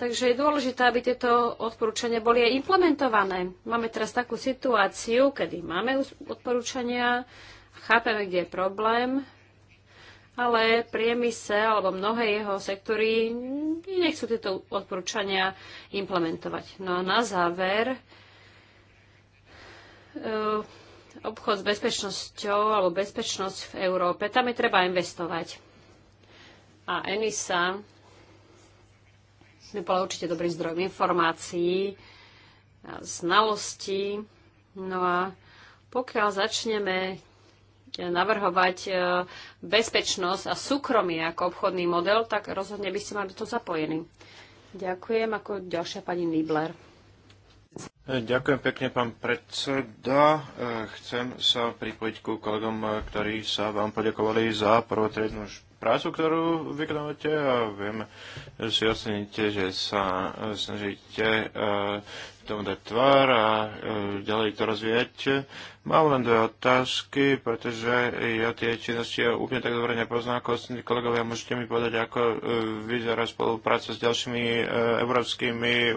Takže je dôležité, aby tieto odporúčania boli aj implementované. Máme teraz takú situáciu, kedy máme odporúčania, chápeme, kde je problém, ale priemysel alebo mnohé jeho sektory nechcú tieto odporúčania implementovať. No a na záver, eh, obchod s bezpečnosťou alebo bezpečnosť v Európe, tam je treba investovať. A Enisa by bola určite dobrý zdroj informácií, znalostí. No a pokiaľ začneme navrhovať e, bezpečnosť a súkromie ako obchodný model, tak rozhodne by ste mali to zapojení. Ďakujem. Ako ďalšia pani Nibler. E, ďakujem pekne, pán predseda. E, chcem sa pripojiť ku kolegom, ktorí sa vám poďakovali za prvotriednú prácu, ktorú vykonávate a viem si oceníte, že sa snažíte e, tomu dať tvár a e, ďalej to rozvíjať. Mám len dve otázky, pretože ja tie činnosti úplne tak dobre nepoznám ako ostatní kolegovia. Môžete mi povedať, ako e, vyzerá spolupráca s ďalšími európskymi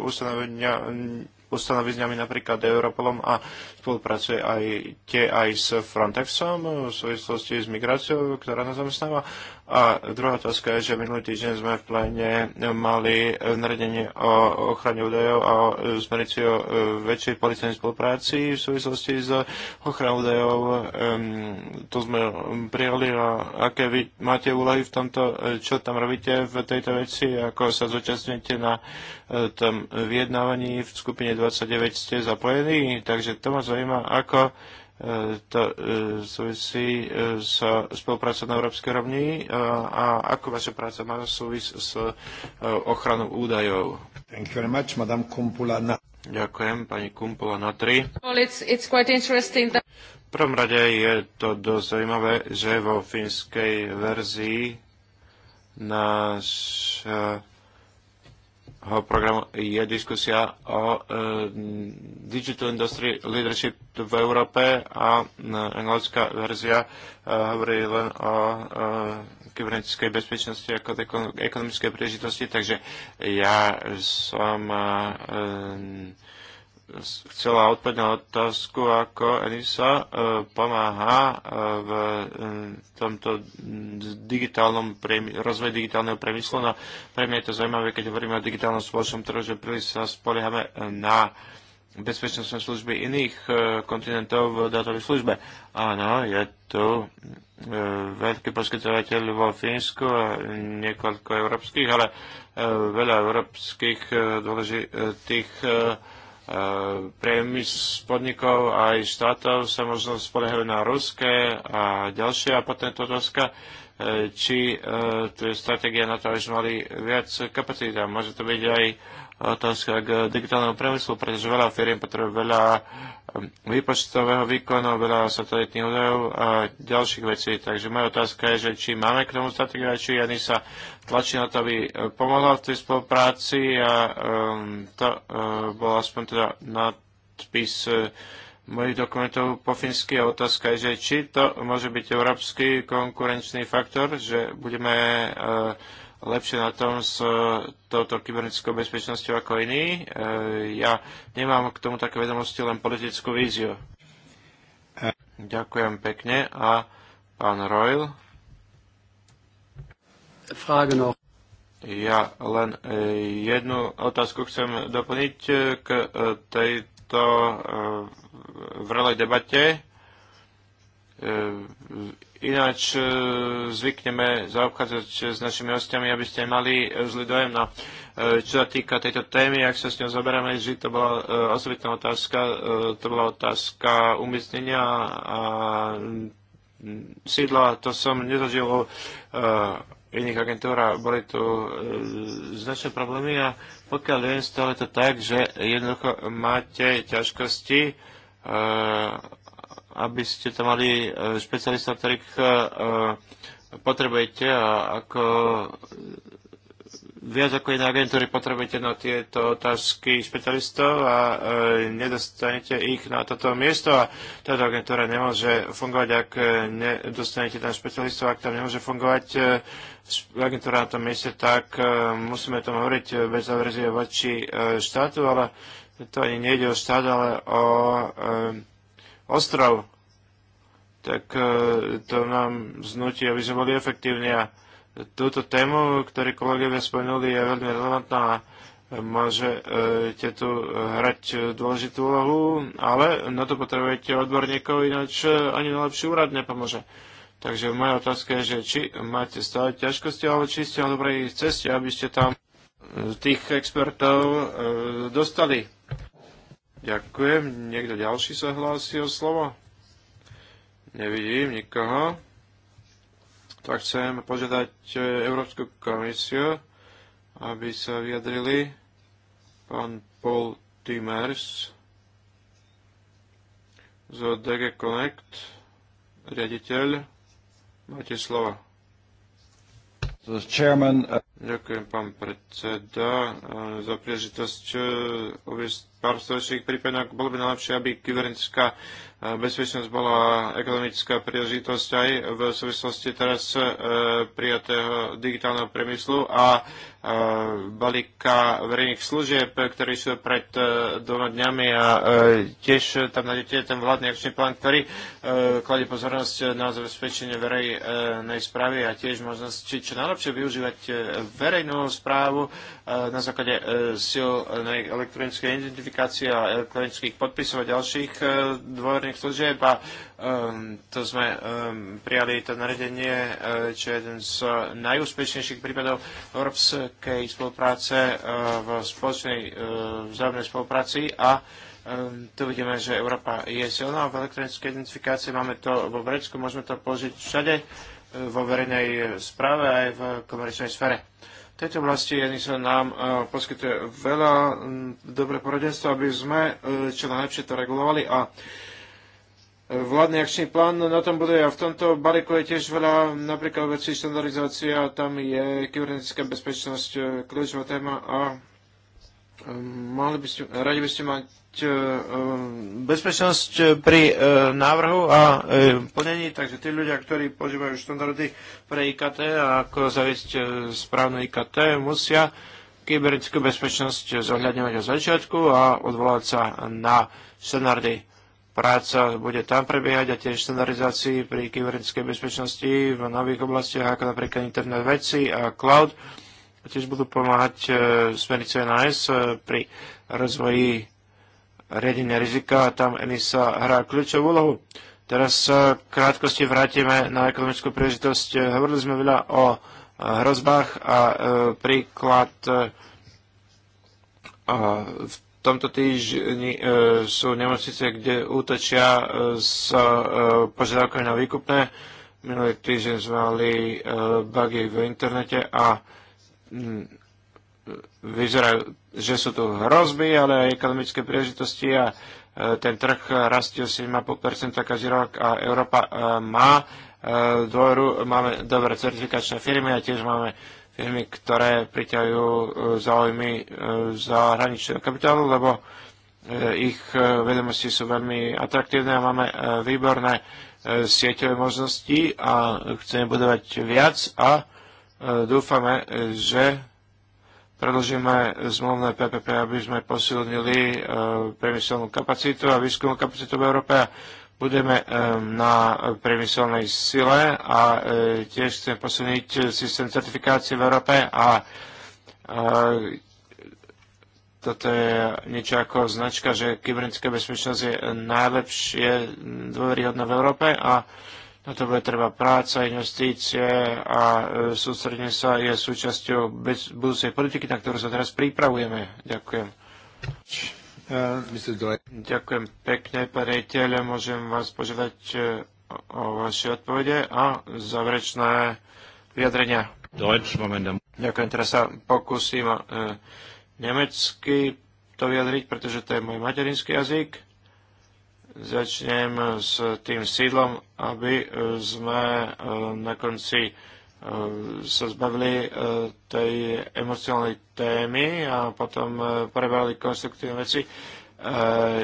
ustanovizňami, napríklad Europolom a spolupracuje aj tie aj s Frontexom v súvislosti s migráciou, ktorá nás zamestnáva a druhá otázka je, že minulý týždeň sme v pléne mali naredenie o ochrane údajov a smerici o e, väčšej policajnej spolupráci v súvislosti s ochranou údajov. To sme prijali a aké vy máte úlohy v tomto, čo tam robíte v tejto veci, ako sa zúčastňujete na e, tom vyjednávaní v skupine 29 ste zapojení, takže to ma zaujíma, ako to e, súvisí e, s spoluprácou na európskej rovni e, a ako vaša práca má súvis s ochranou údajov. Thank you very much, Madame Kumpula. Ďakujem, pani Kumpula na tri. Well, it's, it's quite interesting that... V prvom rade je to dosť zaujímavé, že vo fínskej verzii náš Uh, programu je diskusia o uh, Digital Industry Leadership v Európe a uh, anglická verzia hovorí len o kybernetickej bezpečnosti ako ekonomické príležitosti, takže ja som chcela odpovedať na otázku, ako ENISA e, pomáha e, v e, tomto digitálnom rozvoji digitálneho priemyslu. No, pre mňa je to zaujímavé, keď hovoríme o digitálnom spoločnom trhu, že príliš sa spoliehame na bezpečnostné služby iných kontinentov v datovej službe. Áno, je tu veľký poskytovateľ vo Fínsku a niekoľko európskych, ale veľa európskych dôležitých priemysl podnikov a aj štátov sa možno spoliehajú na ruské a ďalšia to otázka, e, či e, tu je stratégia na to, aby sme mali viac kapacít a môže to byť aj otázka k digitálnemu priemyslu, pretože veľa firiem potrebuje veľa výpočtového výkonu, veľa satelitných údajov a ďalších vecí. Takže moja otázka je, že či máme k tomu stratégiu a či Jany sa tlačí na to, aby e, pomohla v tej spolupráci a um, to uh, bol aspoň teda nadpis uh, mojich dokumentov po finsky a otázka je, že či to môže byť európsky konkurenčný faktor, že budeme uh, lepšie na tom s e, touto kybernetickou bezpečnosťou ako iní. E, ja nemám k tomu také vedomosti, len politickú víziu. Ďakujem pekne. A pán Royal? Ja len e, jednu otázku chcem doplniť k tejto vrelej debate Ináč e, zvykneme zaobchádzať s našimi hostiami, aby ste mali e, zlý dojem na e, čo sa týka tejto témy, ak sa s ňou zaberáme, že to bola osobitná otázka, to bola otázka umiestnenia a sídla, to som nezažil o iných agentúrach, boli tu značné problémy a pokiaľ viem, stále to tak, že jednoducho máte ťažkosti aby ste tam mali eh, špecialista, ktorých eh, eh, potrebujete a ako viac ako jedné agentúry potrebujete na tieto otázky špecialistov a e, nedostanete ich na toto miesto a táto agentúra nemôže fungovať, ak nedostanete tam špecialistov, ak tam nemôže fungovať e, agentúra na tom mieste, tak e, musíme tomu hovoriť bez averzie voči e, štátu, ale to ani nejde o štát, ale o e, ostrov, tak e, to nám znutí, aby sme boli efektívni. A túto tému, ktorú kolegovia spomenuli, je veľmi relevantná a môžete tu hrať dôležitú úlohu, ale na to potrebujete odborníkov, ináč e, ani najlepší úrad nepomôže. Takže moja otázka je, že či máte stále ťažkosti, alebo či ste na dobrej ceste, aby ste tam tých expertov e, dostali. Ďakujem. Niekto ďalší sa hlási o slovo? Nevidím nikoho. Tak chcem požiadať e, Európsku komisiu, aby sa vyjadrili pán Paul Timers z DG Connect, riaditeľ. Máte slovo. Chairman, uh... Ďakujem, pán predseda, e, za príležitosť uviesť pár stovších prípadov, bolo by najlepšie, aby kybernetická e, bezpečnosť bola ekonomická príležitosť aj v súvislosti teraz e, prijatého digitálneho priemyslu a e, balíka verejných služieb, ktorý sú pred dvoma dňami a tiež tam nájdete ten vládny akčný plán, ktorý kladie pozornosť na zabezpečenie verejnej správy a tiež možnosť čo najlepšie využívať verejnú správu na základe silnej elektronickej identifikácie identifikácia elektronických podpisov a ďalších e, dôverných služieb a um, to sme um, prijali to naredenie, e, čo je jeden z najúspešnejších prípadov európskej spolupráce uh, v spoločnej uh, vzájomnej spolupráci a tu vidíme, že Európa je silná v elektronickej identifikácii, máme to vo Grécku, môžeme to použiť všade vo verejnej správe aj v komerčnej sfere tejto oblasti Janisa nám e, poskytuje veľa dobré poradenstva, aby sme e, čo najlepšie to regulovali a e, vládny akčný plán na tom bude a v tomto bariku je tiež veľa napríklad vecí štandardizácia, tam je kybernetická bezpečnosť kľúčová téma a Mali by ste, radi by ste mať e, e, bezpečnosť e, pri návrhu a plnení, takže tí ľudia, ktorí požívajú štandardy pre IKT a ako zaviesť správne IKT, musia kybernetickú bezpečnosť zohľadňovať od začiatku a odvolať sa na štandardy. Práca bude tam prebiehať a tiež štandardizácii pri kybernetickej bezpečnosti v nových oblastiach, ako napríklad internet veci a cloud a tiež budú pomáhať e, smernice NIS e, pri rozvoji riadenia rizika a tam ENISA hrá kľúčovú úlohu. Teraz sa e, krátkosti vrátime na ekonomickú príležitosť. Hovorili sme veľa o hrozbách a príklad v tomto týždni sú nemocnice, kde útočia s požiadavkami na výkupné. Minulý týždeň sme mali bugy v internete a Mm, vyzerajú, že sú tu hrozby, ale aj ekonomické príležitosti a e, ten trh rastie 7,5% každý rok a Európa e, má e, dôveru, máme dobré certifikačné firmy a tiež máme firmy, ktoré priťahujú záujmy zahraničného kapitálu, lebo ich vedomosti sú veľmi atraktívne a máme výborné sieťové možnosti a chceme budovať viac a E, dúfame, e, že predlžíme zmluvné PPP, aby sme posilnili e, priemyselnú kapacitu a výskumnú kapacitu v Európe a budeme na priemyselnej sile a tiež chcem posilniť systém certifikácie v Európe a toto je niečo ako značka, že kybernetická bezpečnosť je najlepšie dôveryhodná v Európe a na to bude treba práca, investície a e, sústredenie sa je súčasťou budúcej politiky, na ktorú sa teraz pripravujeme. Ďakujem. Ďakujem pekne, priateľ. Môžem vás požiadať e, o vaše odpovede a záverečné vyjadrenia. Ďakujem, teraz sa pokúsim e, nemecky to vyjadriť, pretože to je môj materinský jazyk. Začnem s tým sídlom, aby e, sme e, na konci e, sa zbavili tej emocionálnej témy a potom prebrali konstruktívne veci.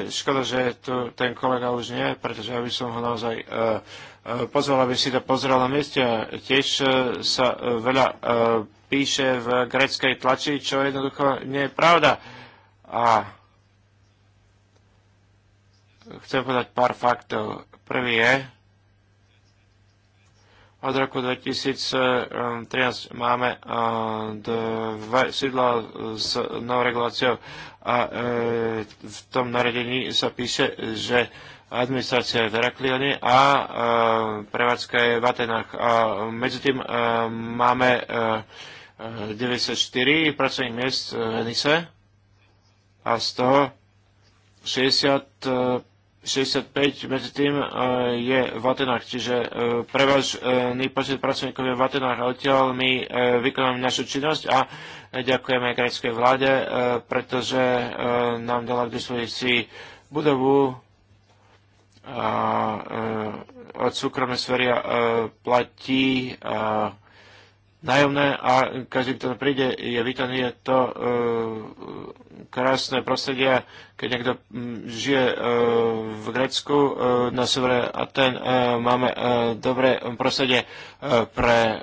Škoda, že tu ten kolega už nie, pretože ja by som ho naozaj pozval, aby si to pozrel na mieste. Tiež sa veľa píše v greckej tlači, čo jednoducho nie je pravda. A chcem povedať pár faktov. Prvý je, od roku 2013 máme eh, dve sídla s novou reguláciou a eh, v tom naredení sa píše, že administrácia je v Heraklione a eh, prevádzka je v Atenách. A medzi tým máme 94 pracovných miest v Enise a z toho 60 65 medzi tým e, je v Atenách, čiže e, prevažný počet pracovníkov je v Atenách a odtiaľ my e, vykonáme našu činnosť a ďakujeme gréckej vláde, pretože nám dala k dispozícii budovu od súkromné sféry platí nájomné a každý, kto príde, je vítaný, je to krásne prostredia, keď niekto mm, žije e, v Grécku e, na severe Aten, e, máme dobré prostredie pre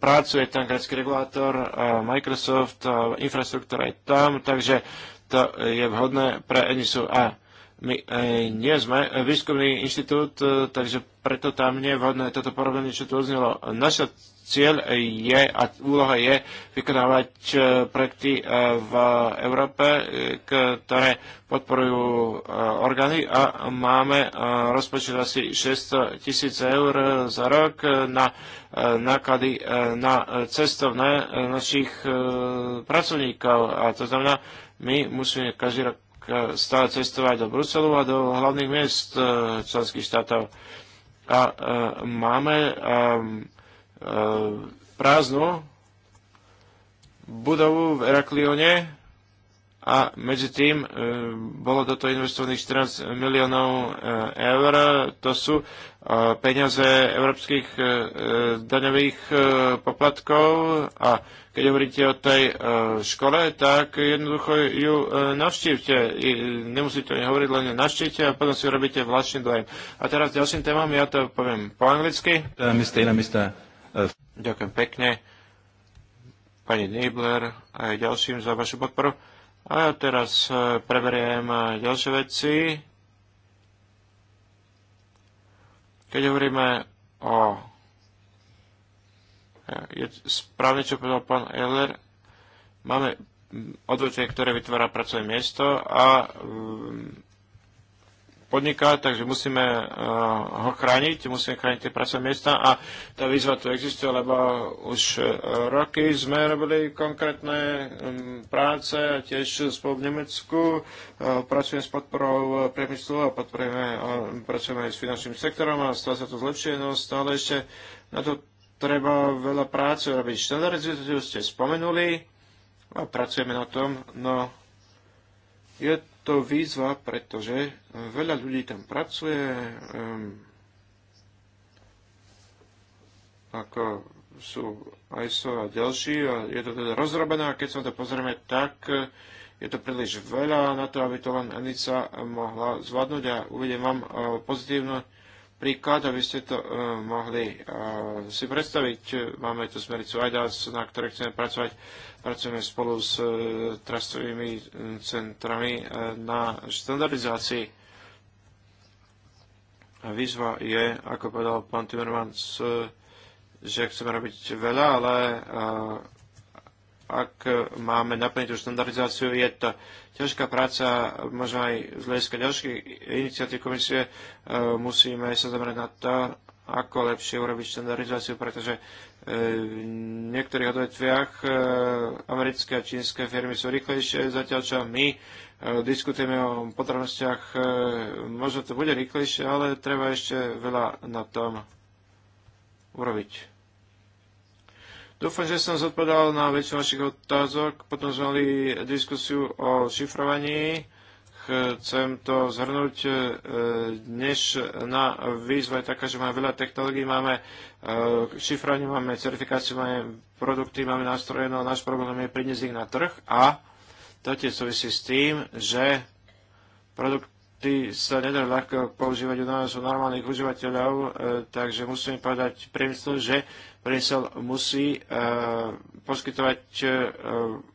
prácu, je tam grécky regulátor, Microsoft, infraštruktúra je tam, takže to je vhodné pre Enisu A. My nie sme výskumný inštitút, takže preto tam nie je vhodné toto porovnanie, čo tu oznelo. Naša cieľ je a úloha je vykonávať e, projekty e, v Európe, e, ktoré podporujú orgány a máme rozpočet asi 600 tisíc eur za rok na náklady na cestovné našich pracovníkov. A to znamená, my musíme každý rok stále cestovať do Bruselu a do hlavných miest členských štátov. A máme E, prázdnu budovu v Eraklione a medzi tým e, bolo do toho investovaných 14 miliónov e, eur. To sú peniaze európskych daňových poplatkov a keď hovoríte o tej škole, tak jednoducho ju navštívte. Nemusíte o nej hovoriť, len navštívte a potom si urobíte vlastný dojem. A teraz ďalším témam, ja to poviem po anglicky. Uh, Mr. Ina, Mr. Ďakujem pekne pani Nibler aj ďalším za vašu podporu. A ja teraz e, preberiem e, ďalšie veci. Keď hovoríme o... E, je správne, čo povedal pán Eller. Máme odvetvie, ktoré vytvára pracovné miesto a podnikať, takže musíme eh, ho chrániť, musíme chrániť tie pracovné miesta a tá výzva tu existuje, lebo už eh, roky sme robili konkrétne mm, práce a tiež spolu v Nemecku eh, pracujeme s podporou priemyslu a podporujeme, pracujeme aj s finančným sektorom a stále sa to zlepšuje, no stále ešte na to treba veľa práce robiť. Štandardizáciu ste spomenuli a pracujeme na tom, no je to výzva, pretože eh, veľa ľudí tam pracuje, ehm, ako sú ISO a ďalší a je to teda rozrobené a keď sa to pozrieme, tak eh, je to príliš veľa na to, aby to len Anica mohla zvládnuť a uvidím vám eh, pozitívne príklad, aby ste to uh, mohli uh, si predstaviť. Máme tu smericu IDAS, na ktorej chceme pracovať. Pracujeme spolu s uh, trastovými centrami uh, na štandardizácii. A výzva je, ako povedal pán Timmermans, uh, že chceme robiť veľa, ale uh, ak máme naplniť tú štandardizáciu, je to ťažká práca, možno aj z hľadiska ďalších iniciatív komisie e, musíme sa zamerať na to, ako lepšie urobiť štandardizáciu, pretože e, v niektorých odvetviach e, americké a čínske firmy sú rýchlejšie, zatiaľ čo my diskutujeme o potrebnostiach, možno to bude rýchlejšie, ale treba ešte veľa na tom urobiť. Dúfam, že som zodpovedal na väčšinu vašich otázok. Potom sme mali diskusiu o šifrovaní. Chcem to zhrnúť. E, na výzva je taká, že máme veľa technológií, máme e, šifrovanie, máme certifikáciu, máme produkty, máme nástroje, no náš problém je priniesť ich na trh a to tiež súvisí s tým, že produkty sa nedá ľahko používať u nás u normálnych užívateľov, e, takže musím povedať priemyslu, že priemysel musí e, poskytovať e,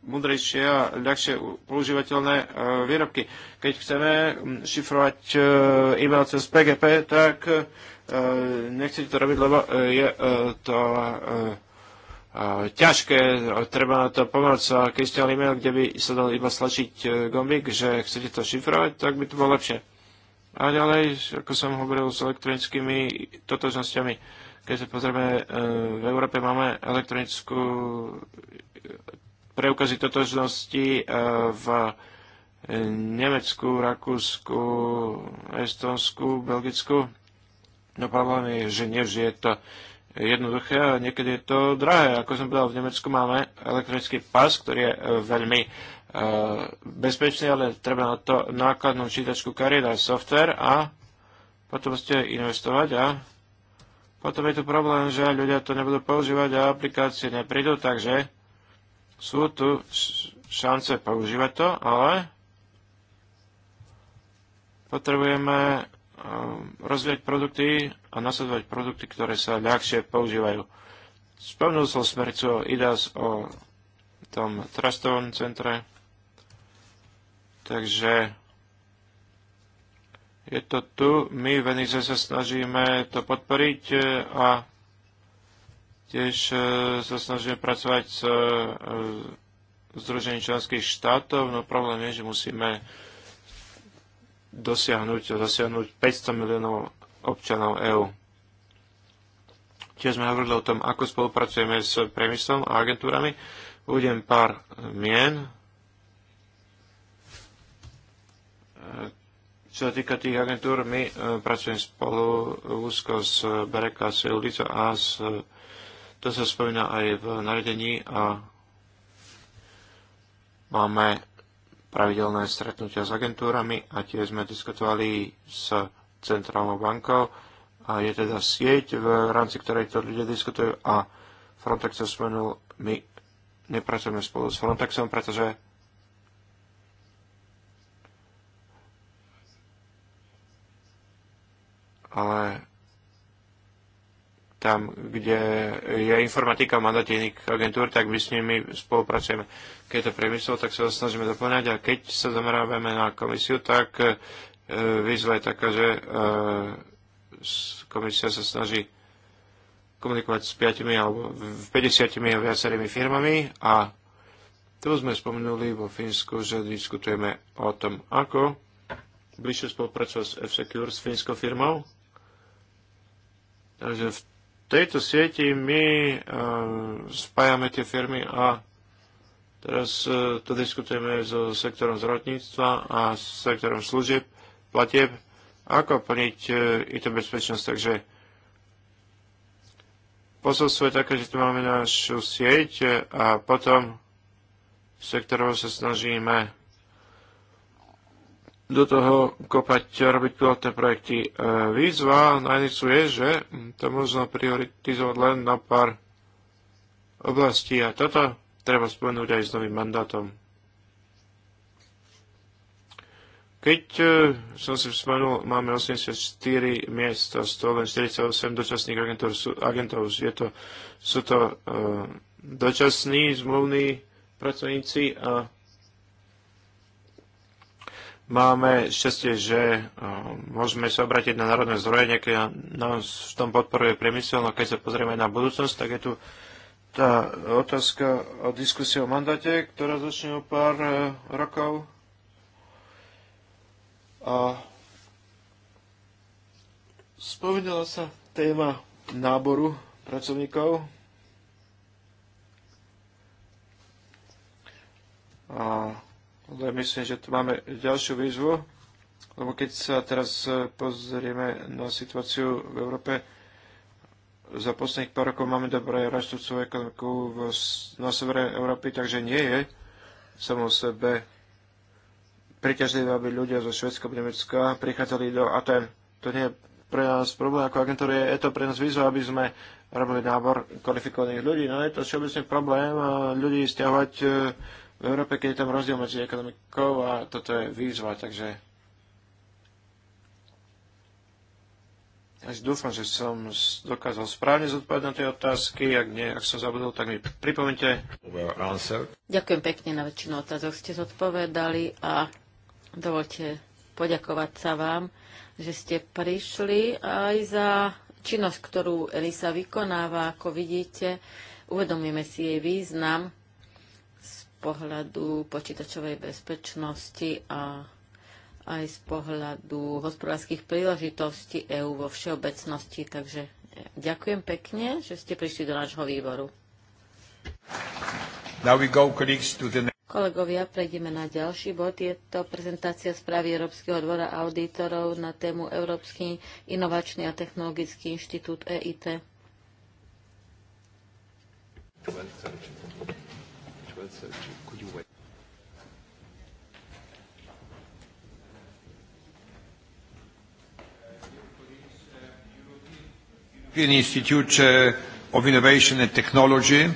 múdrejšie a ľahšie používateľné e, výrobky. Keď chceme šifrovať e-mail cez PGP, tak nechcete to robiť, lebo je to ťažké, treba na to pomôcť a keď ste mali e-mail, kde by sa dal iba slačiť gombík, že chcete to šifrovať, tak by to bolo lepšie. A ďalej, ako som hovoril s elektronickými totožnosťami, keď sa pozrieme, e, v Európe máme elektronickú preukazy totožnosti e, v Nemecku, Rakúsku, Estonsku, Belgicku. No problém je, že nevždy je to jednoduché a niekedy je to drahé. Ako som povedal, v Nemecku máme elektronický pas, ktorý je e, veľmi bezpečný, ale treba na to nákladnú čítačku kariet a software a potom ste investovať a potom je tu problém, že ľudia to nebudú používať a aplikácie neprídu, takže sú tu šance používať to, ale potrebujeme ehm, rozvíjať produkty a nasledovať produkty, ktoré sa ľahšie používajú. Spomnul som smercu o IDAS, o tom trustovom centre, takže je to tu, my v Enize sa snažíme to podporiť e, a tiež e, sa snažíme pracovať s e, Združením členských štátov, no problém je, že musíme dosiahnuť, dosiahnuť 500 miliónov občanov EÚ. Tiež sme hovorili o tom, ako spolupracujeme s priemyslom a agentúrami. Uvidím pár mien, čo sa týka tých agentúr, my e, pracujeme spolu úzko s Bereka, s Eulico a s, to sa spomína aj v naredení a máme pravidelné stretnutia s agentúrami a tiež sme diskutovali s Centrálnou bankou a je teda sieť, v rámci ktorej to ľudia diskutujú a Frontex sa spomenul, my nepracujeme spolu s Frontexom, pretože ale tam, kde je informatika v mandáte iných agentúr, tak my s nimi spolupracujeme. Keď je to priemysel, tak sa snažíme doplňať a keď sa zamerávame na komisiu, tak e, výzva je taká, že e, komisia sa snaží komunikovať s 5 alebo 50 viacerými firmami a tu sme spomenuli vo Fínsku, že diskutujeme o tom, ako bližšie spolupracovať s F-Secure s fínskou firmou Takže v tejto sieti my eh, spájame tie firmy a teraz eh, to diskutujeme so sektorom zdravotníctva a s sektorom služieb, platieb, ako plniť eh, IT bezpečnosť. Takže posolstvo je také, že tu máme našu sieť a potom sektorovo sa snažíme do toho kopať, robiť pilotné projekty. E, výzva najnicu je, že to možno prioritizovať len na pár oblastí a toto treba spomenúť aj s novým mandátom. Keď e, som si spomenul, máme 84 miest a z toho len 48 dočasných agentov. Sú, agentov. Je to, sú to uh, dočasní zmluvní pracovníci a uh, máme šťastie, že eh, môžeme sa obrátiť na národné zdroje, nejaké nám v tom podporuje priemysel, no keď sa pozrieme na budúcnosť, tak je tu tá otázka o diskusie o mandáte, ktorá začne o pár eh, rokov. A spomínala sa téma náboru pracovníkov. A ale myslím, že tu máme ďalšiu výzvu, lebo keď sa teraz e, pozrieme na situáciu v Európe, za posledných pár rokov máme dobré rastúcu ekonomiku v, na severe Európy, takže nie je samo sebe priťažlivé, aby ľudia zo Švedska a Nemecka prichádzali do Aten. To nie je pre nás problém ako agentúry, je to pre nás výzva, aby sme robili nábor kvalifikovaných ľudí. No je to všeobecný problém ľudí stiahovať e, v Európe, keď je tam rozdiel medzi ekonomikou a toto je výzva, takže Až dúfam, že som dokázal správne zodpovedať na tie otázky. Ak nie, ak som zabudol, tak mi pripomente. Ďakujem pekne na väčšinu otázok. Ste zodpovedali a dovolte poďakovať sa vám, že ste prišli aj za činnosť, ktorú Elisa vykonáva. Ako vidíte, uvedomíme si jej význam pohľadu počítačovej bezpečnosti a aj z pohľadu hospodárskych príležitostí EÚ vo všeobecnosti. Takže e, ďakujem pekne, že ste prišli do nášho výboru. Go, the... Kolegovia, prejdeme na ďalší bod. Je to prezentácia správy Európskeho dvora auditorov na tému Európsky inovačný a technologický inštitút EIT. 20, Could you wait? European Institute uh, of Innovation and Technology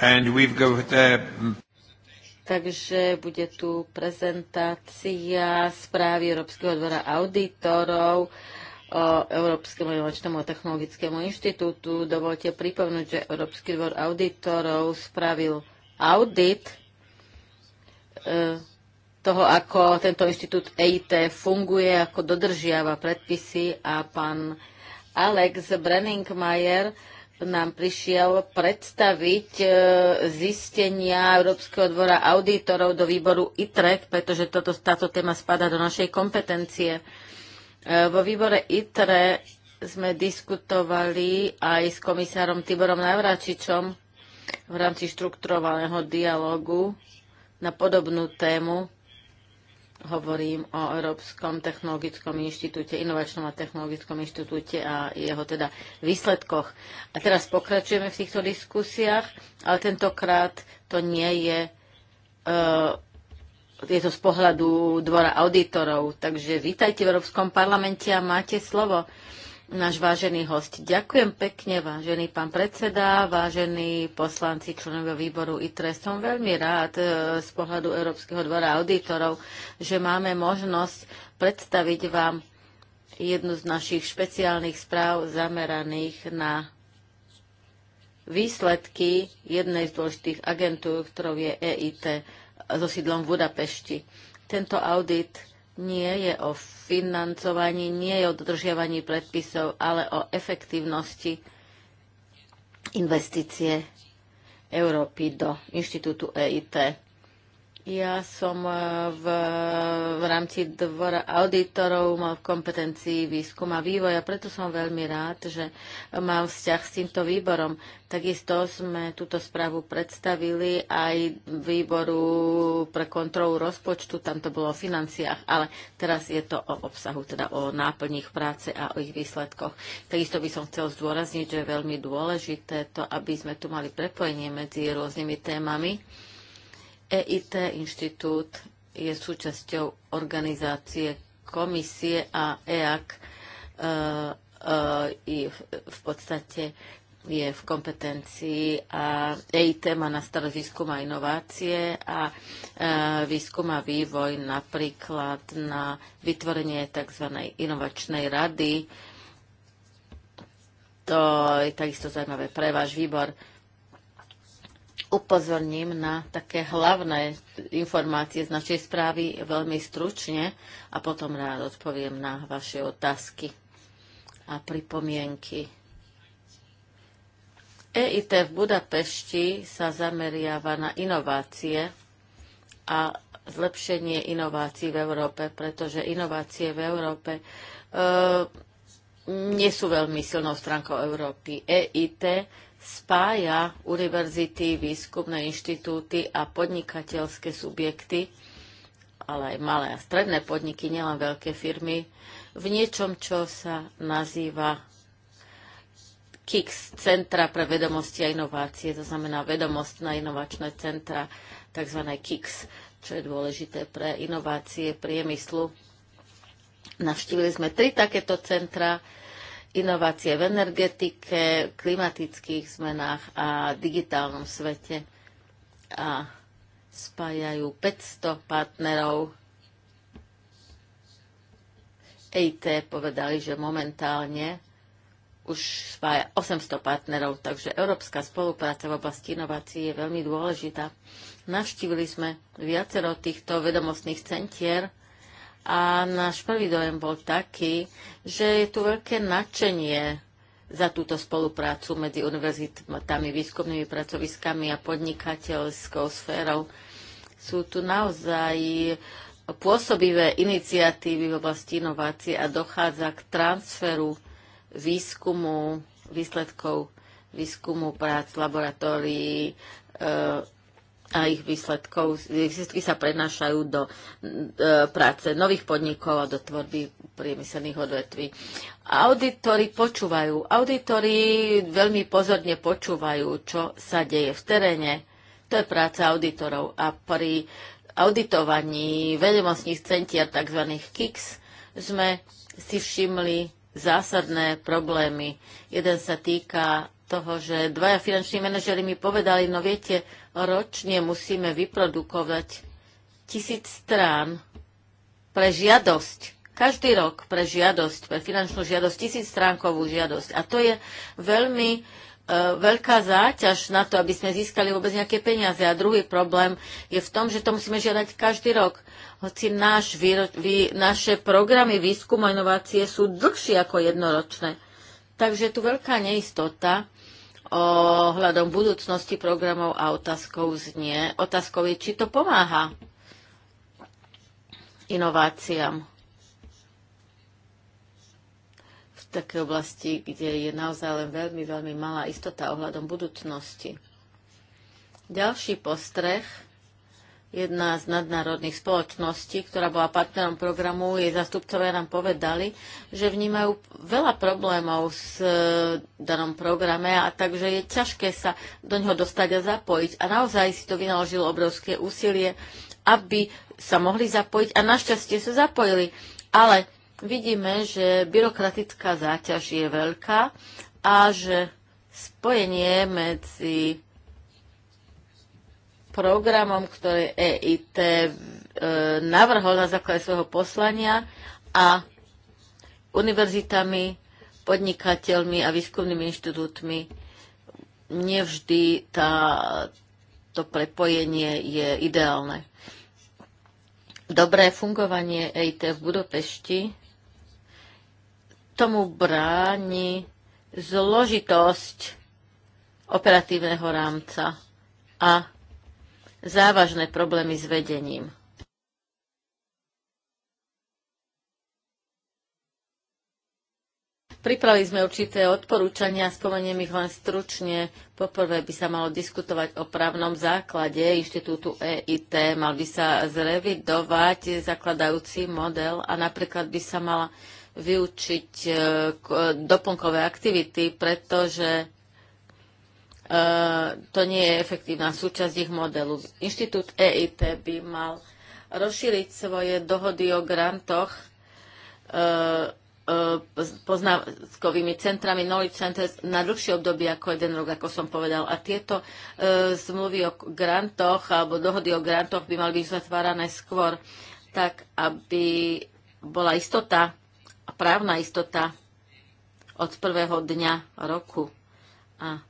and we've got a uh, Takže bude tu prezentácia správy Európskeho dvora auditorov o Európskemu inovačnému technologickému inštitútu. Dovolte pripomnúť, že Európsky dvor auditorov spravil audit e, toho, ako tento inštitút EIT funguje, ako dodržiava predpisy a pán Alex Brenningmeier nám prišiel predstaviť e, zistenia Európskeho dvora auditorov do výboru ITREC, pretože toto, táto téma spada do našej kompetencie. E, vo výbore ITRE sme diskutovali aj s komisárom Tiborom Navračičom v rámci štrukturovaného dialogu na podobnú tému. Hovorím o Európskom technologickom inštitúte, inovačnom a technologickom inštitúte a jeho teda výsledkoch. A teraz pokračujeme v týchto diskusiách, ale tentokrát to nie je, uh, je to z pohľadu dvora auditorov. Takže vítajte v Európskom parlamente a máte slovo. Uh, náš vážený host. Ďakujem pekne, vážený pán predseda, vážení poslanci členovia výboru ITRE. Som veľmi rád e, z pohľadu Európskeho dvora auditorov, že máme možnosť predstaviť vám jednu z našich špeciálnych správ zameraných na výsledky jednej z dôležitých agentúr, ktorou je EIT so sídlom v Budapešti. Tento audit nie je o financovaní, nie je o dodržiavaní predpisov, ale o efektívnosti investície Európy do inštitútu EIT. Ja som eh, v, v rámci dvora auditorov mal v kompetencii výskum a vývoj a preto som veľmi rád, že mám vzťah s týmto výborom. Takisto sme túto správu predstavili aj výboru pre kontrolu rozpočtu, tam to bolo o financiách, ale teraz je to o obsahu, teda o náplních práce a o ich výsledkoch. Takisto by som chcel zdôrazniť, že je veľmi dôležité to, aby sme tu mali prepojenie medzi rôznymi témami EIT inštitút je súčasťou organizácie komisie a EAC e, e, i v podstate je v kompetencii a EIT má na starosť výskum a inovácie a e, výskum a vývoj napríklad na vytvorenie tzv. inovačnej rady. To je takisto zaujímavé pre váš výbor. E, upozorním na také hlavné informácie z našej správy veľmi stručne a potom rád odpoviem na vaše otázky a pripomienky. EIT v Budapešti sa zameriava na inovácie a zlepšenie inovácií v Európe, pretože inovácie v Európe e, nie sú veľmi silnou stránkou Európy. EIT spája univerzity, výskumné inštitúty a podnikateľské subjekty, ale aj malé a stredné podniky, nielen veľké firmy, v niečom, čo sa nazýva KIX, Centra pre vedomosti a inovácie, to znamená vedomostná inovačné centra, tzv. KIX, čo je dôležité pre inovácie priemyslu. Navštívili sme tri takéto centra, inovácie v energetike, klimatických zmenách a digitálnom svete a spájajú 500 partnerov. EIT povedali, že momentálne už spája 800 partnerov, takže európska spolupráca v oblasti inovácií je veľmi dôležitá. Navštívili sme viacero týchto vedomostných centier, a náš prvý dojem bol taký, že je tu veľké nadšenie za túto spoluprácu medzi univerzitami, výskumnými pracoviskami a podnikateľskou sférou. Sú tu naozaj pôsobivé iniciatívy v oblasti inovácie a dochádza k transferu výskumu, výsledkov výskumu prác laboratórií, e, a ich výsledkov, ich výsledky sa prenášajú do e, práce nových podnikov a do tvorby priemyselných odvetví. Auditory počúvajú, auditory veľmi pozorne počúvajú, čo sa deje v teréne. To je práca auditorov a pri auditovaní vedomostných centier tzv. KICS sme si všimli zásadné problémy. Jeden sa týka toho, že dvaja finanční manažery mi povedali, no viete, ročne musíme vyprodukovať tisíc strán pre žiadosť. Každý rok pre žiadosť, pre finančnú žiadosť, tisíc stránkovú žiadosť. A to je veľmi e, veľká záťaž na to, aby sme získali vôbec nejaké peniaze. A druhý problém je v tom, že to musíme žiadať každý rok. Hoci náš výro... vý... naše programy výskumu a inovácie sú dlhšie ako jednoročné. Takže je tu veľká neistota ohľadom budúcnosti programov a otázkou znie. Otázkou je, či to pomáha inováciám v takej oblasti, kde je naozaj len veľmi, veľmi malá istota ohľadom budúcnosti. Ďalší postreh – jedna z nadnárodných spoločností, ktorá bola partnerom programu, jej zastupcovia nám povedali, že vnímajú veľa problémov s e, danom programe a takže je ťažké sa do ňoho dostať a zapojiť. A naozaj si to vynaložilo obrovské úsilie, aby sa mohli zapojiť a našťastie sa zapojili. Ale vidíme, že byrokratická záťaž je veľká a že spojenie medzi programom, ktoré EIT e, navrhol na základe svojho poslania a univerzitami, podnikateľmi a výskumnými inštitútmi nevždy tá, to prepojenie je ideálne. Dobré fungovanie EIT v Budapešti tomu bráni zložitosť operatívneho rámca a závažné problémy s vedením. Pripravili sme určité odporúčania, spomeniem ich len stručne. Poprvé by sa malo diskutovať o právnom základe inštitútu EIT, mal by sa zrevidovať zakladajúci model a napríklad by sa mala vyučiť e, doplnkové aktivity, pretože Eh, to nie je efektívna súčasť ich modelu. Inštitút EIT by mal rozšíriť svoje dohody o grantoch eh, eh, poznávkovými centrami Knowledge Centers na dlhšie obdobie ako jeden rok, ako som povedal. A tieto e, zmluvy o grantoch alebo dohody o grantoch by mali byť zatvárané skôr, tak aby bola istota, právna istota od prvého dňa roku. A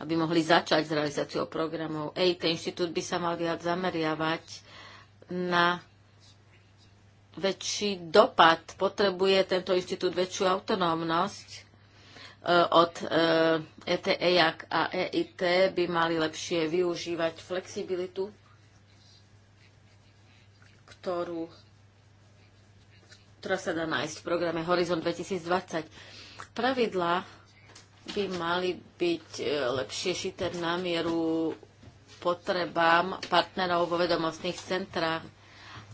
aby mohli začať s realizáciou programov. EIT inštitút by sa mal viac zameriavať na väčší dopad. Potrebuje tento inštitút väčšiu autonómnosť e, od ETE e e, a EIT by mali lepšie využívať flexibilitu, ktorú, ktorá sa dá nájsť v programe Horizon 2020. Pravidlá by mali byť e, lepšie šité na mieru potrebám partnerov vo vedomostných centrách.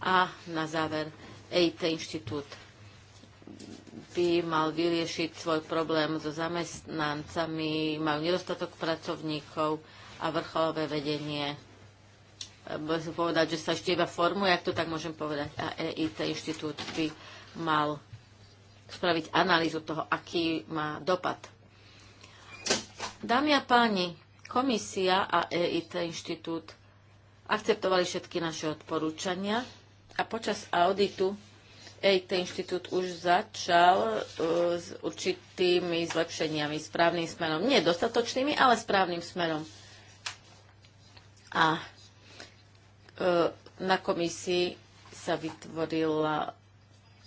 A na záver, EIT inštitút by mal vyriešiť svoj problém so zamestnancami, majú nedostatok pracovníkov a vrcholové vedenie. E, môžem povedať, že sa ešte iba formuje, ak to tak môžem povedať. A EIT inštitút by mal spraviť analýzu toho, aký má dopad Dámy a páni, komisia a EIT inštitút akceptovali všetky naše odporúčania a počas auditu EIT inštitút už začal uh, s určitými zlepšeniami správnym smerom. Nie dostatočnými, ale správnym smerom. A uh, na komisii sa vytvorila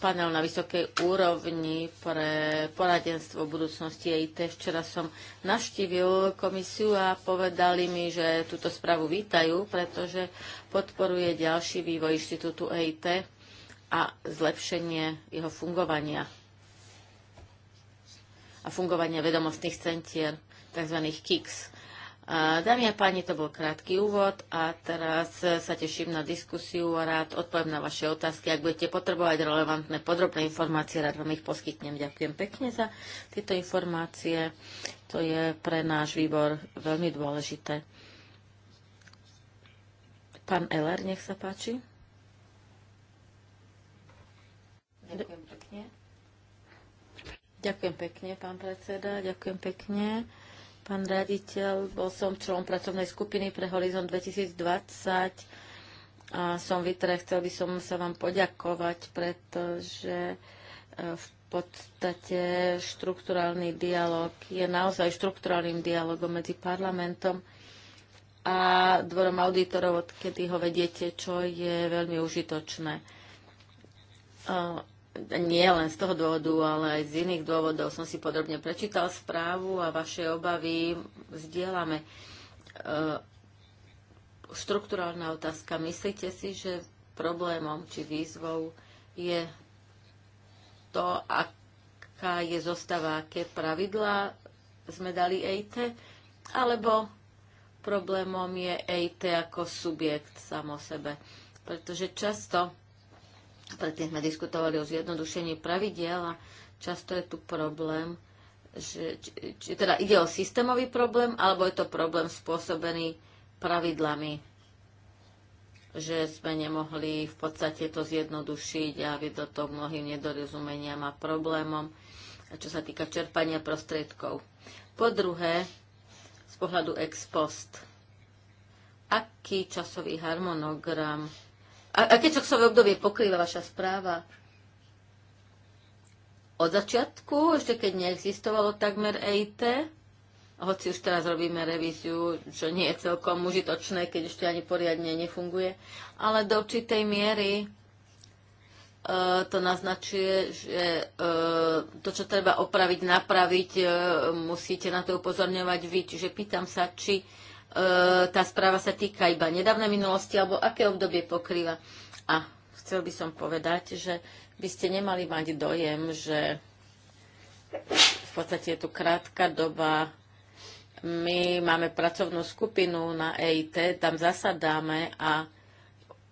panel na vysokej úrovni pre poradenstvo budúcnosti EIT. Včera som navštívil komisiu a povedali mi, že túto správu vítajú, pretože podporuje ďalší vývoj inštitútu EIT a zlepšenie jeho fungovania a fungovania vedomostných centier, tzv. KICS. Dámy a páni, to bol krátky úvod a teraz sa teším na diskusiu a rád odpoviem na vaše otázky. Ak budete potrebovať relevantné podrobné informácie, rád vám ich poskytnem. Ďakujem pekne za tieto informácie. To je pre náš výbor veľmi dôležité. Pán Eller, nech sa páči. Ďakujem pekne. Ďakujem pekne, pán predseda. Ďakujem pekne pán raditeľ. Bol som členom pracovnej skupiny pre Horizon 2020 a som vytre, Chcel by som sa vám poďakovať, pretože e, v podstate štrukturálny dialog je naozaj štrukturálnym dialogom medzi parlamentom a dvorom auditorov, odkedy ho vediete, čo je veľmi užitočné e, nie len z toho dôvodu, ale aj z iných dôvodov som si podrobne prečítal správu a vaše obavy vzdielame. E, štruktúrálna otázka. Myslíte si, že problémom či výzvou je to, aká je zostava, aké pravidlá sme dali EIT, alebo problémom je EIT ako subjekt samo sebe. Pretože často Predtým sme diskutovali o zjednodušení pravidiel a často je tu problém, že či, či, teda ide o systémový problém, alebo je to problém spôsobený pravidlami, že sme nemohli v podstate to zjednodušiť a vedlo to mnohým nedorozumeniam a problémom, čo sa týka čerpania prostriedkov. Po druhé, z pohľadu ex post, aký časový harmonogram a, aké časové obdobie pokrýva vaša správa? Od začiatku, ešte keď neexistovalo takmer EIT, hoci už teraz robíme revíziu, čo nie je celkom užitočné, keď ešte ani poriadne nefunguje, ale do určitej miery e, to naznačuje, že e, to, čo treba opraviť, napraviť, e, musíte na to upozorňovať vy. Čiže pýtam sa, či E, tá správa sa týka iba nedávnej minulosti alebo aké obdobie pokrýva. A chcel by som povedať, že by ste nemali mať dojem, že v podstate je tu krátka doba. My máme pracovnú skupinu na EIT, tam zasadáme a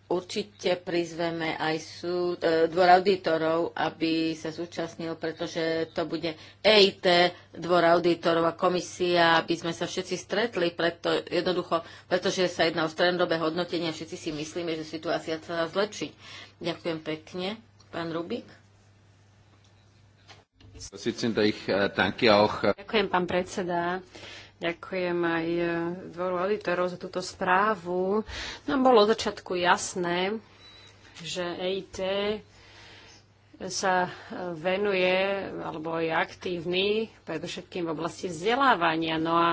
Určite prizveme aj súd, e, dvor auditorov, aby sa zúčastnil, pretože to bude EIT, dvor auditorov a komisia, aby sme sa všetci stretli, preto, jednoducho, pretože sa jedná o strednodobé hodnotenie a všetci si myslíme, že situácia sa dá zlepšiť. Ďakujem pekne. Pán Rubik? Ďakujem, pán predseda. Ďakujem aj e, dvoru auditorov za túto správu. No, bolo od začiatku jasné, že EIT sa e, venuje alebo je aktívny predovšetkým v oblasti vzdelávania. No a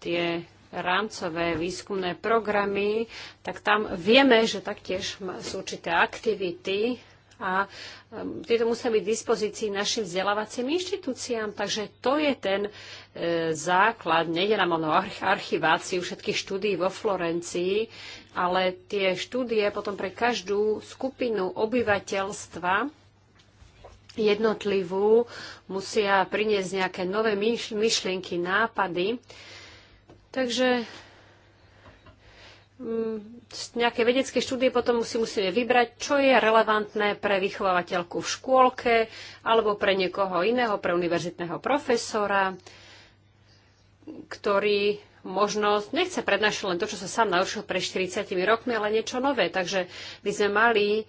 tie rámcové výskumné programy, tak tam vieme, že taktiež sú určité aktivity, a um, tieto musia byť v dispozícii našim vzdelávacím inštitúciám. Takže to je ten e, základ. Nejde nám o no, archiváciu všetkých štúdií vo Florencii, ale tie štúdie potom pre každú skupinu obyvateľstva jednotlivú musia priniesť nejaké nové myšlienky, nápady. Takže Mm, nejaké vedecké štúdie potom si musíme vybrať, čo je relevantné pre vychovávateľku v škôlke alebo pre niekoho iného, pre univerzitného profesora, ktorý možno nechce prednášať len to, čo sa sám naučil pre 40 rokmi, ale niečo nové. Takže by sme mali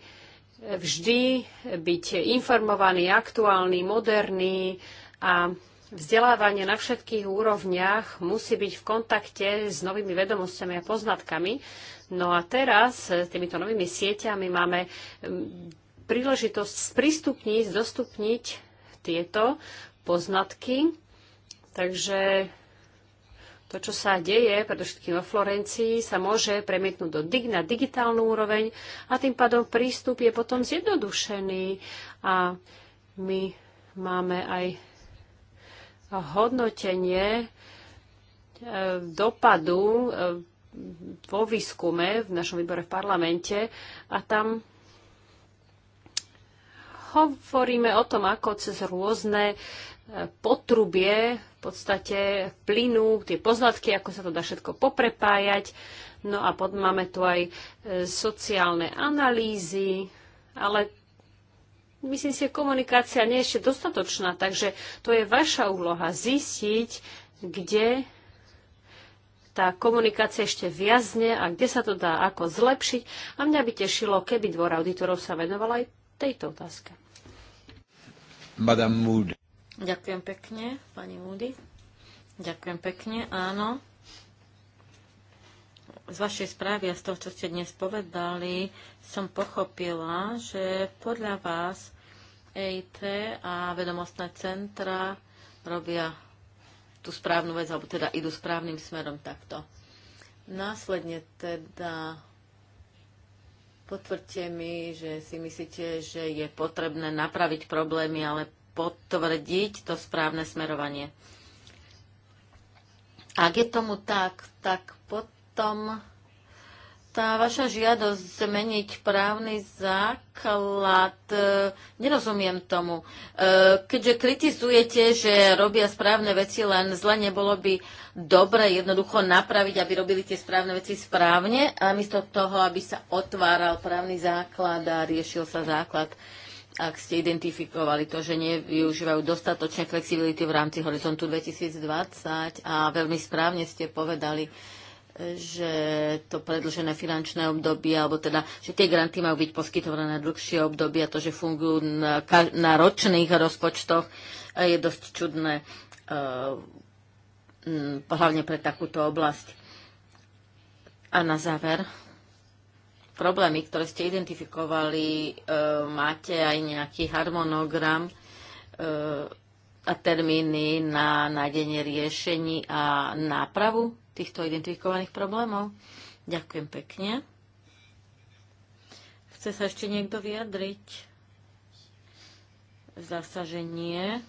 vždy byť informovaní, aktuálni, moderní a Vzdelávanie na všetkých úrovniach musí byť v kontakte s novými vedomosťami a poznatkami. No a teraz s týmito novými sieťami máme príležitosť sprístupniť, dostupniť tieto poznatky. Takže to, čo sa deje, predovšetkým vo Florencii, sa môže premietnúť do dig na digitálnu úroveň a tým pádom prístup je potom zjednodušený a my máme aj hodnotenie e, dopadu e, vo výskume v našom výbore v parlamente a tam hovoríme o tom, ako cez rôzne e, potrubie v podstate plynu, tie poznatky, ako sa to dá všetko poprepájať. No a potom máme tu aj sociálne analýzy, ale myslím si, že komunikácia nie je ešte dostatočná, takže to je vaša úloha zistiť, kde tá komunikácia ešte viazne a kde sa to dá ako zlepšiť. A mňa by tešilo, keby dvor auditorov sa venoval aj tejto otázke. Madame Moody. Ďakujem pekne, pani Moody. Ďakujem pekne, áno z vašej správy a z toho, čo ste dnes povedali, som pochopila, že podľa vás EIT a vedomostné centra robia tú správnu vec, alebo teda idú správnym smerom takto. Následne teda potvrďte mi, že si myslíte, že je potrebné napraviť problémy, ale potvrdiť to správne smerovanie. Ak je tomu tak, tak potom potom tá vaša žiadosť zmeniť právny základ, e, nerozumiem tomu. E, keďže kritizujete, že robia správne veci, len zle nebolo by dobre jednoducho napraviť, aby robili tie správne veci správne, a miesto toho, aby sa otváral právny základ a riešil sa základ, ak ste identifikovali to, že nevyužívajú dostatočne flexibility v rámci horizontu 2020 a veľmi správne ste povedali, že to predlžené finančné obdobie, alebo teda, že tie granty majú byť poskytované na dlhšie obdobie a to, že fungujú na, na ročných rozpočtoch, eh, je dosť čudné, eh, hlavne pre takúto oblasť. A na záver, problémy, ktoré ste identifikovali, eh, máte aj nejaký harmonogram a termíny na nájdenie riešení a nápravu? týchto identifikovaných problémov? Ďakujem pekne. Chce sa ešte niekto vyjadriť? Zdá že nie.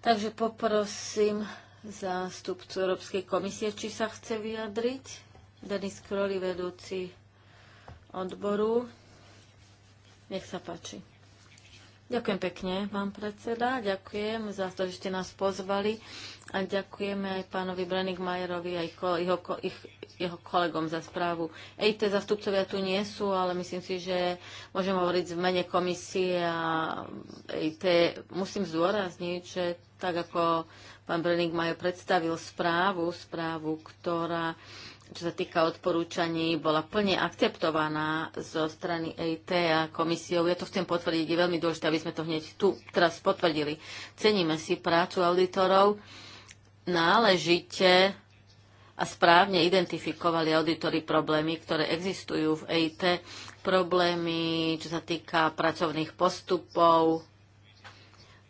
Takže poprosím zástupcu Európskej komisie, či sa chce vyjadriť. Denis Kroli, vedúci odboru. Nech sa páči. Ďakujem pekne, pán predseda. Ďakujem za to, že ste nás pozvali a ďakujeme aj pánovi Brenik Majerovi a ich, jeho, ich, jeho kolegom za správu. Ej, tie zastupcovia tu nie sú, ale myslím si, že môžem hovoriť v mene komisie a EIT musím zdôrazniť, že tak ako pán Brenik Majer predstavil správu, správu, ktorá čo sa týka odporúčaní, bola plne akceptovaná zo strany EIT a komisiou. Ja to chcem potvrdiť, je veľmi dôležité, aby sme to hneď tu teraz potvrdili. Ceníme si prácu auditorov náležite a správne identifikovali auditory problémy, ktoré existujú v EIT, problémy, čo sa týka pracovných postupov,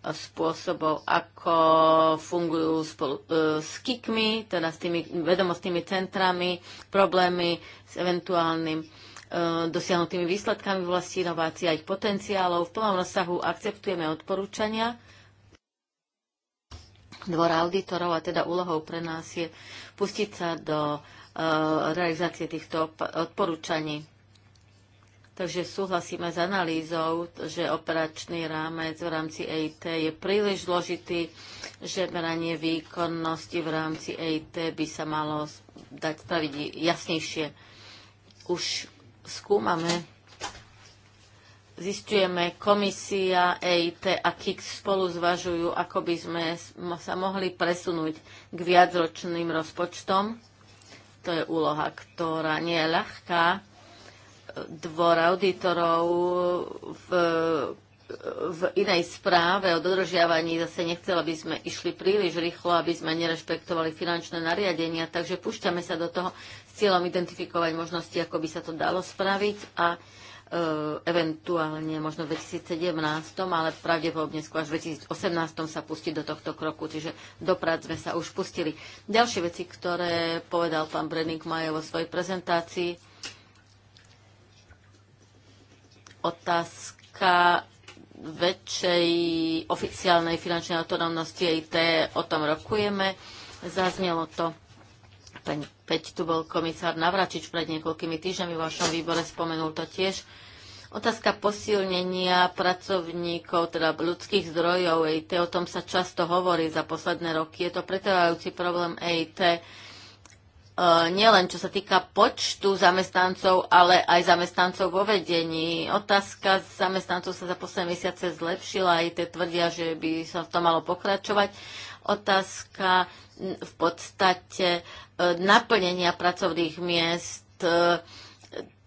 spôsobov, ako fungujú spolu, e, s KIKmi, teda s tými vedomostnými centrami, problémy s eventuálnym e, dosiahnutými výsledkami v inovácií a ich potenciálov. V plnom rozsahu akceptujeme odporúčania dvora auditorov a teda úlohou pre nás je pustiť sa do e, realizácie týchto odporúčaní. Takže súhlasíme s analýzou, že operačný rámec v rámci EIT je príliš zložitý, že meranie výkonnosti v rámci EIT by sa malo dať spraviť jasnejšie. Už skúmame zistujeme, komisia, EIT a KIX spolu zvažujú, ako by sme sa mohli presunúť k viacročným rozpočtom. To je úloha, ktorá nie je ľahká. Dvor auditorov v, v inej správe o dodržiavaní zase nechcela, aby sme išli príliš rýchlo, aby sme nerešpektovali finančné nariadenia, takže púšťame sa do toho s cieľom identifikovať možnosti, ako by sa to dalo spraviť a E, eventuálne možno v 2017, ale pravdepodobne skôr až v 2018 sa pustiť do tohto kroku, čiže do prác sme sa už pustili. Ďalšie veci, ktoré povedal pán Brenning Majer vo svojej prezentácii, otázka väčšej oficiálnej finančnej autonómnosti IT o tom rokujeme, zaznelo to pani keď tu bol komisár Navračič pred niekoľkými týždňami v vašom výbore, spomenul to tiež. Otázka posilnenia pracovníkov, teda ľudských zdrojov EIT, o tom sa často hovorí za posledné roky. Je to pretrvajúci problém EIT, e, nielen čo sa týka počtu zamestnancov, ale aj zamestnancov vo vedení. Otázka zamestnancov sa za posledné mesiace zlepšila, aj e tie tvrdia, že by sa v tom malo pokračovať otázka v podstate e, naplnenia pracovných miest e,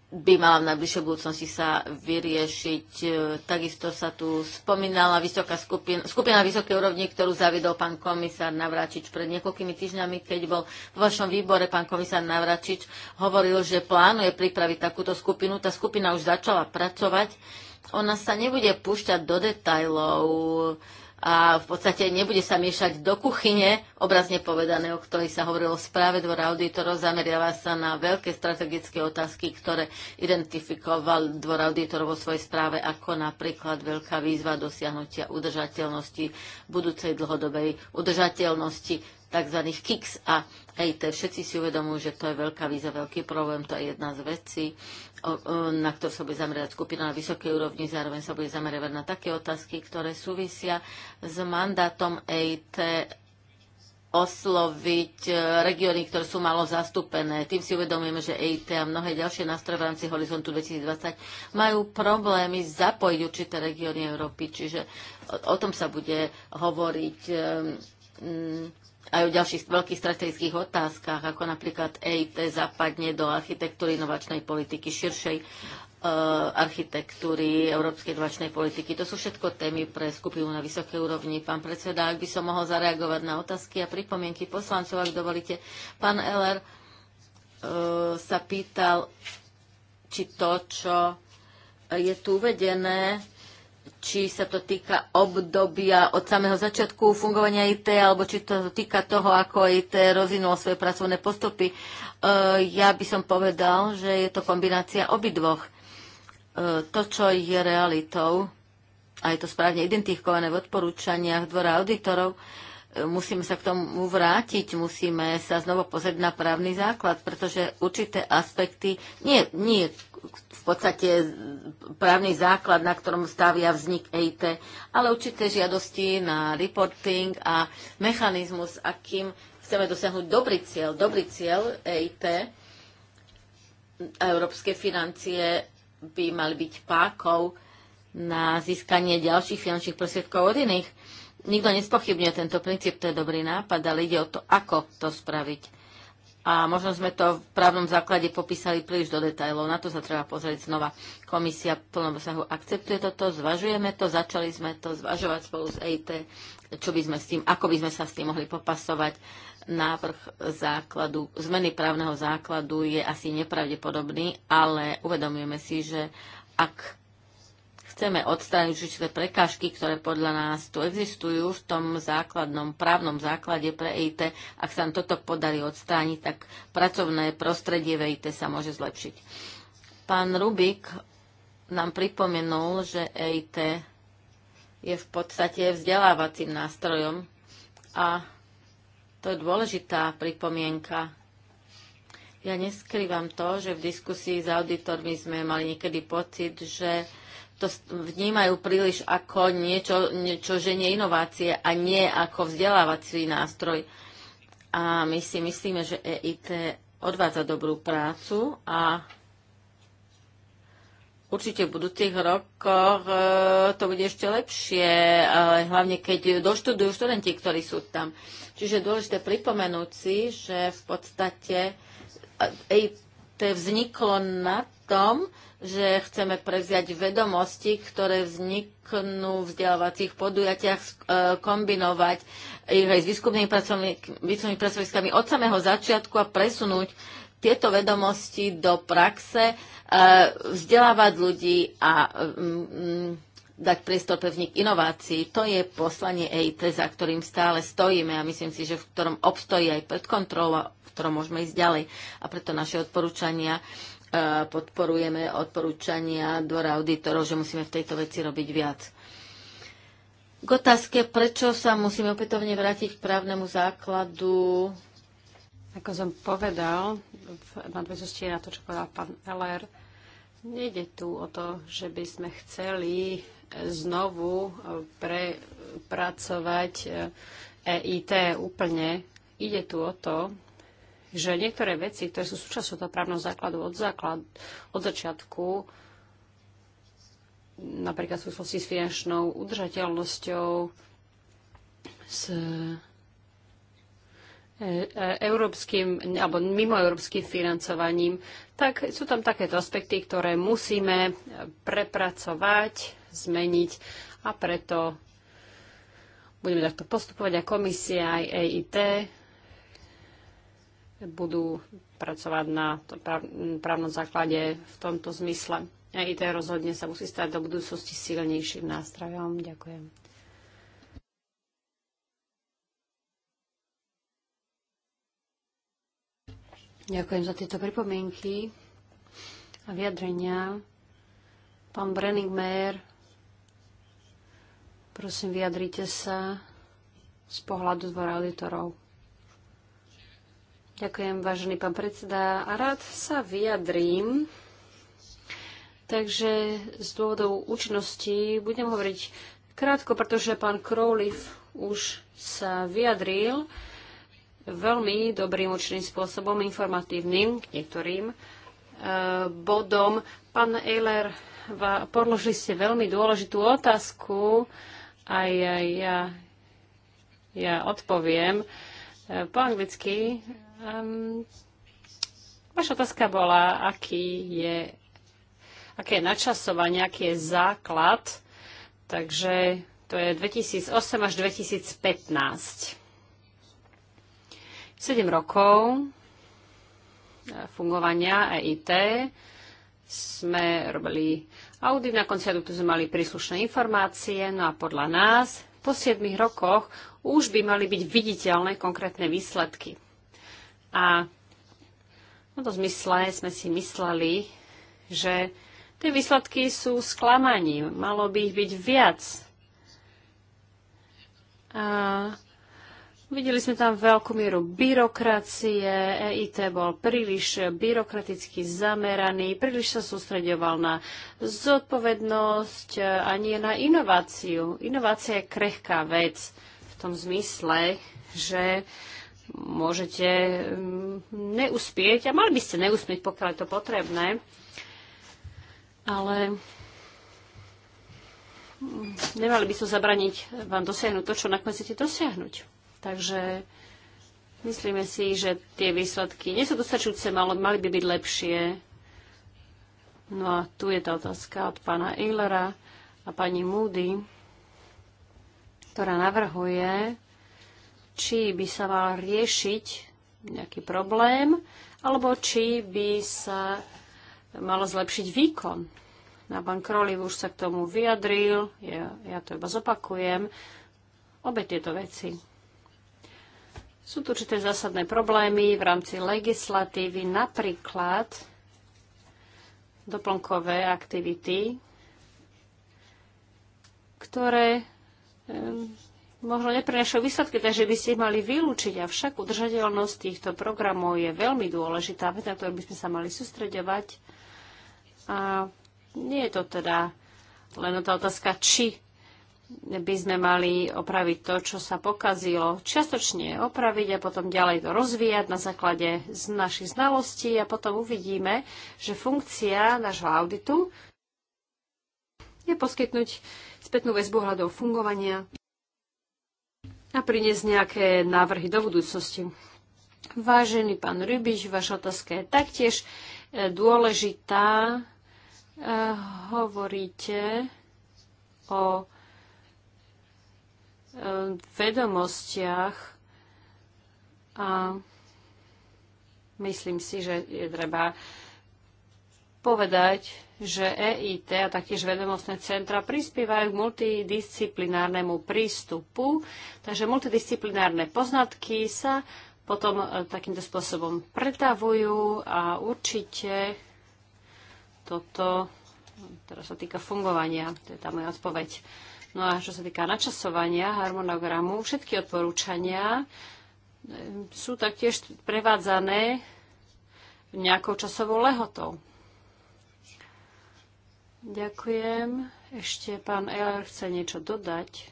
by mala v najbližšej budúcnosti sa vyriešiť. E, takisto sa tu spomínala vysoká skupina, skupina vysokej úrovni, ktorú zaviedol pán komisár Navračič pred niekoľkými týždňami, keď bol vo vašom výbore pán komisár Navračič hovoril, že plánuje pripraviť takúto skupinu. Tá skupina už začala pracovať. Ona sa nebude púšťať do detajlov a v podstate nebude sa miešať do kuchyne, obrazne povedané, o ktorej sa hovorilo v správe Dvora auditorov, zameriava sa na veľké strategické otázky, ktoré identifikoval Dvor auditorov vo svojej správe, ako napríklad veľká výzva dosiahnutia udržateľnosti budúcej dlhodobej udržateľnosti tzv. KICS a EIT. Všetci si uvedomujú, že to je veľká výzva, veľký problém, to je jedna z vecí, na ktorú sa bude zamerať skupina na vysokej úrovni, zároveň sa bude zamerať na také otázky, ktoré súvisia s mandátom EIT osloviť e, regióny, ktoré sú malo zastúpené. Tým si uvedomujeme, že EIT a mnohé ďalšie nástroje v rámci Horizontu 2020 majú problémy zapojiť určité regióny Európy, čiže o, o tom sa bude hovoriť. Um, aj o ďalších veľkých strategických otázkach, ako napríklad EIT zapadne do architektúry inovačnej politiky širšej e, architektúry, európskej inovačnej politiky. To sú všetko témy pre skupinu na vysokej úrovni. Pán predseda, ak by som mohol zareagovať na otázky a pripomienky poslancov, ak dovolíte. Pán Eller e, sa pýtal, či to, čo je tu uvedené, či sa to týka obdobia od samého začiatku fungovania IT, alebo či to týka toho, ako IT rozvinulo svoje pracovné postupy. E, ja by som povedal, že je to kombinácia obidvoch. E, to, čo je realitou, a je to správne identifikované v odporúčaniach dvora auditorov, e, musíme sa k tomu vrátiť, musíme sa znovu pozrieť na právny základ, pretože určité aspekty, nie, nie v podstate právny základ, na ktorom stavia vznik EIT, ale určité žiadosti na reporting a mechanizmus, akým chceme dosiahnuť dobrý cieľ, dobrý cieľ EIT a európske financie by mali byť pákou na získanie ďalších finančných prostriedkov od iných. Nikto nespochybňuje tento princíp, to je dobrý nápad, ale ide o to, ako to spraviť a možno sme to v právnom základe popísali príliš do detajlov. Na to sa treba pozrieť znova. Komisia v plnom obsahu akceptuje toto, zvažujeme to, začali sme to zvažovať spolu s EIT, čo by sme s tým, ako by sme sa s tým mohli popasovať. Návrh základu, zmeny právneho základu je asi nepravdepodobný, ale uvedomujeme si, že ak chceme odstrániť určité prekážky, ktoré podľa nás tu existujú v tom základnom právnom základe pre EIT. Ak sa nám toto podarí odstrániť, tak pracovné prostredie v EIT sa môže zlepšiť. Pán Rubik nám pripomenul, že EIT je v podstate vzdelávacím nástrojom a to je dôležitá pripomienka. Ja neskrývam to, že v diskusii s auditormi sme mali niekedy pocit, že to vnímajú príliš ako niečo, niečo nie inovácie a nie ako vzdelávací nástroj. A my si myslíme, že EIT odvádza dobrú prácu a určite v budúcich rokoch e, to bude ešte lepšie, ale hlavne keď doštudujú študenti, ktorí sú tam. Čiže je dôležité pripomenúť si, že v podstate EIT e vzniklo na tom, že chceme prevziať vedomosti, ktoré vzniknú v vzdelávacích podujatiach, e, kombinovať ich aj s výskumnými pracovnými pracoviskami od samého začiatku a presunúť tieto vedomosti do praxe, e, vzdelávať ľudí a mm, mm, dať priestor pre vznik inovácií. To je poslanie EIT, za ktorým stále stojíme a myslím si, že v ktorom obstojí aj pred kontrolou a v ktorom môžeme ísť ďalej. A preto naše odporúčania podporujeme odporúčania dvora auditorov, že musíme v tejto veci robiť viac. K otázke, prečo sa musíme opätovne vrátiť k právnemu základu. Ako som povedal, v nadväznosti na to, čo povedal pán LR, Nejde tu o to, že by sme chceli znovu prepracovať EIT eh, e úplne. Ide tu o to, že niektoré veci, ktoré sú súčasťou toho právneho základu od, základ, od začiatku, napríklad v súvislosti s finančnou udržateľnosťou, s e, e, európskym alebo mimoeurópskym financovaním, tak sú tam takéto aspekty, ktoré musíme prepracovať, zmeniť a preto budeme takto postupovať a komisia aj EIT budú pracovať na právnom základe v tomto zmysle. E IT rozhodne sa musí stať do budúcnosti silnejším nástrojom. Ďakujem. Ďakujem za tieto pripomienky a vyjadrenia. Pán Mayer, prosím, vyjadrite sa z pohľadu dvora auditorov. Ďakujem, vážený pán predseda. A rád sa vyjadrím. Takže z dôvodov účinnosti budem hovoriť krátko, pretože pán Crowley už sa vyjadril veľmi dobrým účinným spôsobom, informatívnym k niektorým e, bodom. Pán Eiler, podložili ste veľmi dôležitú otázku a ja, ja, ja odpoviem e, po anglicky. Um, vaša otázka bola, aký je, aké je načasovanie, aký je základ. Takže to je 2008 až 2015. 7 rokov e, fungovania EIT sme robili audit, na konci tu sme mali príslušné informácie, no a podľa nás po 7 rokoch už by mali byť viditeľné konkrétne výsledky. A v tomto zmysle sme si mysleli, že tie výsledky sú sklamaním. Malo by ich byť viac. A Videli sme tam veľkú mieru byrokracie, EIT bol príliš byrokraticky zameraný, príliš sa sústreďoval na zodpovednosť a nie na inováciu. Inovácia je krehká vec v tom zmysle, že môžete mm, neúspieť a mali by ste neúspieť, pokiaľ je to potrebné. Ale nemali by som zabraniť vám dosiahnuť to, čo nakoniec chcete dosiahnuť. Takže myslíme si, že tie výsledky nie sú dostačujúce, mali by byť lepšie. No a tu je tá otázka od pána Eilera a pani Moody, ktorá navrhuje, či by sa mal riešiť nejaký problém, alebo či by sa mal zlepšiť výkon. Na bankroli už sa k tomu vyjadril, ja, ja to iba zopakujem. Obe tieto veci. Sú tu určité zásadné problémy v rámci legislatívy, napríklad doplnkové aktivity, ktoré možno neprinášajú výsledky, takže by ste ich mali vylúčiť. Avšak udržateľnosť týchto programov je veľmi dôležitá, na ktorú by sme sa mali sústreďovať. A nie je to teda len tá otázka, či by sme mali opraviť to, čo sa pokazilo, čiastočne opraviť a potom ďalej to rozvíjať na základe z našich znalostí a potom uvidíme, že funkcia nášho auditu je poskytnúť spätnú väzbu hľadov fungovania a priniesť nejaké návrhy do budúcnosti. Vážený pán Rybiš, vaša otázka je taktiež e, dôležitá. E, hovoríte o e, vedomostiach a myslím si, že je treba povedať, že EIT a taktiež vedomostné centra prispievajú k multidisciplinárnemu prístupu, takže multidisciplinárne poznatky sa potom e, takýmto spôsobom pretavujú a určite toto teraz sa týka fungovania, to je tá moja odpoveď. No a čo sa týka načasovania harmonogramu, všetky odporúčania e, sú taktiež prevádzané nejakou časovou lehotou. Ďakujem. Ešte pán Eller chce niečo dodať.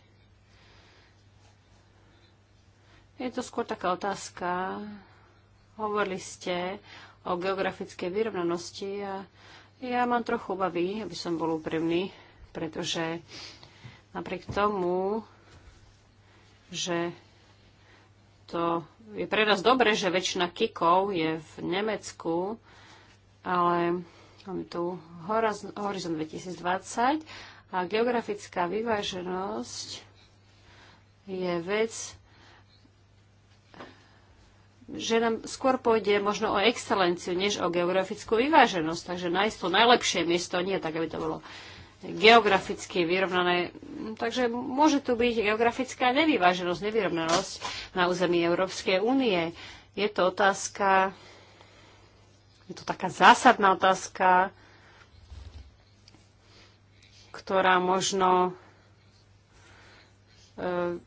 Je to skôr taká otázka. Hovorili ste o geografickej vyrovnanosti a ja mám trochu obavy, aby som bol úprimný, pretože napriek tomu, že to je pre nás dobre, že väčšina kikov je v Nemecku, ale Máme tu Horizon 2020 a geografická vyváženosť je vec, že nám skôr pôjde možno o excelenciu, než o geografickú vyváženosť. Takže nájsť to najlepšie miesto, nie tak, aby to bolo geograficky vyrovnané. Takže môže tu byť geografická nevyváženosť, nevyrovnanosť na území Európskej únie. Je to otázka je to taká zásadná otázka, ktorá možno e,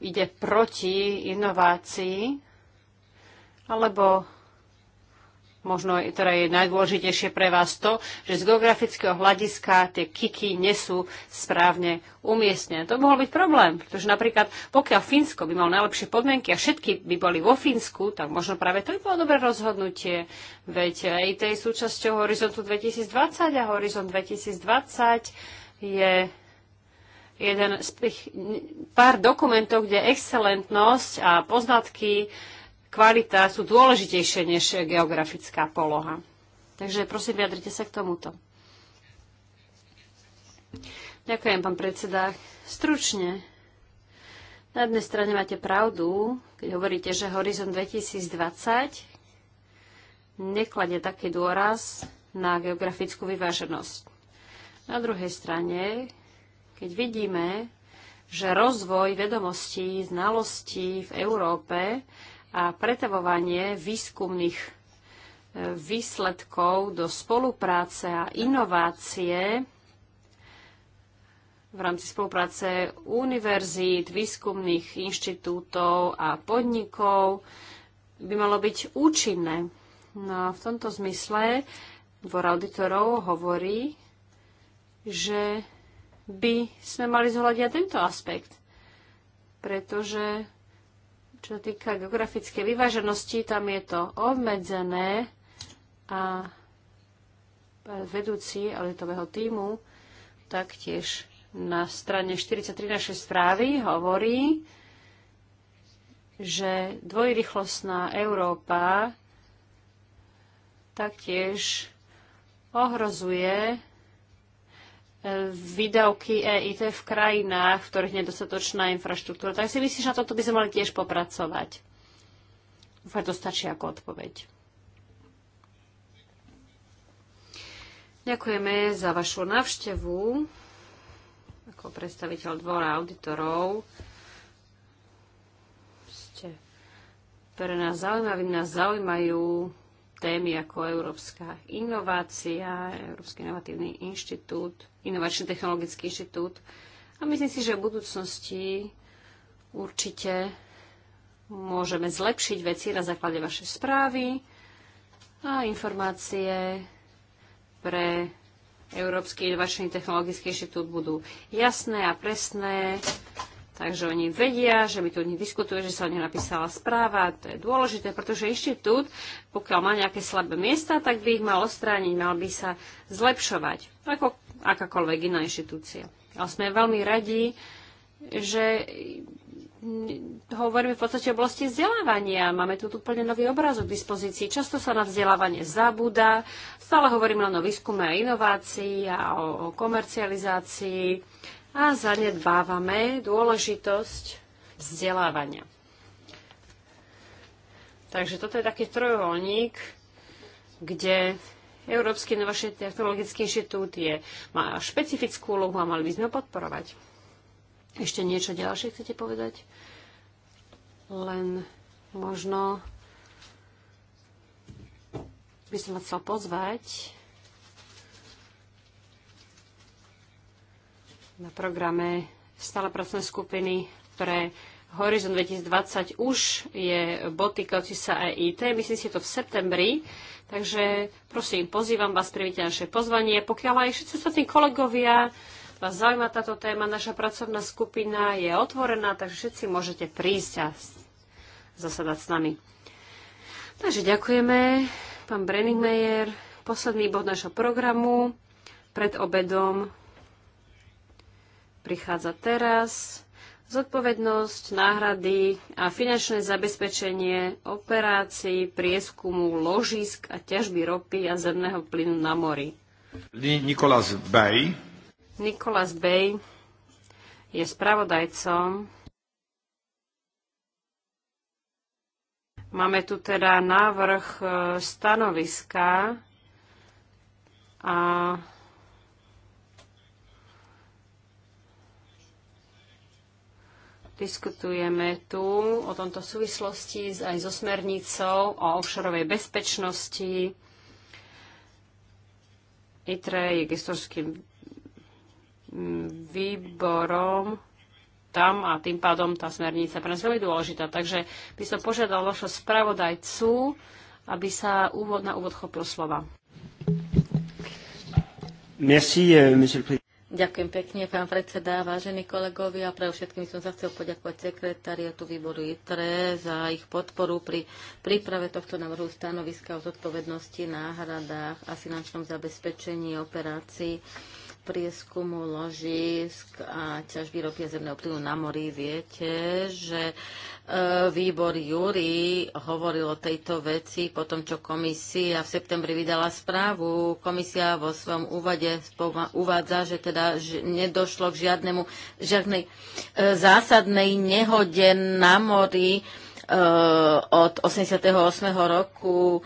ide proti inovácii, alebo možno, teda je najdôležitejšie pre vás to, že z geografického hľadiska tie kiky nesú správne umiestnené. To mohol byť problém, pretože napríklad pokiaľ Fínsko by malo najlepšie podmienky a všetky by boli vo Fínsku, tak možno práve to by bolo dobré rozhodnutie. Veď aj je súčasťou Horizontu 2020 a Horizont 2020 je jeden z tých pár dokumentov, kde excelentnosť a poznatky kvalita sú dôležitejšie než geografická poloha. Takže prosím, vyjadrite sa k tomuto. Ďakujem, pán predseda. Stručne. Na jednej strane máte pravdu, keď hovoríte, že Horizon 2020 nekladie taký dôraz na geografickú vyváženosť. Na druhej strane, keď vidíme, že rozvoj vedomostí, znalostí v Európe a pretavovanie výskumných e, výsledkov do spolupráce a inovácie v rámci spolupráce univerzít, výskumných inštitútov a podnikov by malo byť účinné. No a v tomto zmysle dvor auditorov hovorí, že by sme mali zohľadiť tento aspekt, pretože čo týka geografické vyváženosti, tam je to obmedzené a vedúci auditového týmu taktiež na strane 43 našej správy hovorí, že dvojrychlostná Európa taktiež ohrozuje výdavky EIT v krajinách, v ktorých nedostatočná infraštruktúra. Tak si myslíš, na toto by sme mali tiež popracovať? Dúfam, to stačí ako odpoveď. Ďakujeme za vašu návštevu ako predstaviteľ dvora auditorov. Ste pre nás zaujímaví, nás zaujímajú témy ako Európska inovácia, Európsky inovatívny inštitút, inovačný technologický inštitút. A myslím si, že v budúcnosti určite môžeme zlepšiť veci na základe vašej správy a informácie pre Európsky inovačný technologický inštitút budú jasné a presné Takže oni vedia, že my tu oni diskutuje, že sa o nej napísala správa. To je dôležité, pretože inštitút, pokiaľ má nejaké slabé miesta, tak by ich mal ostrániť, mal by sa zlepšovať, ako akákoľvek iná inštitúcia. Ale sme veľmi radi, že mm, hovoríme v podstate o oblasti vzdelávania. Máme tu úplne nový obraz k dispozícii. Často sa na vzdelávanie zabúda. Stále hovoríme len o výskume a inovácii a o komercializácii a zanedbávame dôležitosť vzdelávania. Takže toto je taký trojuholník, kde Európsky inovačný technologický inštitút je, má špecifickú úlohu a mali by sme ho podporovať. Ešte niečo ďalšie chcete povedať? Len možno by som vás chcel pozvať na programe stále pracovné skupiny pre Horizon 2020 už je bod týkajúci sa EIT. Myslím si, je to v septembri. Takže prosím, pozývam vás, privíte naše pozvanie. Pokiaľ aj všetci ostatní kolegovia vás zaujíma táto téma, naša pracovná skupina je otvorená, takže všetci môžete prísť a zasadať s nami. Takže ďakujeme, pán Brenningmeier. Posledný bod našho programu. Pred obedom prichádza teraz. Zodpovednosť, náhrady a finančné zabezpečenie operácií prieskumu ložisk a ťažby ropy a zemného plynu na mori. Nikolás Bay. Nikolás Bay je spravodajcom. Máme tu teda návrh e, stanoviska a Diskutujeme tu o tomto súvislosti aj so smernicou o offshoreovej bezpečnosti. ITRE je gestorským mm, výborom tam a tým pádom tá smernica pre nás veľmi dôležitá. Takže by som požiadal vašho spravodajcu, aby sa úvod na úvod chopil slova. Merci, uh, Ďakujem pekne, pán predseda, vážení kolegovia. Pre všetkým som sa chcel poďakovať sekretariatu výboru ITRE za ich podporu pri príprave tohto návrhu stanoviska o zodpovednosti, náhradách a finančnom zabezpečení operácií prieskumu ložisk a ťažby ropy a zemného plynu na mori viete, že e, výbor Júri hovoril o tejto veci po tom, čo komisia v septembri vydala správu. Komisia vo svojom úvade uvádza, že teda nedošlo k žiadnemu, žiadnej e, zásadnej nehode na mori e, od 88. roku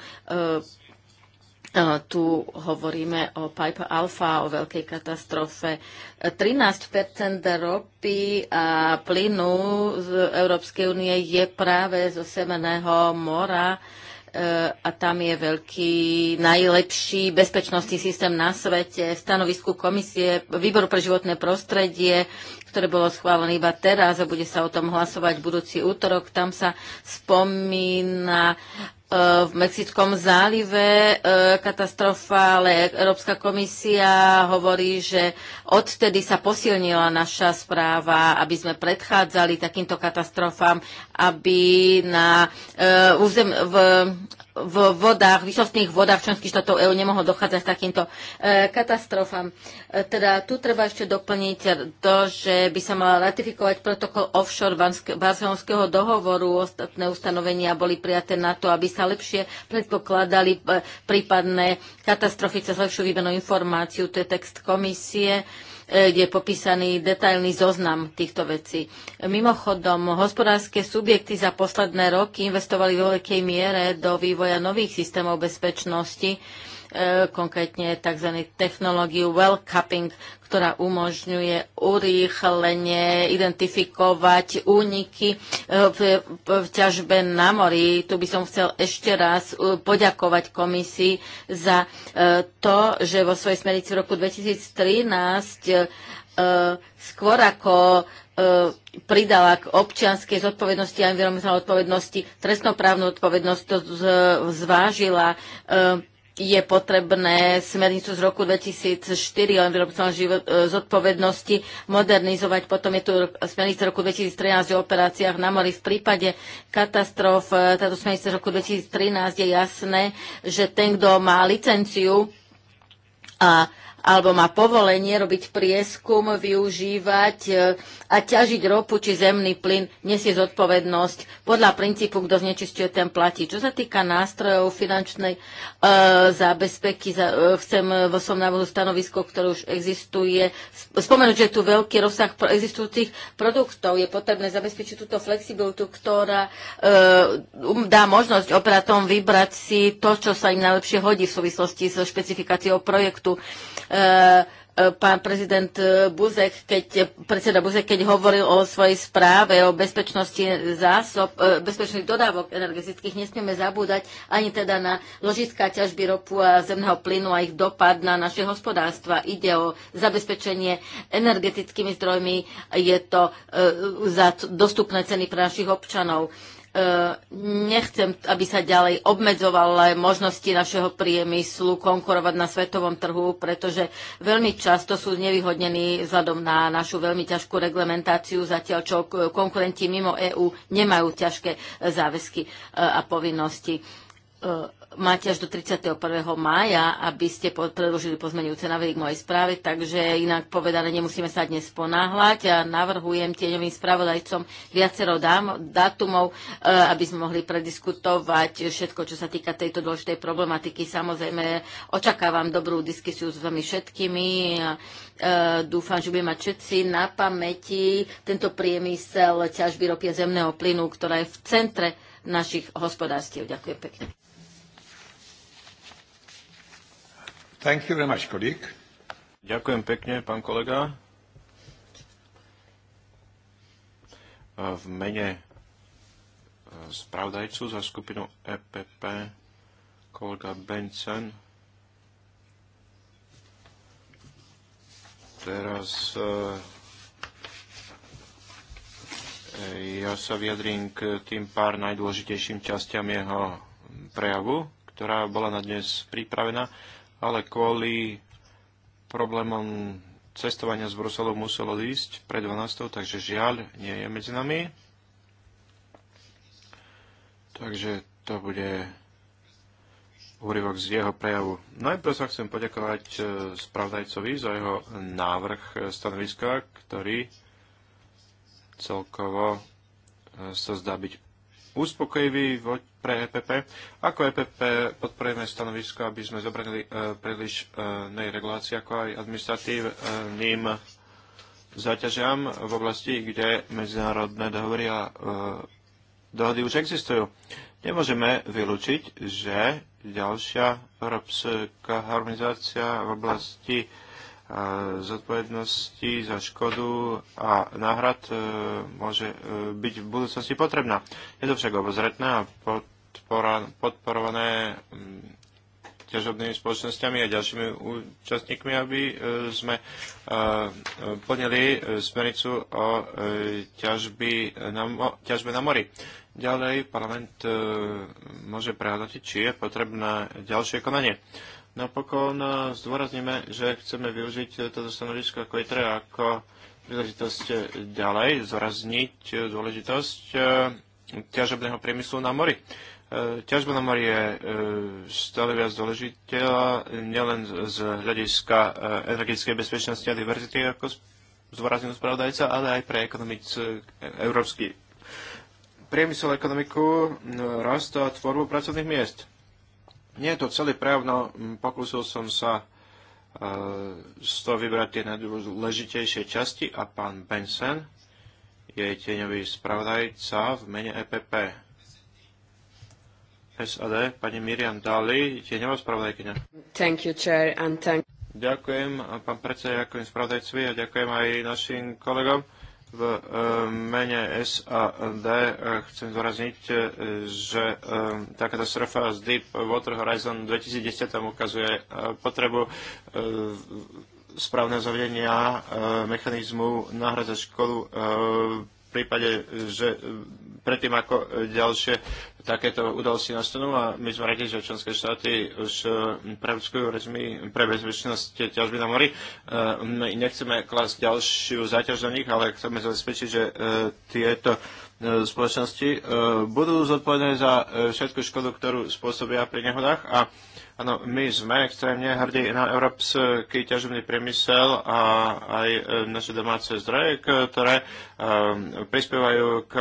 tu hovoríme o Pipe Alpha, o veľkej katastrofe. 13 ropy a plynu z Európskej únie je práve zo Severného mora eh, a tam je veľký, najlepší bezpečnostný systém na svete. stanovisku komisie Výboru pre životné prostredie, ktoré bolo schválené iba teraz a bude sa o tom hlasovať budúci útorok, tam sa spomína E, v Mexickom zálive e, katastrofa, ale Európska komisia hovorí, že odtedy sa posilnila naša správa, aby sme predchádzali takýmto katastrofám, aby na e, územ, v, v vodách, výsostných vodách členských štátov EÚ nemohlo dochádzať k takýmto e, katastrofám. E, teda tu treba ešte doplniť to, že by sa mal ratifikovať protokol offshore Barcelonského dohovoru. Ostatné ustanovenia boli prijaté na to, aby sa sa lepšie predpokladali e, prípadné katastrofy cez lepšiu výbenú informáciu. To je text komisie e, kde je popísaný detailný zoznam týchto vecí. Mimochodom, hospodárske subjekty za posledné roky investovali vo veľkej miere do vývoja nových systémov bezpečnosti, E, konkrétne tzv. technológiu well cupping, ktorá umožňuje urýchlenie identifikovať úniky e, v, v ťažbe na mori. Tu by som chcel ešte raz e, poďakovať komisii za to, že vo svojej smernici v roku 2013 skôr ako pridala k občianskej zodpovednosti a environmentálnej odpovednosti, trestnoprávnu odpovednosť, to zvážila je potrebné smernicu z roku 2004 o environmentálnej život, e, zodpovednosti modernizovať. Potom je tu smernica z roku 2013 o operáciách na mori. V prípade katastrof e, táto smernica z roku 2013 je jasné, že ten, kto má licenciu a alebo má povolenie robiť prieskum, využívať e, a ťažiť ropu či zemný plyn, nesie zodpovednosť podľa princípu, kto znečistuje, ten platí. Čo sa týka nástrojov finančnej e, zábezpeky, za, e, chcem vo svojom návrhu stanovisko, ktoré už existuje, spomenúť, že je tu veľký rozsah existujúcich produktov. Je potrebné zabezpečiť túto flexibilitu, ktorá e, um, dá možnosť operátom vybrať si to, čo sa im najlepšie hodí v súvislosti so špecifikáciou projektu. Eh, pán prezident Buzek, keď, predseda Buzek, keď hovoril o svojej správe o bezpečnosti zásob, eh, bezpečných dodávok energetických, nesmieme zabúdať ani teda na ložiská ťažby ropu a zemného plynu a ich dopad na naše hospodárstva. Ide o zabezpečenie energetickými zdrojmi, je to eh, za dostupné ceny pre našich občanov Eh, nechcem, aby sa ďalej obmedzovali možnosti našeho priemyslu konkurovať na svetovom trhu, pretože veľmi často sú nevyhodnení vzhľadom na našu veľmi ťažkú reglementáciu, zatiaľ čo konkurenti mimo EÚ nemajú ťažké záväzky eh, a povinnosti eh, máte až do 31. mája, aby ste predložili pozmeňujúce návrhy k mojej správe, takže inak povedané nemusíme sa dnes ponáhľať a ja navrhujem tieňovým spravodajcom viacero dám, dátumov, e, aby sme mohli prediskutovať všetko, čo sa týka tejto dôležitej problematiky. Samozrejme, očakávam dobrú diskusiu s vami všetkými a e, dúfam, že budeme mať všetci na pamäti tento priemysel ťažby ropie zemného plynu, ktorá je v centre našich hospodárstiev. Ďakujem pekne. Thank you very much, colleague. Ďakujem pekne, pán kolega. V mene e, spravdajcu za skupinu EPP kolega Benson. Teraz e, e, ja sa vyjadrím k tým pár najdôležitejším častiam jeho prejavu, ktorá bola na dnes pripravená ale kvôli problémom cestovania z Bruselu muselo ísť pre 12. takže žiaľ nie je medzi nami. Takže to bude úryvok z jeho prejavu. Najprv sa chcem poďakovať e, spravdajcovi za jeho návrh e, stanoviska, ktorý celkovo e, sa zdá byť uspokojivý pre EPP. Ako EPP podporujeme stanovisko, aby sme zabranili e, príliš e, regulácii, ako aj administratívnym zaťažam v oblasti, kde medzinárodné dohovory a e, dohody už existujú. Nemôžeme vylúčiť, že ďalšia európska harmonizácia v oblasti zodpovednosti za škodu a náhrad e, môže e, byť v budúcnosti potrebná. Je to však obozretné a podporované ťažobnými spoločnosťami a ďalšími účastníkmi, aby e, sme plnili smernicu o ťažby na, ťažbe na mori. Ďalej parlament môže prehodnotiť, či je potrebné ďalšie konanie. Napokon eh, zdôrazníme, že chceme využiť eh, toto stanovisko ako treba ako príležitosť eh, ďalej zdôrazniť dôležitosť ťažobného priemyslu na mori. Ťažba na mori je stále viac dôležitá nielen z hľadiska energetickej bezpečnosti a diverzity, ako zdôraznil spravodajca, ale aj pre európsky priemysel, ekonomiku, hm, rast a tvorbu pracovných miest. Nie je to celý právno, pokúsil som sa e, z toho vybrať tie najdôležitejšie časti a pán Benson je tieňový spravodajca v mene EPP. SAD, pani Miriam Daly, tieňová spravodajkyňa. Thank you, chair, and thank... Ďakujem, pán predseda, ďakujem spravodajcovi a ďakujem aj našim kolegom v e, mene SAD e, chcem zdôrazniť, e, že tá katastrofa z Deep Water Horizon 2010 tam ukazuje potrebu správneho zavedenia mechanizmu náhrada školu prípade, že e, predtým ako e, ďalšie takéto udalosti nastanú a my sme radi, že členské štáty už e, prevádzkujú rezmy pre bezpečnosť ťažby na mori. My nechceme klásť ďalšiu záťaž na nich, ale chceme zabezpečiť, že tieto spoločnosti budú zodpovedné za všetku škodu, ktorú spôsobia pri nehodách a Áno, my sme extrémne hrdí na európsky ťažobný priemysel a aj e, naše domáce zdroje, ktoré e, prispievajú k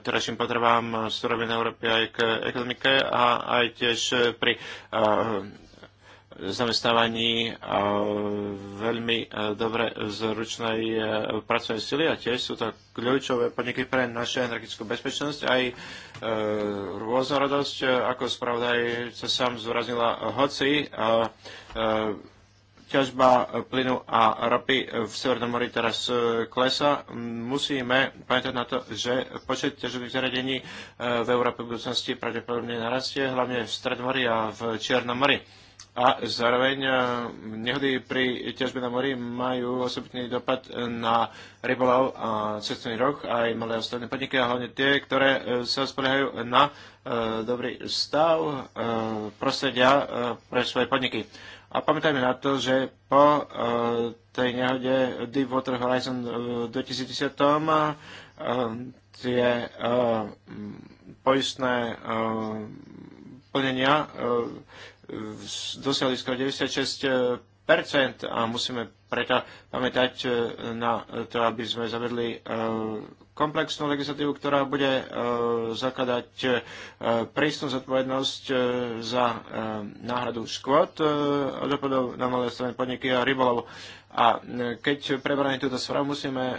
terajším potrebám suroviny Európy aj k ekonomike a aj tiež pri e, zamestnávaní veľmi e, dobre zručnej e, pracovnej sily a tiež sú to kľúčové podniky pre našu energetickú bezpečnosť aj e, rôznorodosť, ako sa sám zúraznila hoci ťažba plynu a ropy v Severnom mori teraz klesa. Musíme pamätať na to, že počet ťažových zariadení v Európe v budúcnosti pravdepodobne narastie, hlavne v Stredmori a v Čiernom mori a zároveň e, nehody pri ťažbe na mori majú osobitný dopad na rybolov a cestovný roh, aj malé ostatné podniky, a hlavne tie, ktoré e, sa spoliehajú na e, dobrý stav prostredia pre svoje podniky. A pamätajme na to, že po tej nehode Deepwater Horizon v 2010 tie poistné plnenia dosiahli skoro 96 a musíme preto pamätať e, na to, aby sme zavedli e, komplexnú legislatívu, ktorá bude e, zakladať prísnu zodpovednosť za náhradu škôd dopadov na malé strany podniky a rybolovu. A e, keď prebráme túto správu, musíme e,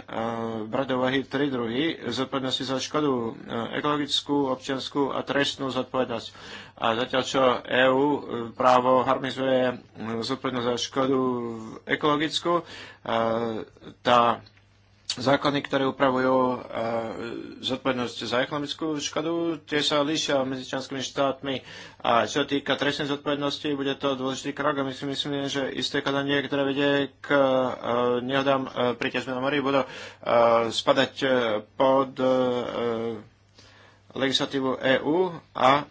brať do úvahy tri druhy zodpovednosti za škodu, e, ekologickú, občianskú a trestnú zodpovednosť. A zatiaľ čo EÚ právo harmonizuje zodpovednosť za škodu ekologickú, tá zákony, ktoré upravujú e, zodpovednosť za ekonomickú škodu, tie sa líšia medzi členskými štátmi. A čo týka trestnej zodpovednosti, bude to dôležitý krok a my si myslíme, že isté kadanie, ktoré vedie k e, nehodám e, pri ťažbe na mori, budú spadať pod legislatívu EÚ a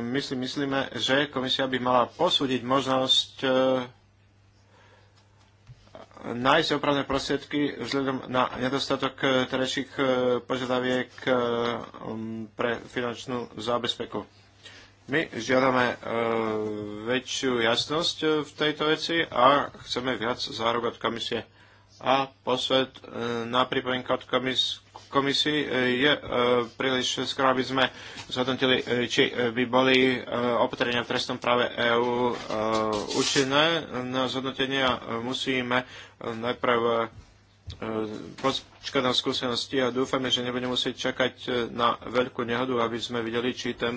my si myslíme, že komisia by mala posúdiť možnosť nájsť opravné prostriedky vzhľadom na nedostatok eh, terajších eh, požiadaviek eh, um, pre finančnú zábezpeku. My žiadame väčšiu jasnosť v tejto veci a chceme viac zárobať komisie. A posled na pripomienka od komisie komisii e, je e, príliš skoro, aby sme zhodnotili, e, či by boli opatrenia v trestnom práve EÚ účinné na zhodnotenie a musíme najprv počkať na skúsenosti a dúfame, že nebudeme musieť čakať na veľkú nehodu, aby sme videli, či ten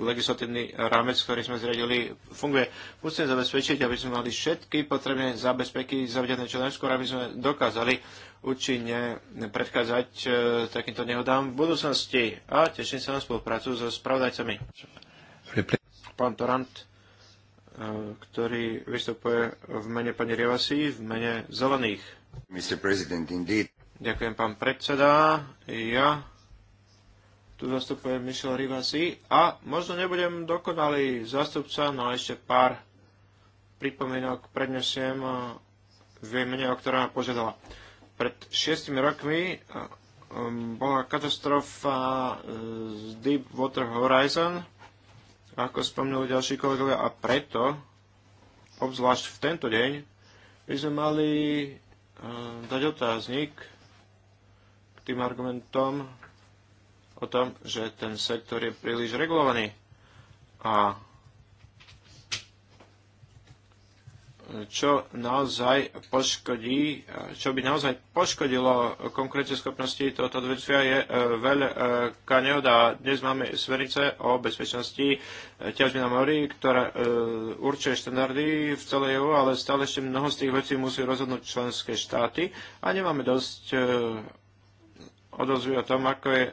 legislatívny rámec, ktorý sme zriadili, funguje. Musíme zabezpečiť, aby sme mali všetky potrebné zabezpeky zavedené čo najskôr, aby sme dokázali účinne predchádzať e, takýmto nehodám v budúcnosti. A teším sa na spoluprácu so spravodajcami. Pán Torant, e, ktorý vystupuje v mene pani Rievasi, v mene Zelených. Ďakujem, pán predseda. Ja tu zastupujem Michel Rivasi a možno nebudem dokonalý zastupca, no ešte pár pripomienok prednesiem e, v mene, o ktorá ma požiadala. Pred šiestimi rokmi um, bola katastrofa uh, z Deepwater Horizon, ako spomnuli ďalší kolegovia, a preto, obzvlášť v tento deň, by sme mali uh, dať otáznik k tým argumentom o tom, že ten sektor je príliš regulovaný. A čo naozaj poškodí, čo by naozaj poškodilo konkrétne schopnosti tohoto odvetvia je e, veľká nehoda. Dnes máme smernice o bezpečnosti ťažby na mori, ktorá e, určuje štandardy v celej EU, ale stále ešte mnoho z tých vecí musí rozhodnúť členské štáty a nemáme dosť e, odozvy o tom, ako je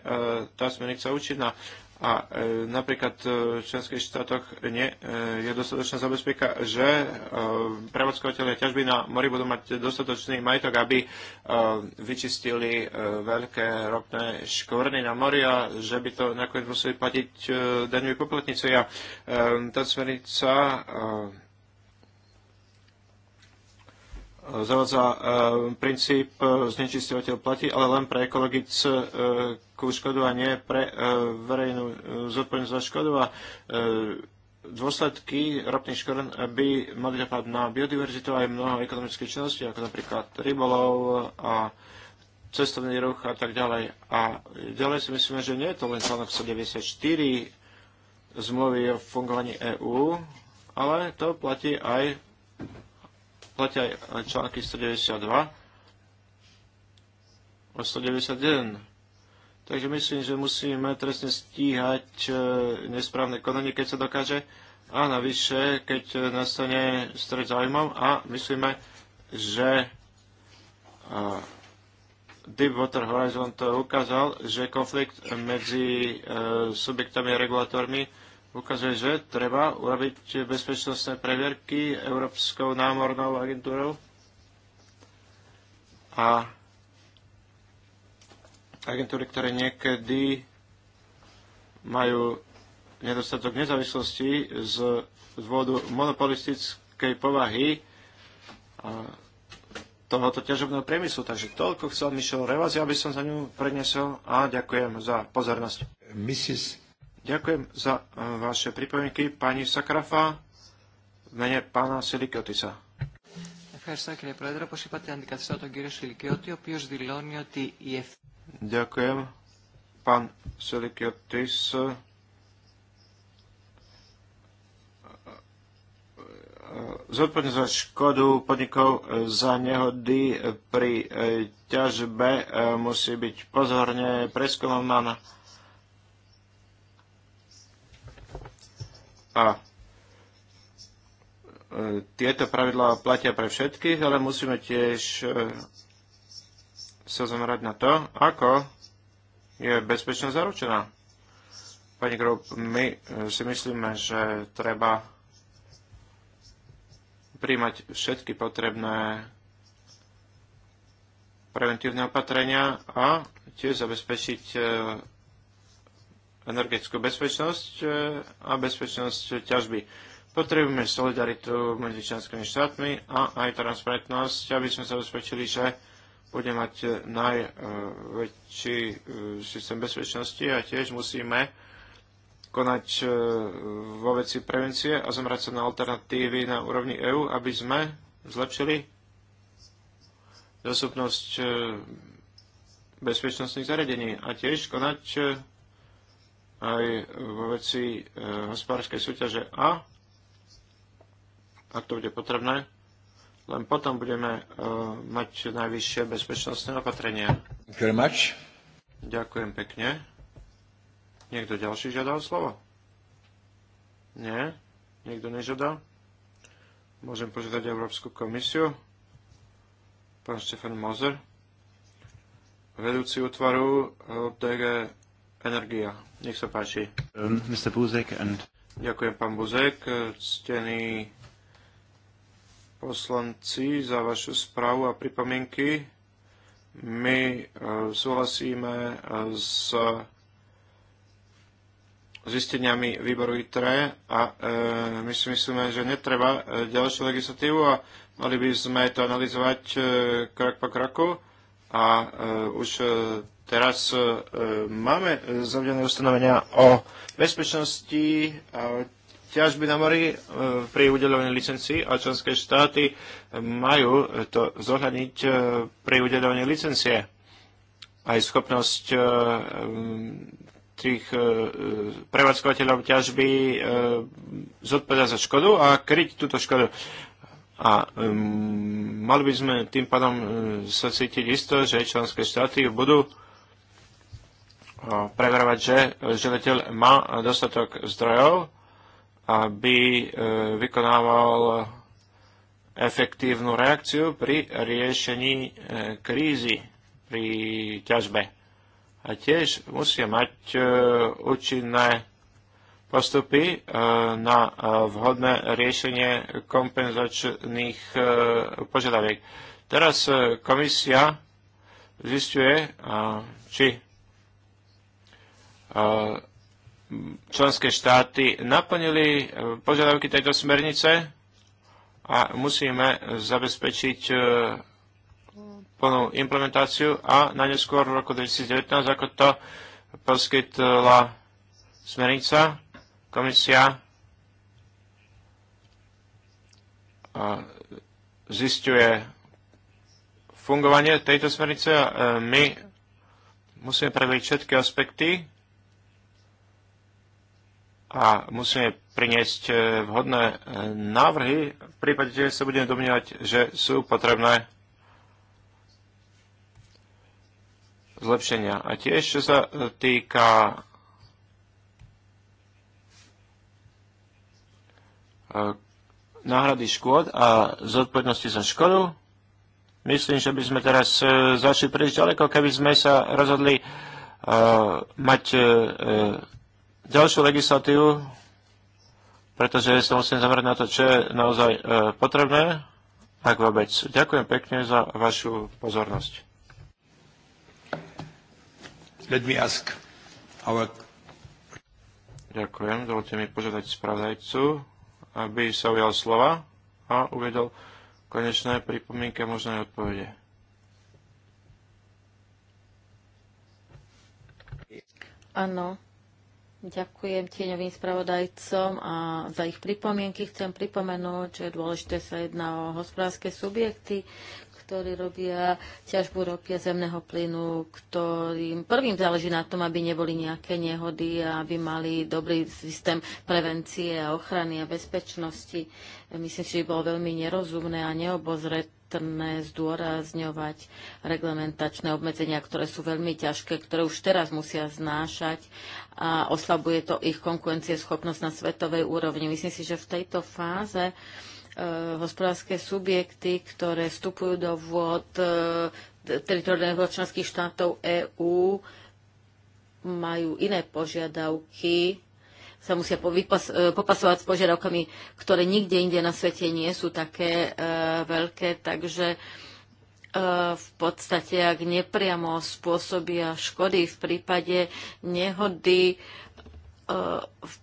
tá smernica účinná. A e, napríklad e, v členských štátoch nie e, je dostatočná zabezpeka, že prevádzkovateľe ťažby na mori budú mať dostatočný majetok, aby vyčistili veľké ropné škvrny na mori a že by to nakoniec museli platiť daňoví poplatníci. A tá smernica zavádza e, princíp e, znečisťovateľ platí, ale len pre ekologickú škodu a nie pre e, verejnú zodpovednosť za škodu. A dôsledky ropných škvrn by mali dopad na biodiverzitu aj mnoho ekonomických činností, ako napríklad rybolov a cestovný ruch a tak ďalej. A ďalej si myslíme, že nie je to len článok 194 zmluvy o fungovaní EÚ, ale to platí aj platia aj eh, články 192 a 191. Takže myslím, že musíme trestne stíhať eh, nesprávne konanie, keď sa dokáže. A navyše, keď eh, nastane stred záujmom a myslíme, že Deepwater Horizon to ukázal, že konflikt medzi subjektami a regulátormi ukazuje, že treba urobiť bezpečnostné previerky Európskou námornou agentúrou a agentúry, ktoré niekedy majú nedostatok nezávislosti z dôvodu monopolistickej povahy tohoto ťažobného priemyslu. Takže toľko chcel Michel Revaz, aby som za ňu prednesol a ďakujem za pozornosť. Mrs. Ďakujem za e, vaše pripomienky. Pani Sakrafa, v mene pána Silikotisa. Ďakujem. Pán Silikiotis Zodpovedne za škodu podnikov e, za nehody e, pri ťažbe musí byť pozorne preskúmaná A e, tieto pravidlá platia pre všetkých, ale musíme tiež e, sa zamerať na to, ako je bezpečnosť zaručená. Pani Grub, my e, si myslíme, že treba príjmať všetky potrebné preventívne opatrenia a tiež zabezpečiť energetickú bezpečnosť e, a bezpečnosť ťažby. Potrebujeme solidaritu medzi členskými štátmi a aj transparentnosť, aby sme sa ubezpečili, že bude mať najväčší e, systém bezpečnosti a tiež musíme konať e, vo veci prevencie a zamrať sa na alternatívy na úrovni EÚ, aby sme zlepšili dostupnosť bezpečnostných zariadení a tiež konať aj vo veci e, hospodárskej súťaže a ak to bude potrebné, len potom budeme e, mať najvyššie bezpečnostné opatrenia. Ďakujem pekne. Niekto ďalší žiadal slovo? Nie? Niekto nežiada? Môžem požiadať Európsku komisiu. Pán Štefan Mozer, vedúci útvaru e, DG energia. Nech sa páči. Um, Mr. Buzek and... Ďakujem, pán Buzek. Ctení poslanci za vašu správu a pripomienky. My eh, súhlasíme eh, s zisteniami výboru ITRE a eh, my si myslíme, že netreba ďalšiu legislatívu a mali by sme to analyzovať krok po kroku a už Teraz e, máme zavedené ustanovenia o bezpečnosti a ťažby na mori e, pri udelovaní licencií a členské štáty majú to zohľadniť e, pri udelovaní licencie. Aj schopnosť e, tých e, prevádzkovateľov ťažby e, zodpovedať za škodu a kryť túto škodu. A um, mali by sme tým pádom e, sa cítiť isto, že členské štáty budú preverovať, že žiadateľ má dostatok zdrojov, aby e, vykonával efektívnu reakciu pri riešení e, krízy pri ťažbe. A tiež musia mať e, účinné postupy na vhodné riešenie kompenzačných požiadaviek. Teraz komisia zistuje, či členské štáty naplnili e, požiadavky tejto smernice a musíme zabezpečiť e, plnú implementáciu a najneskôr v roku 2019, ako to poskytla smernica, komisia zistuje fungovanie tejto smernice a e, my musíme prevediť všetky aspekty a musíme priniesť e, vhodné e, návrhy v prípade, že sa budeme domnievať, že sú potrebné zlepšenia. A tiež, čo sa e, týka náhrady škôd a zodpovednosti za škodu. Myslím, že by sme teraz zašli príliš ďaleko, keby sme sa rozhodli mať ďalšiu legislatívu, pretože sa musím zamerať na to, čo je naozaj e, potrebné, ak vôbec. Ďakujem pekne za vašu pozornosť. Let me ask our... Ďakujem. Dovolte mi požiadať spravodajcu, aby sa ujal slova a uvedol konečné pripomienky a možné odpovede. Áno, Ďakujem tieňovým spravodajcom a za ich pripomienky. Chcem pripomenúť, že dôležité sa jedná o hospodárske subjekty, ktorí robia ťažbu ropy a zemného plynu, ktorým prvým záleží na tom, aby neboli nejaké nehody a aby mali dobrý systém prevencie a ochrany a bezpečnosti. Myslím, si, že by bolo veľmi nerozumné a neobozretné zdôrazňovať reglementačné obmedzenia, ktoré sú veľmi ťažké, ktoré už teraz musia znášať a oslabuje to ich konkurencieschopnosť na svetovej úrovni. Myslím si, že v tejto fáze Eh, hospodárske subjekty, ktoré vstupujú do vôd eh, teritoriálnych členských štátov EÚ, majú iné požiadavky, sa musia eh, popasovať s požiadavkami, ktoré nikde inde na svete nie sú také e, veľké, takže e, v podstate, ak nepriamo spôsobia škody v prípade nehody, e, v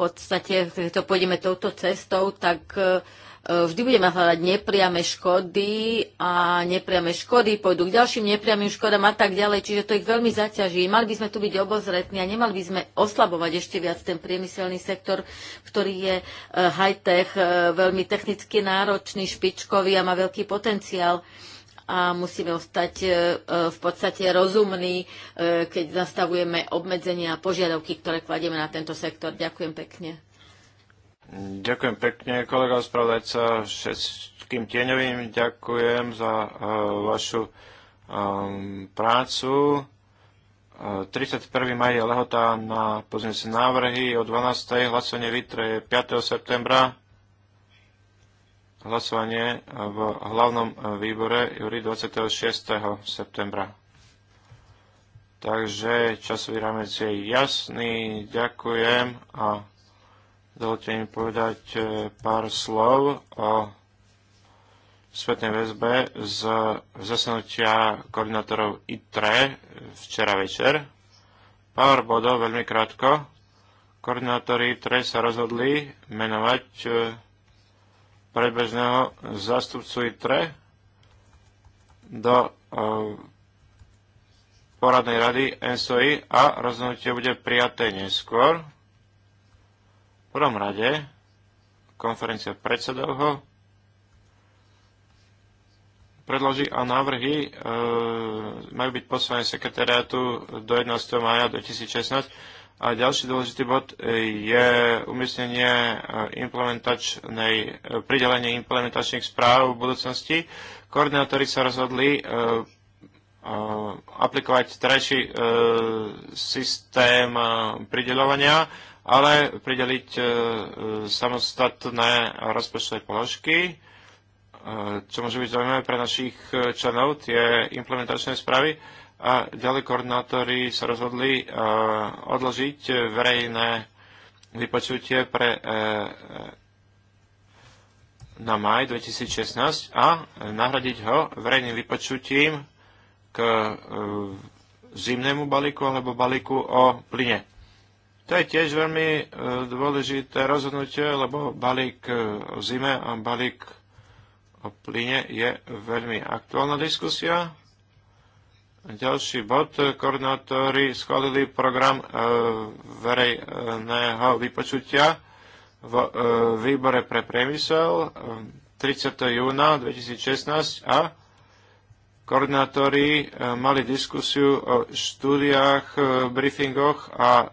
podstate, keď to pôjdeme touto cestou, tak e, e, vždy budeme hľadať nepriame škody a nepriame škody pôjdu k ďalším nepriamým škodám a tak ďalej, čiže to ich veľmi zaťaží. Mali by sme tu byť obozretní a nemali by sme oslabovať ešte viac ten priemyselný sektor, ktorý je e, high-tech, veľmi technicky náročný, špičkový a má veľký potenciál a musíme ostať e, e, v podstate rozumní, e, keď zastavujeme obmedzenia a požiadavky, ktoré kladieme na tento sektor. Ďakujem pekne. Ďakujem pekne, kolega spravodajca. Všetkým tieňovým ďakujem za uh, vašu um, prácu. 31. maj je lehota na pozniece návrhy o 12. hlasovanie Vitre je 5. septembra hlasovanie v hlavnom e, výbore júri 26. septembra. Takže časový rámec je jasný, ďakujem a dovolte mi povedať e, pár slov o svetnej väzbe z zasadnutia koordinátorov ITRE včera večer. Pár bodov, veľmi krátko. Koordinátori ITRE sa rozhodli menovať e, predbežného zástupcu ITRE do e, poradnej rady NSOI a rozhodnutie bude prijaté neskôr. V prvom rade konferencia predsedov ho predloží a návrhy e, majú byť poslané sekretariátu do 11. maja 2016 a ďalší dôležitý bod e, je umiestnenie e, implementačnej, e, pridelenie implementačných správ v budúcnosti. Koordinátori sa rozhodli aplikovať trajší systém prideľovania, ale prideliť samostatné rozpočtové položky, čo môže byť zaujímavé pre našich členov, tie implementačné správy a ďalej koordinátori sa rozhodli e, odložiť verejné vypočutie pre e, e, na maj 2016 a nahradiť ho verejným vypočutím k zimnému balíku alebo balíku o plyne. To je tiež veľmi dôležité rozhodnutie, lebo balík o zime a balík o plyne je veľmi aktuálna diskusia ďalší bod. Koordinátori schválili program e, verejného vypočutia v e, výbore pre priemysel 30. E, júna 2016 a koordinátori mali diskusiu o štúdiách, briefingoch a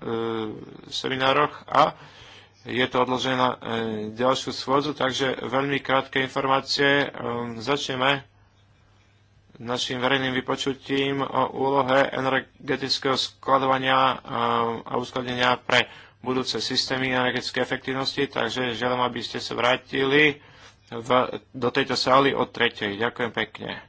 seminároch a je to odložené na ďalšiu schôdzu, takže veľmi krátke informácie. Začneme našim verejným vypočutím o úlohe energetického skladovania eh, a uskladenia pre budúce systémy energetické efektivnosti, takže želám, aby ste sa vrátili v, do tejto sály od tretej. Ďakujem pekne.